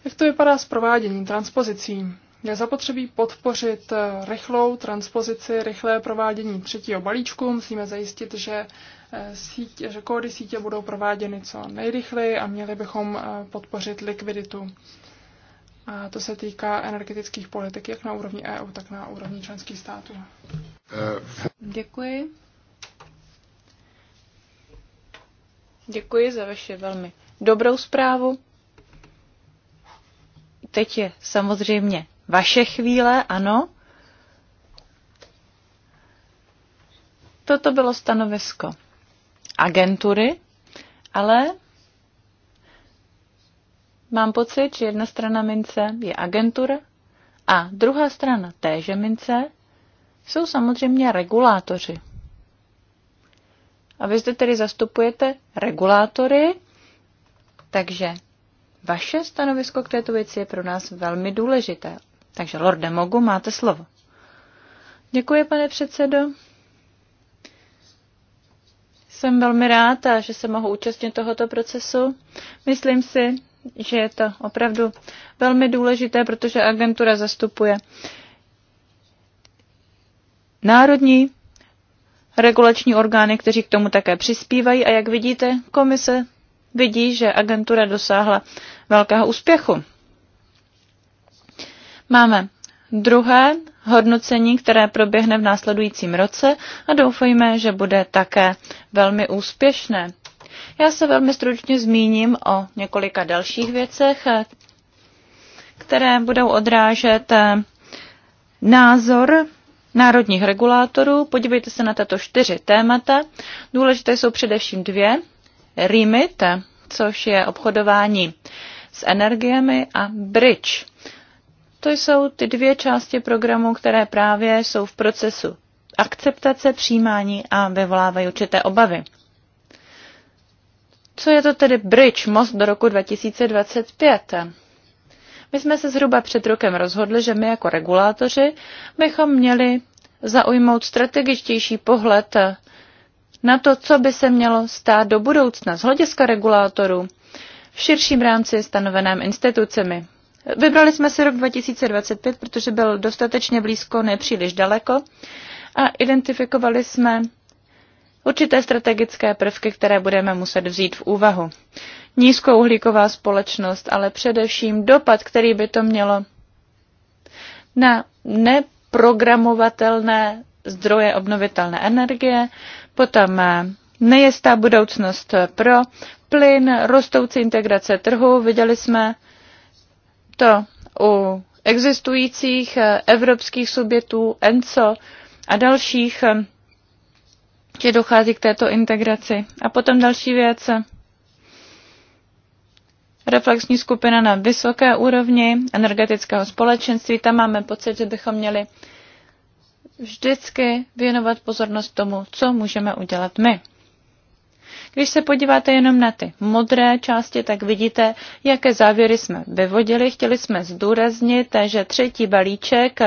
Jak to vypadá s prováděním transpozicí? je zapotřebí podpořit eh, rychlou transpozici, rychlé provádění třetího balíčku. Musíme zajistit, že, eh, sítě, že kódy sítě budou prováděny co nejrychleji a měli bychom eh, podpořit likviditu. A to se týká energetických politik jak na úrovni EU, tak na úrovni členských států. Děkuji. Děkuji za vaše velmi dobrou zprávu. Teď je samozřejmě vaše chvíle, ano. Toto bylo stanovisko agentury, ale mám pocit, že jedna strana mince je agentura a druhá strana téže mince jsou samozřejmě regulátoři. A vy zde tedy zastupujete regulátory, takže vaše stanovisko k této věci je pro nás velmi důležité. Takže, Lorde Mogu, máte slovo. Děkuji, pane předsedo. Jsem velmi rád, že se mohu účastnit tohoto procesu. Myslím si, že je to opravdu velmi důležité, protože agentura zastupuje národní regulační orgány, kteří k tomu také přispívají a jak vidíte, komise vidí, že agentura dosáhla velkého úspěchu. Máme druhé hodnocení, které proběhne v následujícím roce a doufejme, že bude také velmi úspěšné. Já se velmi stručně zmíním o několika dalších věcech, které budou odrážet eh, názor národních regulátorů. Podívejte se na tato čtyři témata. Důležité jsou především dvě. REMIT, což je obchodování s energiemi, a BRIDGE, to jsou ty dvě části programu, které právě jsou v procesu akceptace, přijímání a vyvolávají určité obavy. Co je to tedy bridge, most do roku 2025? My jsme se zhruba před rokem rozhodli, že my jako regulátoři bychom měli zaujmout strategičtější pohled na to, co by se mělo stát do budoucna z hlediska regulátorů v širším rámci stanoveném institucemi. Vybrali jsme si rok 2025, protože byl dostatečně blízko, nepříliš daleko a identifikovali jsme určité strategické prvky, které budeme muset vzít v úvahu. Nízkouhlíková společnost, ale především dopad, který by to mělo na neprogramovatelné zdroje obnovitelné energie, potom eh, nejistá budoucnost pro plyn, rostoucí integrace trhu. Viděli jsme, to u existujících eh, evropských subjektů, ENCO a dalších, eh, že dochází k této integraci. A potom další věc. Reflexní skupina na vysoké úrovni energetického společenství. Tam máme pocit, že bychom měli vždycky věnovat pozornost tomu, co můžeme udělat my. Když se podíváte jenom na ty modré části, tak vidíte, jaké závěry jsme vyvodili. Chtěli jsme zdůraznit, že třetí balíček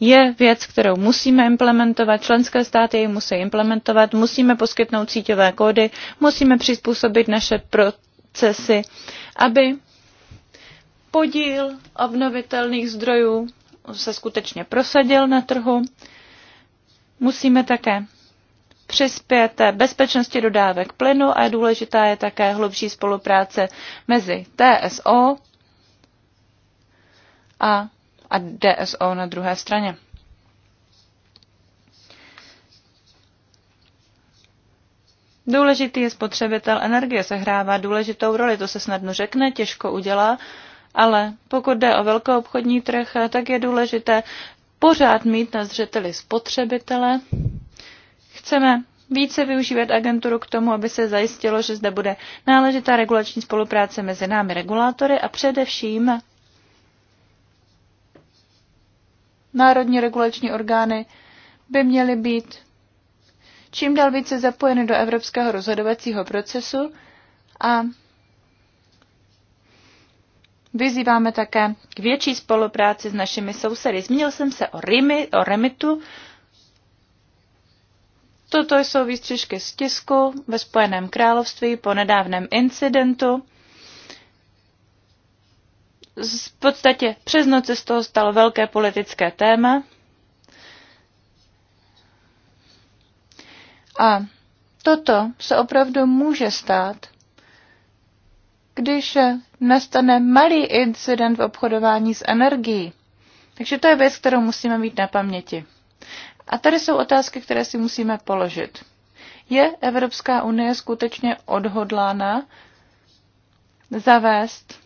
je věc, kterou musíme implementovat, členské státy ji musí implementovat, musíme poskytnout síťové kódy, musíme přizpůsobit naše procesy, aby podíl obnovitelných zdrojů se skutečně prosadil na trhu. Musíme také přispějete bezpečnosti dodávek plynu a důležitá je také hlubší spolupráce mezi TSO a, a DSO na druhé straně. Důležitý je spotřebitel energie, sehrává důležitou roli, to se snadno řekne, těžko udělá, ale pokud jde o velkou obchodní trh, tak je důležité pořád mít na zřeteli spotřebitele Chceme více využívat agenturu k tomu, aby se zajistilo, že zde bude náležitá regulační spolupráce mezi námi regulátory a především národní regulační orgány by měly být čím dál více zapojeny do evropského rozhodovacího procesu a vyzýváme také k větší spolupráci s našimi sousedy. Zmínil jsem se o, rimi, o remitu, Toto jsou výstřižky z tisku ve Spojeném království po nedávném incidentu. V podstatě přes noc se z toho stalo velké politické téma. A toto se opravdu může stát, když nastane malý incident v obchodování s energií. Takže to je věc, kterou musíme mít na paměti. A tady jsou otázky, které si musíme položit. Je Evropská unie skutečně odhodlána zavést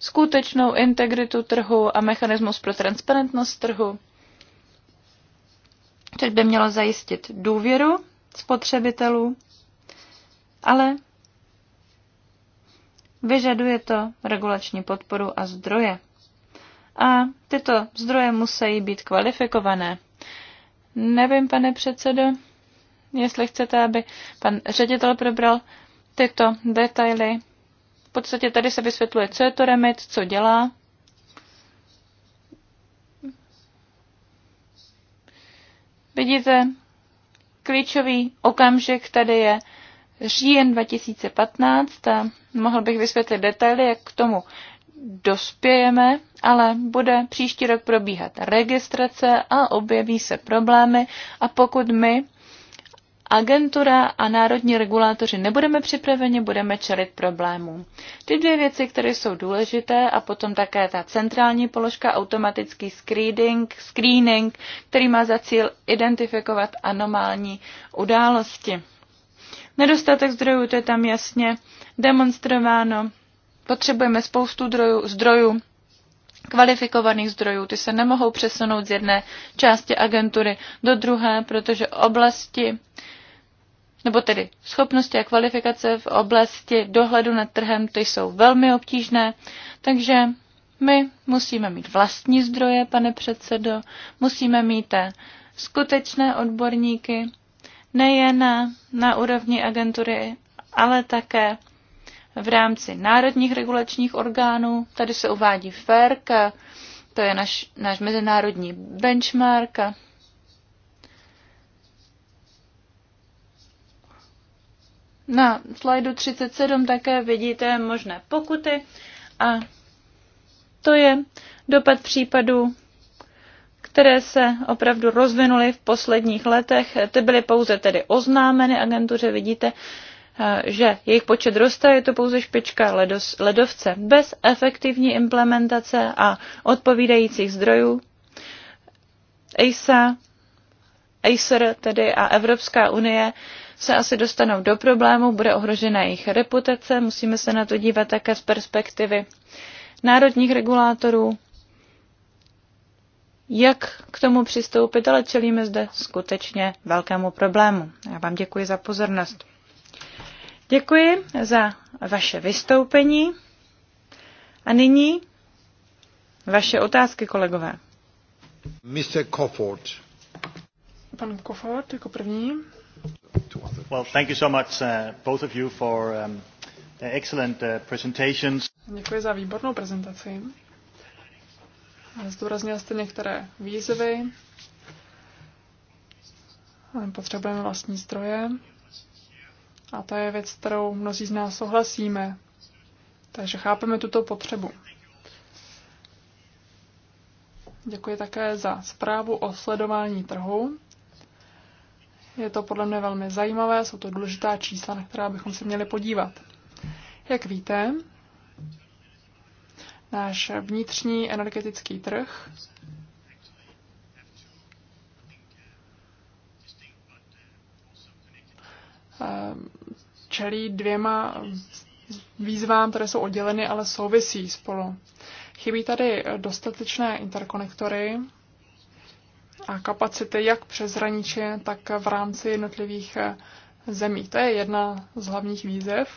skutečnou integritu trhu a mechanismus pro transparentnost trhu, což by mělo zajistit důvěru spotřebitelů, ale vyžaduje to regulační podporu a zdroje. A tyto zdroje musí být kvalifikované. Nevím, pane předsedo, jestli chcete, aby pan ředitel probral tyto detaily. V podstatě tady se vysvětluje, co je to remit, co dělá. Vidíte, klíčový okamžik tady je říjen 2015. Mohl bych vysvětlit detaily, jak k tomu dospějeme, ale bude příští rok probíhat registrace a objeví se problémy a pokud my agentura a národní regulátoři nebudeme připraveni, budeme čelit problémům. Ty dvě věci, které jsou důležité a potom také ta centrální položka, automatický screening, screening který má za cíl identifikovat anomální události. Nedostatek zdrojů, to je tam jasně demonstrováno. Potřebujeme spoustu zdrojů, zdrojů, kvalifikovaných zdrojů. Ty se nemohou přesunout z jedné části agentury do druhé, protože oblasti, nebo tedy schopnosti a kvalifikace v oblasti dohledu nad trhem, ty jsou velmi obtížné, takže my musíme mít vlastní zdroje, pane předsedo, musíme mít skutečné odborníky, nejen na, na úrovni agentury, ale také v rámci národních regulačních orgánů. Tady se uvádí FERC, to je naš, náš mezinárodní benchmark. Na slajdu 37 také vidíte možné pokuty a to je dopad případů, které se opravdu rozvinuly v posledních letech. Ty byly pouze tedy oznámeny agentuře, vidíte, Eh, že jejich počet roste, je to pouze špička ledos, ledovce. Bez efektivní implementace a odpovídajících zdrojů ESA, ACER tedy a Evropská unie se asi dostanou do problému, bude ohrožena jejich reputace, musíme se na to dívat také z perspektivy národních regulátorů, jak k tomu přistoupit, ale čelíme zde skutečně velkému problému. Já vám děkuji za pozornost. Děkuji za vaše vystoupení. A nyní vaše otázky, kolegové. Mr. Cofford. Pan Kofort jako první. Well, thank you so much, uh, both of you, for um, excellent uh, presentations. Děkuji za výbornou prezentaci. Zdůraznil jste některé výzvy. Potřebujeme vlastní zdroje. A to je věc, kterou mnozí z nás souhlasíme. Takže chápeme tuto potřebu. Děkuji také za zprávu o sledování trhu. Je to podle mě velmi zajímavé, jsou to důležitá čísla, na která bychom se měli podívat. Jak víte, náš vnitřní energetický trh čelí dvěma výzvám, které jsou odděleny, ale souvisí spolu. Chybí tady dostatečné interkonektory a kapacity jak hraniče, tak v rámci jednotlivých eh, zemí. To je jedna z hlavních výzev.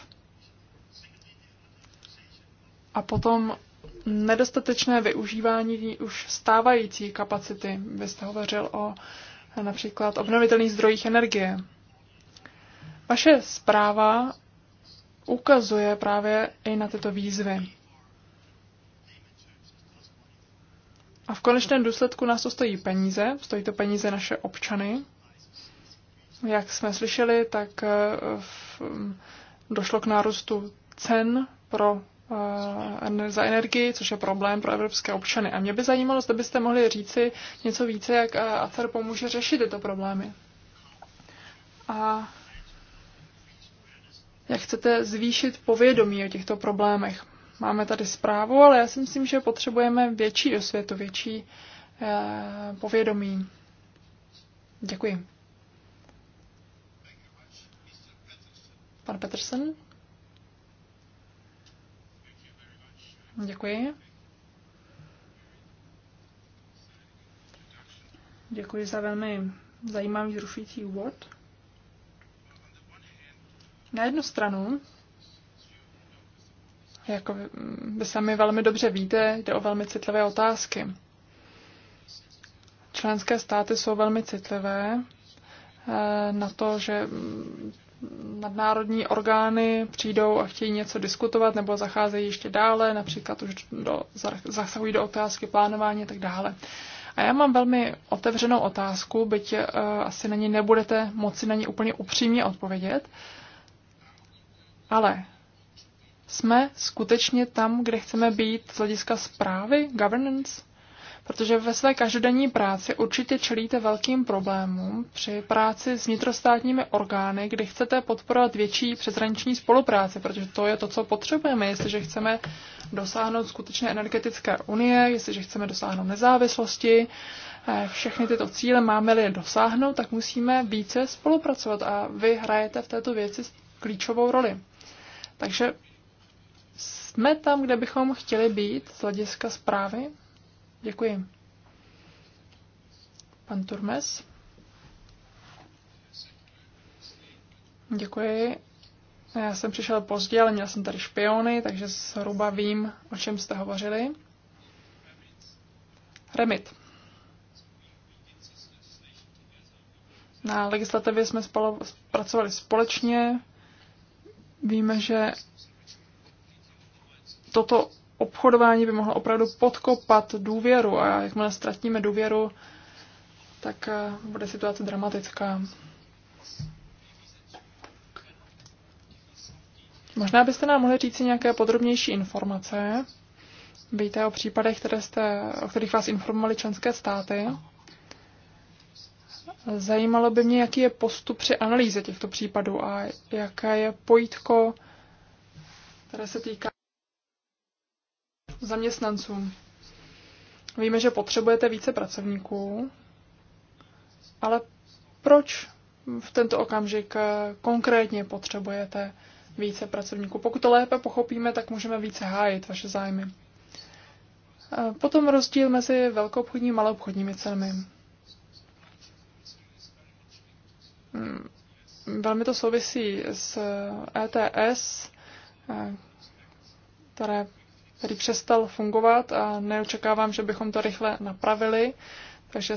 A potom nedostatečné využívání už stávající kapacity. Vy jste hovořil o například obnovitelných zdrojích energie. Vaše zpráva ukazuje právě i na tyto výzvy. A v konečném důsledku nás to stojí peníze, stojí to peníze naše občany. Jak jsme slyšeli, tak eh, v, mm, došlo k nárůstu cen pro, eh, za energii, což je problém pro evropské občany. A mě by zajímalo, zda byste mohli říci něco více, jak eh, ACER pomůže řešit tyto problémy. A jak chcete zvýšit povědomí o těchto problémech. Máme tady zprávu, ale já si myslím, že potřebujeme větší osvětu, větší eh, povědomí. Děkuji. Pan Petersen? Děkuji. Děkuji za velmi zajímavý zrušující úvod. Na jednu stranu, jako vy sami velmi dobře víte, jde o velmi citlivé otázky. Členské státy jsou velmi citlivé eh, na to, že mm, nadnárodní orgány přijdou a chtějí něco diskutovat nebo zacházejí ještě dále, například už do, zasahují do otázky plánování a tak dále. A já mám velmi otevřenou otázku, byť uh, asi na ní nebudete moci na ní úplně upřímně odpovědět. Uh, ale jsme skutečně tam, kde chceme být z hlediska zprávy, governance? Protože ve své každodenní práci určitě čelíte velkým problémům při práci s vnitrostátními orgány, kdy chcete podporovat větší přeshraniční spolupráci, protože to je to, co potřebujeme, jestliže chceme dosáhnout skutečně energetické unie, jestliže chceme dosáhnout nezávislosti, eh, všechny tyto cíle máme-li dosáhnout, tak musíme více spolupracovat a vy hrajete v této věci klíčovou roli. Takže jsme tam, kde bychom chtěli být z hlediska zprávy? Děkuji. Pan Turmes. Děkuji. Já jsem přišel pozdě, ale měl jsem tady špiony, takže zhruba vím, o čem jste hovořili. Remit. Na legislativě jsme spolu, pracovali společně, Víme, že toto obchodování by mohlo opravdu podkopat důvěru a jakmile ztratíme důvěru, tak eh, bude situace dramatická. Možná byste nám mohli říct nějaké podrobnější informace. Víte o případech, které jste, o kterých vás informovali členské státy? Zajímalo by mě, jaký je postup při analýze těchto případů a jaké je pojítko, které se týká zaměstnancům. Víme, že potřebujete více pracovníků, ale proč v tento okamžik konkrétně potřebujete více pracovníků? Pokud to lépe pochopíme, tak můžeme více hájit vaše zájmy. Potom rozdíl mezi velkou obchodní a malou obchodními cenami. Mm, velmi to souvisí s ETS, eh, e eh, které, který přestal fungovat a neočekávám, že bychom to rychle napravili. Takže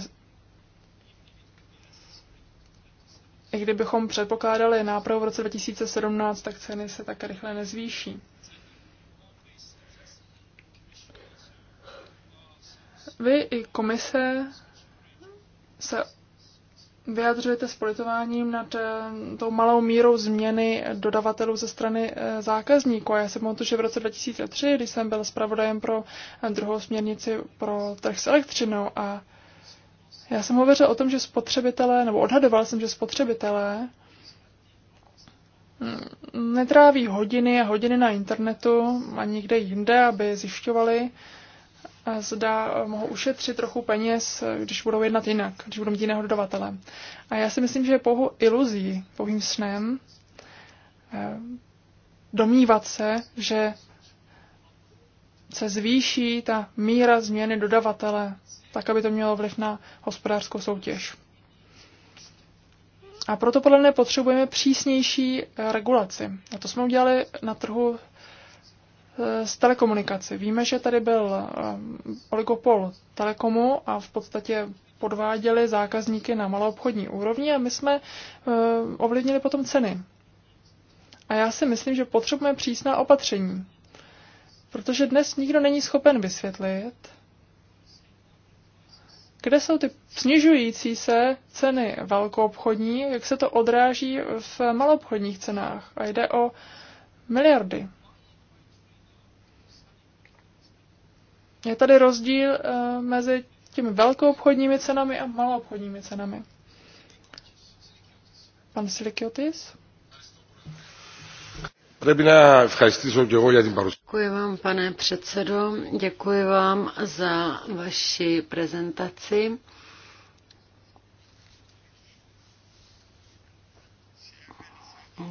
i kdybychom předpokládali nápravu v roce 2017, tak ceny se tak rychle nezvýší. Vy i komise se vyjadřujete s politováním nad eh, tou malou mírou změny dodavatelů ze strany eh, zákazníků. Já si pamatuju, že v roce 2003, když jsem byl zpravodajem pro eh, druhou směrnici pro trh s elektřinou a já jsem hovořil o tom, že spotřebitelé, nebo odhadoval jsem, že spotřebitelé mm, netráví hodiny a hodiny na internetu a nikde jinde, aby zjišťovali, zda mohou ušetřit trochu peněz, když budou jednat jinak, když budou mít jiného dodavatele. A já si myslím, že je pouhou iluzí, pouhým snem, eh, domnívat se, že se zvýší ta míra změny dodavatele, tak aby to mělo vliv na hospodářskou soutěž. A proto podle mě potřebujeme přísnější regulaci. A to jsme udělali na trhu s eh, telekomunikaci. Víme, že tady byl eh, oligopol telekomu a v podstatě podváděli zákazníky na maloobchodní úrovni a my jsme eh, ovlivnili potom ceny. A já si myslím, že potřebujeme přísná opatření, protože dnes nikdo není schopen vysvětlit, kde jsou ty snižující se ceny velkoobchodní, jak se to odráží v maloobchodních cenách. A jde o miliardy. Je tady rozdíl eh, mezi těmi velkou obchodními cenami a malou obchodními cenami. Pan Silikiotis? Děkuji vám, pane předsedo, děkuji vám za vaši prezentaci.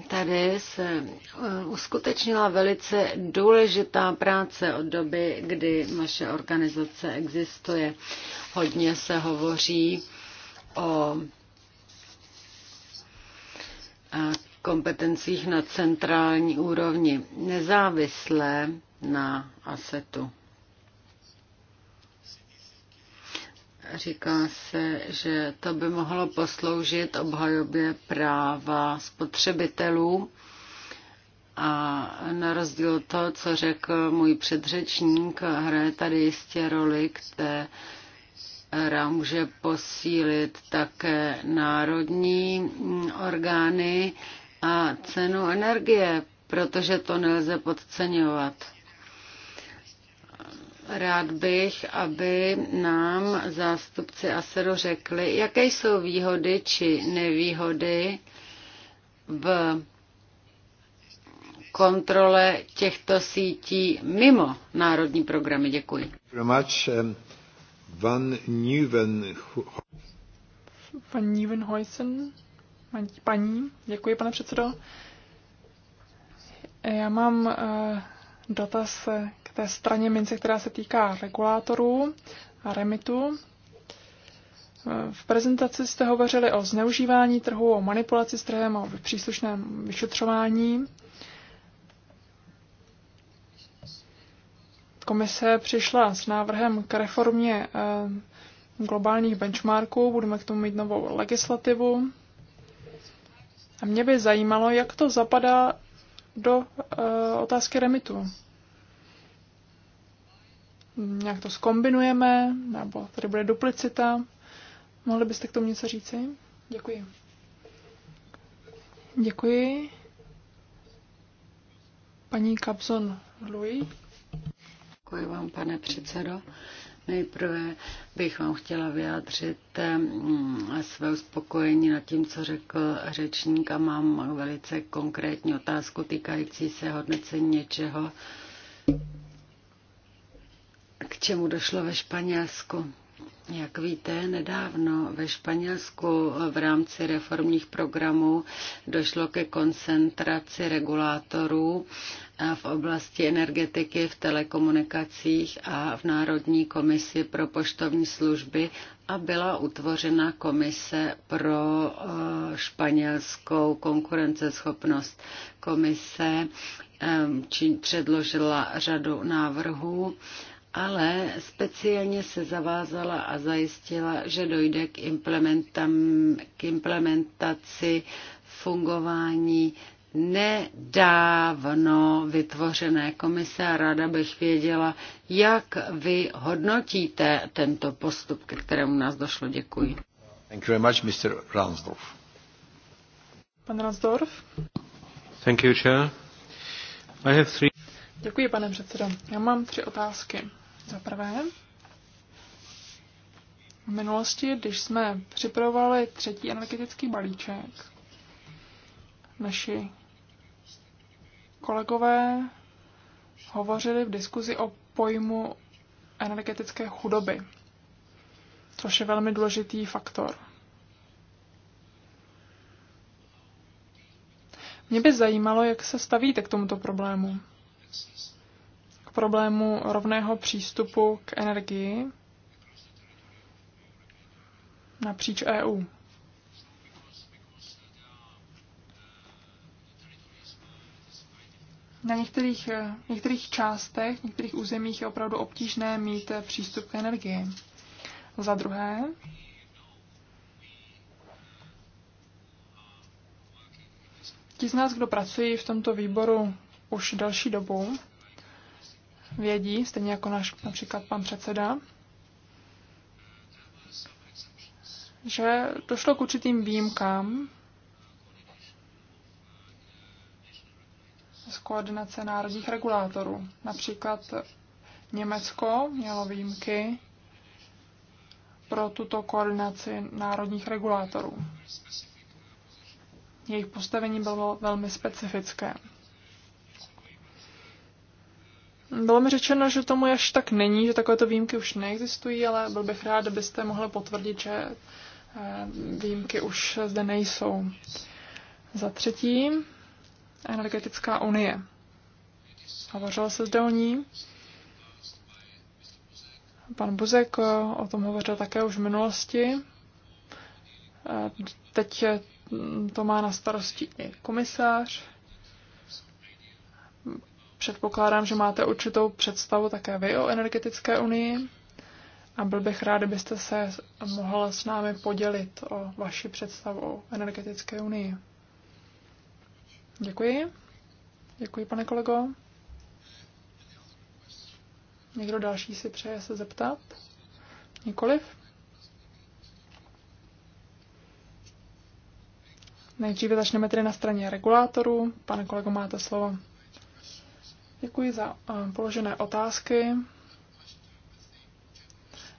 Tady se eh, uskutečnila velice důležitá práce od doby, kdy naše organizace existuje. Hodně se hovoří o eh, kompetencích na centrální úrovni, nezávislé na asetu. Říká se, že to by mohlo posloužit obhajobě práva spotřebitelů. A na rozdíl od toho, co řekl můj předřečník, hraje tady jistě roli, která může posílit také národní orgány a cenu energie, protože to nelze podceňovat. Rád bych, aby nám zástupci ASERu řekli, jaké jsou výhody či nevýhody v kontrole těchto sítí mimo národní programy. Děkuji. Um, Van Nieuwenhuisen, paní, děkuji, pane předsedo. Já mám uh, dotaz eh, té straně mince, která se týká regulátorů a remitu. V prezentaci jste hovořili o zneužívání trhu, o manipulaci s trhem, o příslušném vyšetřování. Komise přišla s návrhem k reformě eh, globálních benchmarků, budeme k tomu mít novou legislativu. A mě by zajímalo, jak to zapadá do eh, otázky remitu nějak mm, to skombinujeme, nebo tady bude duplicita. Mohli byste k tomu něco říci? Děkuji. Děkuji. Paní Kapson Louis. Děkuji vám, pane předsedo. Nejprve bych vám chtěla vyjádřit mm, své uspokojení nad tím, co řekl řečník a mám velice konkrétní otázku týkající se hodnocení něčeho, k čemu došlo ve Španělsku. Jak víte, nedávno ve Španělsku v rámci reformních programů došlo ke koncentraci regulátorů v oblasti energetiky, v telekomunikacích a v Národní komisi pro poštovní služby a byla utvořena komise pro eh, španělskou konkurenceschopnost. Komise eh, předložila řadu návrhů ale speciálně se zavázala a zajistila, že dojde k, k implementaci fungování nedávno vytvořené komise a ráda bych věděla, jak vy hodnotíte tento postup, ke kterému nás došlo. Děkuji. Thank you very much, Mr. Ransdorf. Pan Ransdorf. Thank you, Chair. I have three... Děkuji, pane předsedo. Já mám tři otázky. Za prvé, v minulosti, když jsme připravovali třetí energetický balíček, naši kolegové hovořili v diskuzi o pojmu energetické chudoby, což je velmi důležitý faktor. Mě by zajímalo, jak se stavíte k tomuto problému problému rovného přístupu k energii napříč EU. Na některých, některých částech, některých územích je opravdu obtížné mít přístup k energii. Za druhé, ti z nás, kdo pracují v tomto výboru už další dobu, vědí, stejně jako náš například pan předseda, že došlo k určitým výjimkám z koordinace národních regulátorů. Například Německo mělo výjimky pro tuto koordinaci národních regulátorů. Jejich postavení bylo velmi specifické. Bylo mi řečeno, že tomu až tak není, že takovéto výjimky už neexistují, ale byl bych rád, abyste mohli potvrdit, že eh, výjimky už zde nejsou. Za třetí, energetická unie. Hovořilo se zde o ní. Pan Buzek eh, o tom hovořil také už v minulosti. Eh, teď to má na starosti i komisář. Předpokládám, že máte určitou představu také vy o energetické unii a byl bych rád, kdybyste se mohl s námi podělit o vaši představu o energetické unii. Děkuji. Děkuji, pane kolego. Někdo další si přeje se zeptat? Nikoliv? Nejdříve začneme tedy na straně regulátorů. Pane kolego, máte slovo. Děkuji za eh, položené otázky.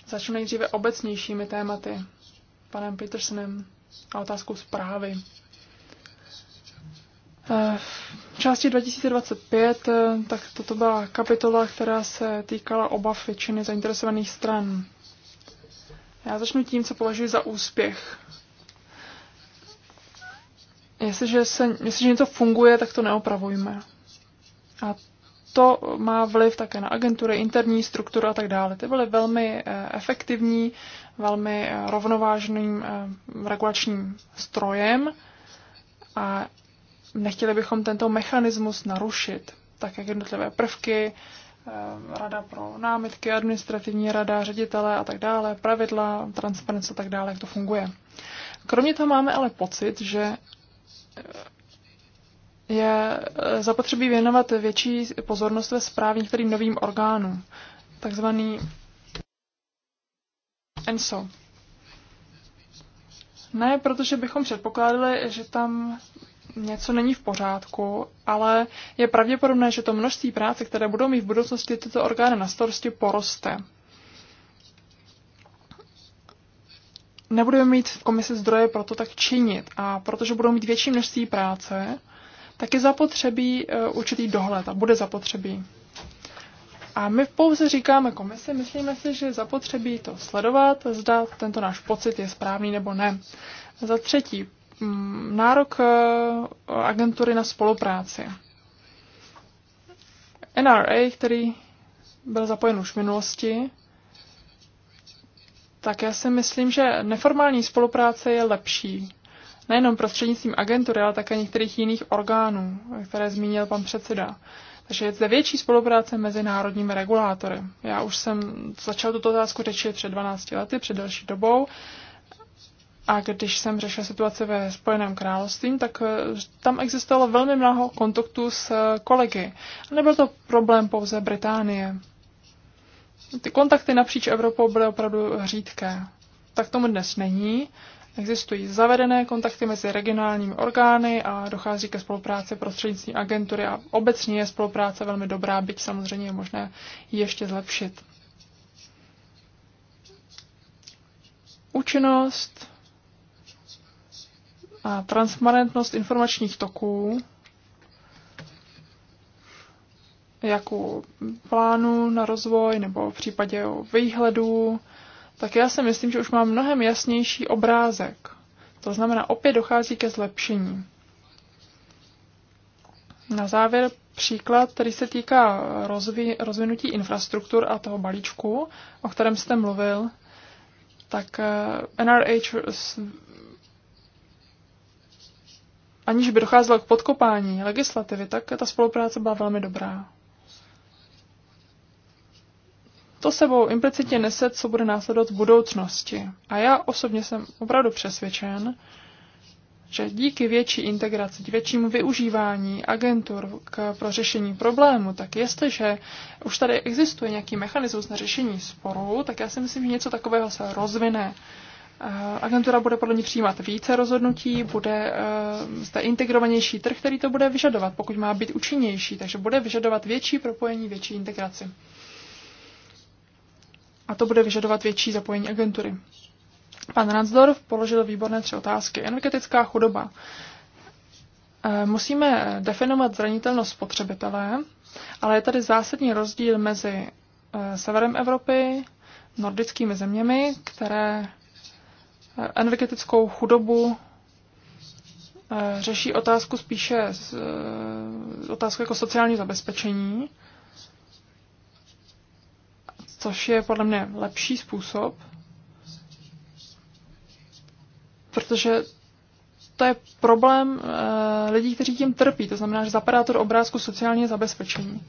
Začnu nejdříve obecnějšími tématy. Panem Petersonem a otázkou zprávy. Eh, v části 2025 eh, tak toto byla kapitola, která se týkala obav většiny zainteresovaných stran. Já začnu tím, co považuji za úspěch. Jestliže, se, jestliže něco funguje, tak to neopravujme. A to má vliv také na agentury, interní strukturu a tak dále. Ty byly velmi eh, efektivní, velmi eh, rovnovážným eh, regulačním strojem a nechtěli bychom tento mechanismus narušit, tak jak jednotlivé prvky, rada pro námitky, administrativní rada, ředitele a tak dále, pravidla, transparence a tak dále, jak to funguje. Kromě toho máme ale pocit, že je eh, zapotřebí věnovat větší pozornost ve správě některým novým orgánům, takzvaný ENSO. Ne, protože bychom předpokládali, že tam něco není v pořádku, ale je pravděpodobné, že to množství práce, které budou mít v budoucnosti tyto orgány na starosti, poroste. Nebudeme mít v komisi zdroje pro to tak činit a protože budou mít větší množství práce, tak je zapotřebí e, určitý dohled a bude zapotřebí. A my pouze říkáme komisi, myslíme si, že zapotřebí to sledovat, zda tento náš pocit je správný nebo ne. Za třetí, mm, nárok e, agentury na spolupráci. NRA, který byl zapojen už v minulosti, tak já si myslím, že neformální spolupráce je lepší nejenom prostřednictvím agentury, ale také některých jiných orgánů, které zmínil pan předseda. Takže je zde větší spolupráce mezi národními regulátory. Já už jsem začal tuto otázku řečit před 12 lety, před další dobou. A když jsem řešil situaci ve Spojeném království, tak eh, tam existovalo velmi mnoho kontaktů s eh, kolegy. A nebyl to problém pouze Británie. Ty kontakty napříč Evropou byly opravdu řídké. Tak tomu dnes není Existují zavedené kontakty mezi regionálními orgány a dochází ke spolupráci prostřednictvím agentury a obecně je spolupráce velmi dobrá, byť samozřejmě je možné ji ještě zlepšit. Účinnost a transparentnost informačních toků, jak u plánu na rozvoj nebo v případě výhledu tak já si myslím, že už mám mnohem jasnější obrázek. To znamená, opět dochází ke zlepšení. Na závěr příklad, který se týká rozvi- rozvinutí infrastruktur a toho balíčku, o kterém jste mluvil, tak NRH eh, aniž by docházelo k podkopání legislativy, tak ta spolupráce byla velmi dobrá to sebou implicitně nese, co bude následovat v budoucnosti. A já osobně jsem opravdu přesvědčen, že díky větší integraci, většímu využívání agentur k, pro řešení problému, tak jestliže už tady existuje nějaký mechanismus na řešení sporů, tak já si myslím, že něco takového se rozvine. Agentura bude podle ní přijímat více rozhodnutí, bude eh, zde integrovanější trh, který to bude vyžadovat, pokud má být účinnější, takže bude vyžadovat větší propojení, větší integraci a to bude vyžadovat větší zapojení agentury. Pan Ransdorf položil výborné tři otázky. Energetická chudoba. Eh, musíme definovat zranitelnost spotřebitele, ale je tady zásadní rozdíl mezi eh, severem Evropy, nordickými zeměmi, které eh, energetickou chudobu řeší otázku spíše otázku jako sociální zabezpečení což je podle mě lepší způsob, protože to je problém e, lidí, kteří tím trpí. To znamená, že zapadá to do obrázku sociálního zabezpečení.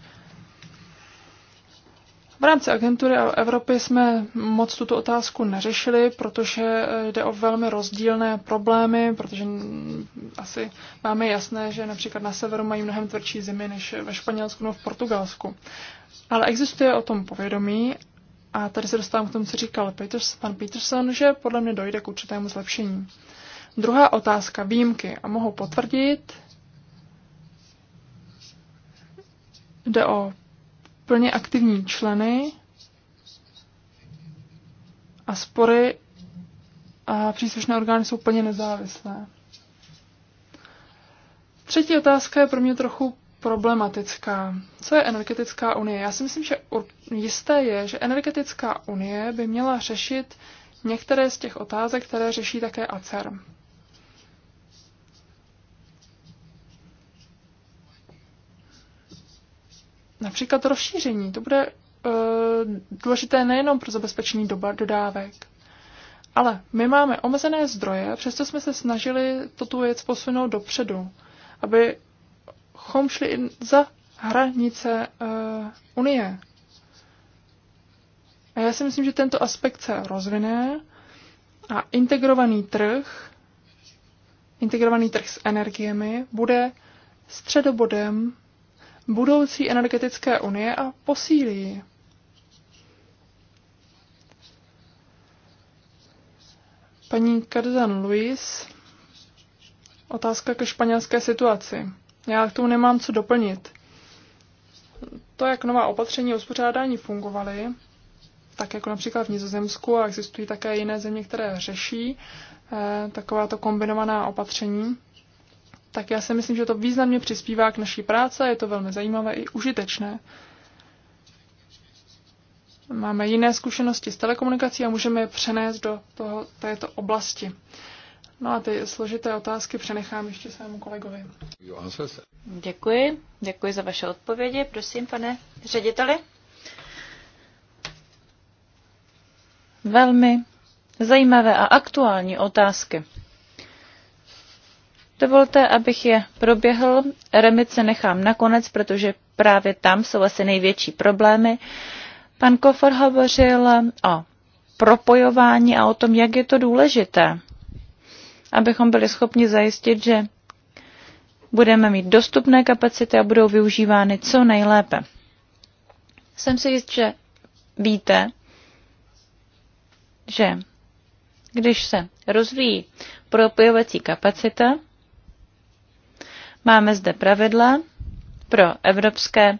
V rámci agentury Evropy jsme moc tuto otázku neřešili, protože eh, jde o velmi rozdílné problémy, protože asi máme jasné, že například na severu mají mnohem tvrdší zimy než ve Španělsku nebo v Portugalsku. Ale existuje o tom povědomí a tady se dostávám k tomu, co říkal Peters, pan Peterson, že podle mě dojde k určitému zlepšení. Druhá otázka, výjimky. A mohu potvrdit, jde o plně aktivní členy a spory a příslušné orgány jsou plně nezávislé. Třetí otázka je pro mě trochu problematická. Co je energetická unie? Já si myslím, že jisté je, že energetická unie by měla řešit některé z těch otázek, které řeší také ACER. Například rozšíření. To bude uh, důležité nejenom pro zabezpečení doba dodávek, ale my máme omezené zdroje, přesto jsme se snažili toto věc posunout dopředu, aby bychom šli za hranice uh, Unie. A já si myslím, že tento aspekt se rozvine a integrovaný trh, integrovaný trh s energiemi, bude středobodem budoucí energetické unie a posílí Paní Cardan Luis, otázka ke španělské situaci. Já k tomu nemám co doplnit. To, jak nová opatření o uspořádání fungovaly, tak jako například v Nizozemsku a existují také jiné země, které řeší eh, takováto kombinovaná opatření, tak já si myslím, že to významně přispívá k naší práci, je to velmi zajímavé i užitečné. Máme jiné zkušenosti s telekomunikací a můžeme je přenést do toho, této oblasti. No a ty složité otázky přenechám ještě svému kolegovi. Děkuji, děkuji za vaše odpovědi. Prosím, pane řediteli. Velmi zajímavé a aktuální otázky. Dovolte, abych je proběhl. Remit se nechám nakonec, protože právě tam jsou asi největší problémy. Pan Kofor hovořil o propojování a o tom, jak je to důležité abychom byli schopni zajistit, že budeme mít dostupné kapacity a budou využívány co nejlépe. Jsem si jist, že víte, že když se rozvíjí propojovací kapacita, máme zde pravidla pro evropské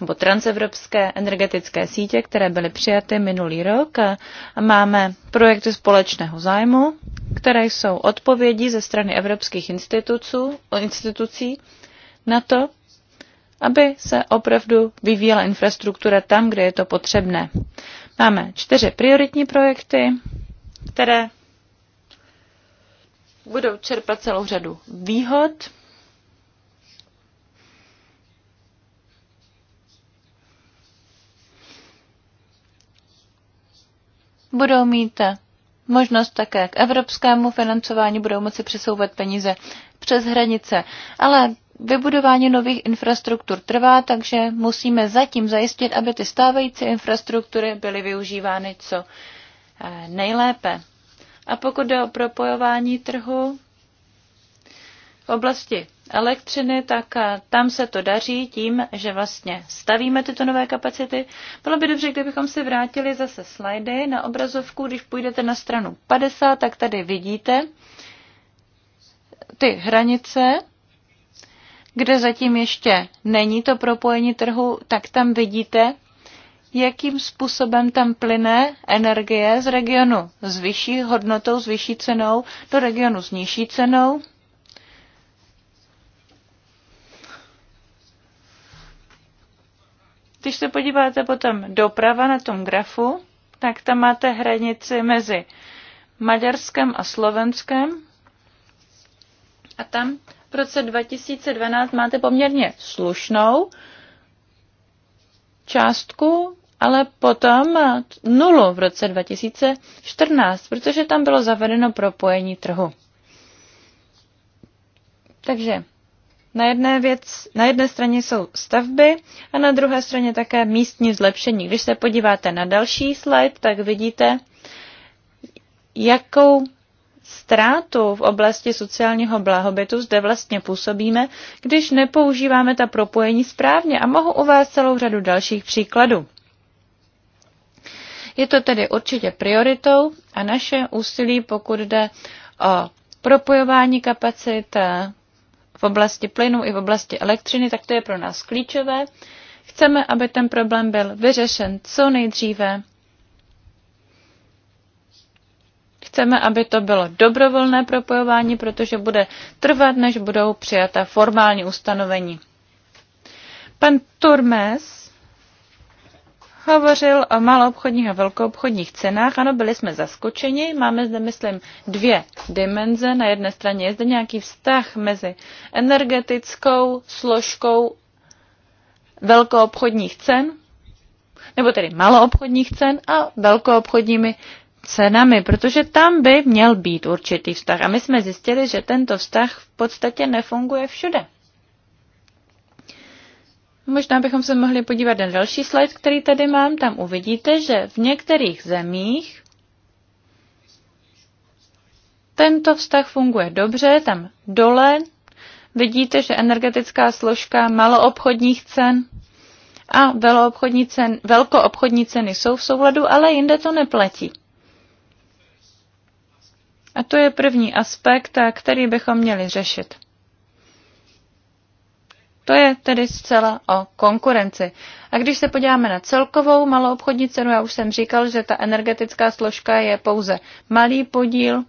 nebo transevropské energetické sítě, které byly přijaty minulý rok. A máme projekty společného zájmu, které jsou odpovědí ze strany evropských institucí na to, aby se opravdu vyvíjela infrastruktura tam, kde je to potřebné. Máme čtyři prioritní projekty, které budou čerpat celou řadu výhod budou mít možnost také k evropskému financování, budou moci přesouvat peníze přes hranice. Ale vybudování nových infrastruktur trvá, takže musíme zatím zajistit, aby ty stávající infrastruktury byly využívány co eh, nejlépe. A pokud jde o propojování trhu, v oblasti elektřiny, tak eh, tam se to daří tím, že vlastně stavíme tyto nové kapacity. Bylo by dobře, kdybychom si vrátili zase slajdy na obrazovku. Když půjdete na stranu 50, tak tady vidíte ty hranice, kde zatím ještě není to propojení trhu, tak tam vidíte, jakým způsobem tam plyne energie z regionu s vyšší hodnotou, s vyšší cenou do regionu s nižší cenou Když se podíváte potom doprava na tom grafu, tak tam máte hranici mezi Maďarskem a Slovenskem. A tam v roce 2012 máte poměrně slušnou částku, ale potom nulu v roce 2014, protože tam bylo zavedeno propojení trhu. Takže na jedné, věc, na jedné straně jsou stavby a na druhé straně také místní zlepšení. Když se podíváte na další slide, tak vidíte, jakou ztrátu v oblasti sociálního blahobytu zde vlastně působíme, když nepoužíváme ta propojení správně a mohu uvést celou řadu dalších příkladů. Je to tedy určitě prioritou a naše úsilí, pokud jde o propojování kapacit v oblasti plynu i v oblasti elektřiny, tak to je pro nás klíčové. Chceme, aby ten problém byl vyřešen co nejdříve. Chceme, aby to bylo dobrovolné propojování, protože bude trvat, než budou přijata formální ustanovení. Pan Turmes hovořil o maloobchodních a velkoobchodních cenách. Ano, byli jsme zaskočeni. Máme zde, myslím, dvě dimenze. Na jedné straně je zde nějaký vztah mezi energetickou složkou velkoobchodních cen, nebo tedy maloobchodních cen a velkoobchodními cenami, protože tam by měl být určitý vztah. A my jsme zjistili, že tento vztah v podstatě nefunguje všude. Možná bychom se mohli podívat na další slide, který tady mám. Tam uvidíte, že v některých zemích tento vztah funguje dobře. Tam dole vidíte, že energetická složka maloobchodních cen a veloobchodní cen, velkoobchodní ceny jsou v souladu, ale jinde to neplatí. A to je první aspekt, který bychom měli řešit. To je tedy zcela o konkurenci. A když se podíváme na celkovou malou obchodní cenu, já už jsem říkal, že ta energetická složka je pouze malý podíl.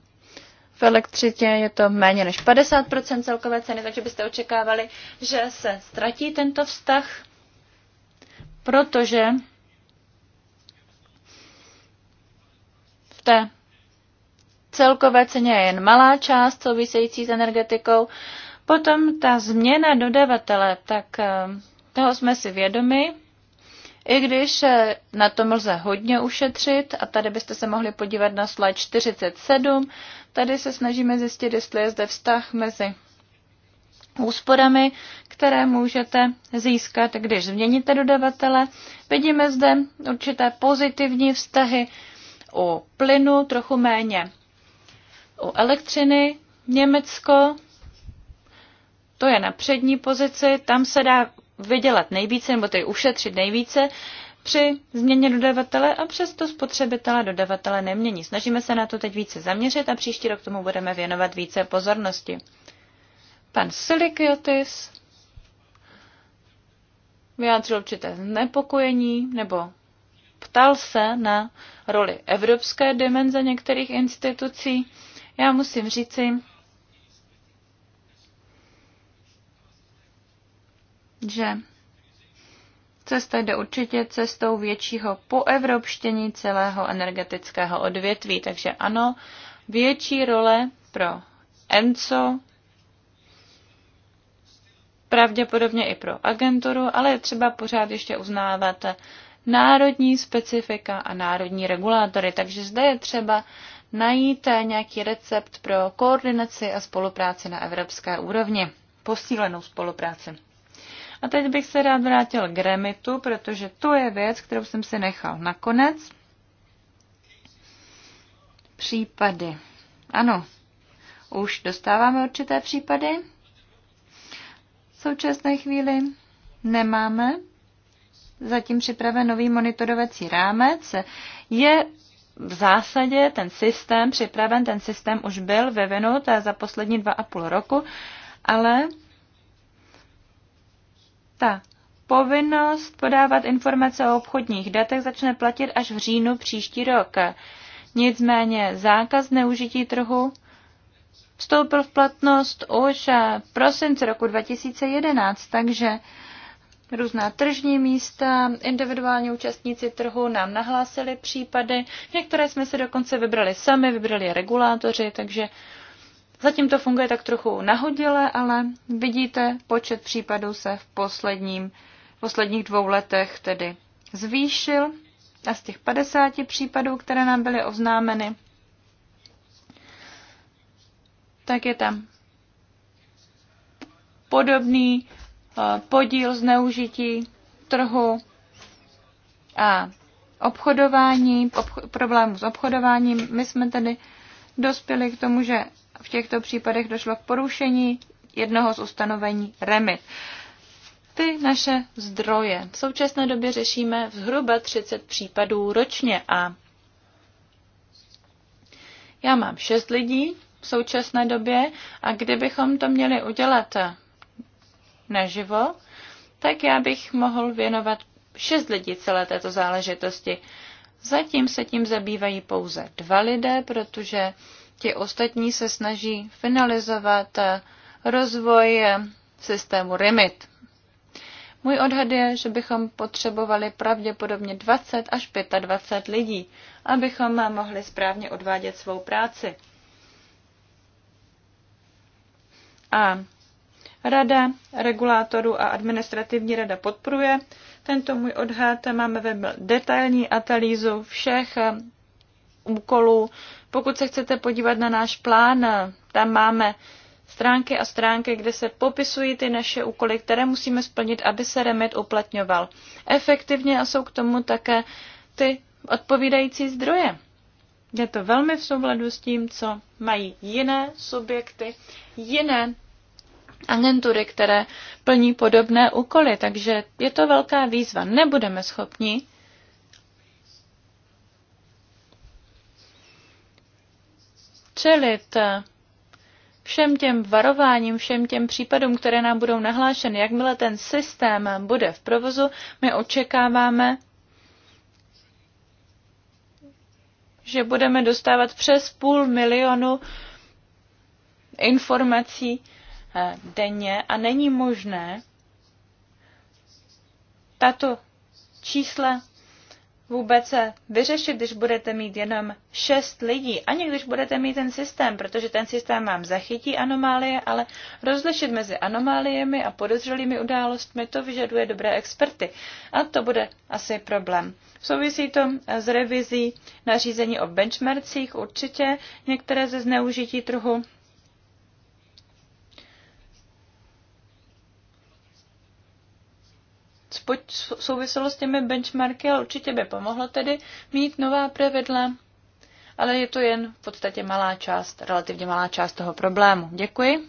V elektřitě je to méně než 50% celkové ceny, takže byste očekávali, že se ztratí tento vztah, protože v té celkové ceně je jen malá část související s energetikou Potom ta změna dodavatele, tak eh, toho jsme si vědomi, i když eh, na tom lze hodně ušetřit, a tady byste se mohli podívat na slide 47, tady se snažíme zjistit, jestli je zde vztah mezi úsporami, které můžete získat, když změníte dodavatele. Vidíme zde určité pozitivní vztahy u plynu, trochu méně u elektřiny. Německo to je na přední pozici, tam se dá vydělat nejvíce nebo tedy ušetřit nejvíce při změně dodavatele a přesto spotřebitele dodavatele nemění. Snažíme se na to teď více zaměřit a příští rok tomu budeme věnovat více pozornosti. Pan Silikiotis vyjádřil určité znepokojení nebo ptal se na roli evropské dimenze některých institucí. Já musím říci, že cesta jde určitě cestou většího poevropštění celého energetického odvětví. Takže ano, větší role pro ENCO, pravděpodobně i pro agenturu, ale je třeba pořád ještě uznávat národní specifika a národní regulátory. Takže zde je třeba najít nějaký recept pro koordinaci a spolupráci na evropské úrovni, posílenou spolupráci. A teď bych se rád vrátil k remitu, protože to je věc, kterou jsem si nechal nakonec. Případy. Ano, už dostáváme určité případy. V současné chvíli nemáme zatím připraven nový monitorovací rámec. Je v zásadě ten systém připraven, ten systém už byl vyvinut za poslední dva a půl roku, ale ta povinnost podávat informace o obchodních datech začne platit až v říjnu příští rok. Nicméně zákaz neužití trhu vstoupil v platnost už prosince roku 2011, takže různá tržní místa, individuální účastníci trhu nám nahlásili případy, některé jsme se dokonce vybrali sami, vybrali regulátoři, takže Zatím to funguje tak trochu nahodile, ale vidíte, počet případů se v posledním, v posledních dvou letech tedy zvýšil a z těch 50 případů, které nám byly oznámeny, tak je tam podobný eh, podíl zneužití trhu a obchodování, obcho- problémů s obchodováním. My jsme tedy dospěli k tomu, že v těchto případech došlo k porušení jednoho z ustanovení REMIT. Ty naše zdroje. V současné době řešíme zhruba 30 případů ročně a já mám 6 lidí v současné době a kdybychom to měli udělat naživo, tak já bych mohl věnovat 6 lidí celé této záležitosti. Zatím se tím zabývají pouze dva lidé, protože Ti ostatní se snaží finalizovat rozvoj systému REMIT. Můj odhad je, že bychom potřebovali pravděpodobně 20 až 25 lidí, abychom mohli správně odvádět svou práci. A Rada regulátorů a administrativní rada podporuje tento můj odhad. Máme ve detailní analýzu všech úkolů, pokud se chcete podívat na náš plán, tam máme stránky a stránky, kde se popisují ty naše úkoly, které musíme splnit, aby se remit uplatňoval efektivně a jsou k tomu také ty odpovídající zdroje. Je to velmi v souhledu s tím, co mají jiné subjekty, jiné agentury, které plní podobné úkoly. Takže je to velká výzva. Nebudeme schopni čelit všem těm varováním, všem těm případům, které nám budou nahlášeny, jakmile ten systém bude v provozu, my očekáváme, že budeme dostávat přes půl milionu informací eh, denně a není možné tato čísla vůbec vyřešit, když budete mít jenom šest lidí, ani když budete mít ten systém, protože ten systém vám zachytí anomálie, ale rozlišit mezi anomáliemi a podezřelými událostmi, to vyžaduje dobré experty. A to bude asi problém. Souvisí to s revizí nařízení o benchmarkcích určitě, některé ze zneužití trhu souviselo s těmi benchmarky a určitě by pomohlo tedy mít nová pravidla, ale je to jen v podstatě malá část, relativně malá část toho problému. Děkuji.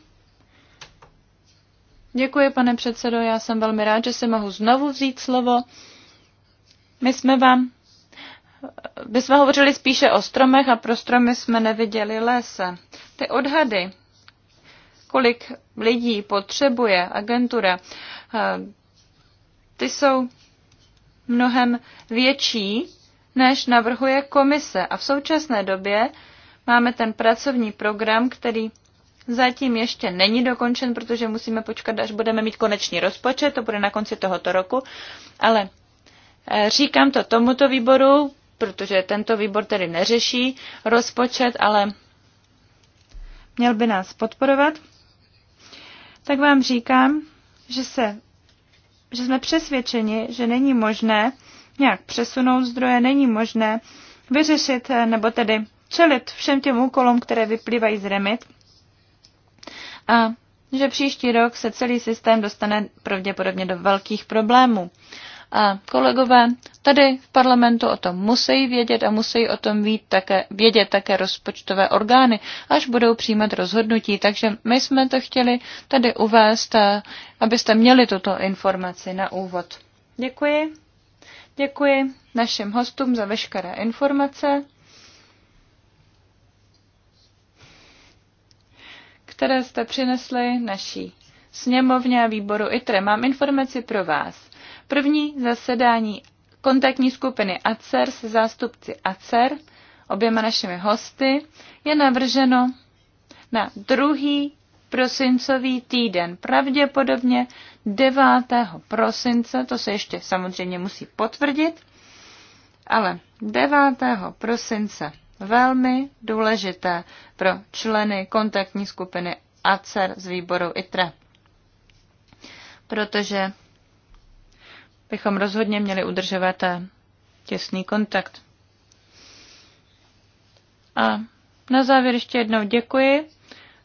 Děkuji, pane předsedo, já jsem velmi rád, že si mohu znovu vzít slovo. My jsme vám, my jsme hovořili spíše o stromech a pro stromy jsme neviděli lese. Ty odhady, kolik lidí potřebuje agentura ty jsou mnohem větší, než navrhuje komise. A v současné době máme ten pracovní program, který zatím ještě není dokončen, protože musíme počkat, až budeme mít konečný rozpočet, to bude na konci tohoto roku. Ale eh, říkám to tomuto výboru, protože tento výbor tedy neřeší rozpočet, ale měl by nás podporovat. Tak vám říkám, že se že jsme přesvědčeni, že není možné nějak přesunout zdroje, není možné vyřešit eh, nebo tedy čelit všem těm úkolům, které vyplývají z remit. A že příští rok se celý systém dostane pravděpodobně do velkých problémů. A kolegové tady v parlamentu o tom musí vědět a musí o tom vít také, vědět také rozpočtové orgány, až budou přijímat rozhodnutí. Takže my jsme to chtěli tady uvést, eh, abyste měli tuto informaci na úvod. Děkuji. Děkuji našim hostům za veškeré informace, které jste přinesli naší sněmovně a výboru ITRE. Mám informaci pro vás. První zasedání kontaktní skupiny ACER se zástupci ACER, oběma našimi hosty, je navrženo na druhý prosincový týden, pravděpodobně 9. prosince, to se ještě samozřejmě musí potvrdit, ale 9. prosince velmi důležité pro členy kontaktní skupiny ACER z výboru ITRE, protože bychom rozhodně měli udržovat eh, těsný kontakt. A na závěr ještě jednou děkuji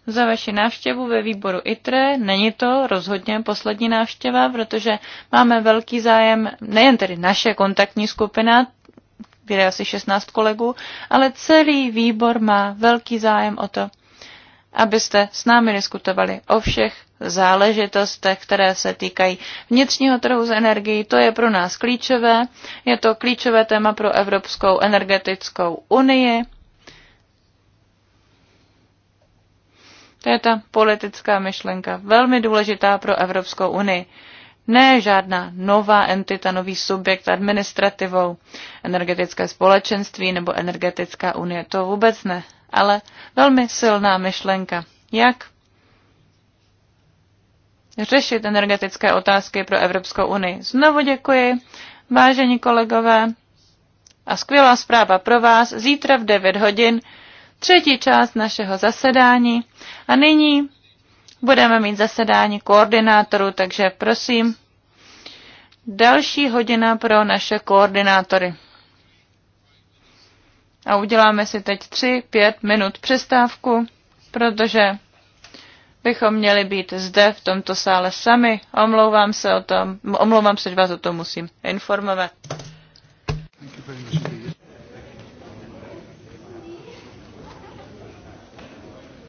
za vaši návštěvu ve výboru ITRE. Není to rozhodně poslední návštěva, protože máme velký zájem, nejen tedy naše kontaktní skupina, kde asi 16 kolegů, ale celý výbor má velký zájem o to, abyste s námi diskutovali o všech záležitostech, které se týkají vnitřního trhu s energií. To je pro nás klíčové. Je to klíčové téma pro Evropskou energetickou unii. To je ta politická myšlenka, velmi důležitá pro Evropskou unii. Ne žádná nová entita, nový subjekt administrativou, energetické společenství nebo energetická unie, to vůbec ne ale velmi silná myšlenka, jak řešit energetické otázky pro Evropskou unii. Znovu děkuji, vážení kolegové, a skvělá zpráva pro vás. Zítra v 9 hodin třetí část našeho zasedání. A nyní budeme mít zasedání koordinátorů, takže prosím, další hodina pro naše koordinátory a uděláme si teď 3-5 minut přestávku, protože bychom měli být zde v tomto sále sami. Omlouvám se o tom, omlouvám se, že vás o tom musím informovat.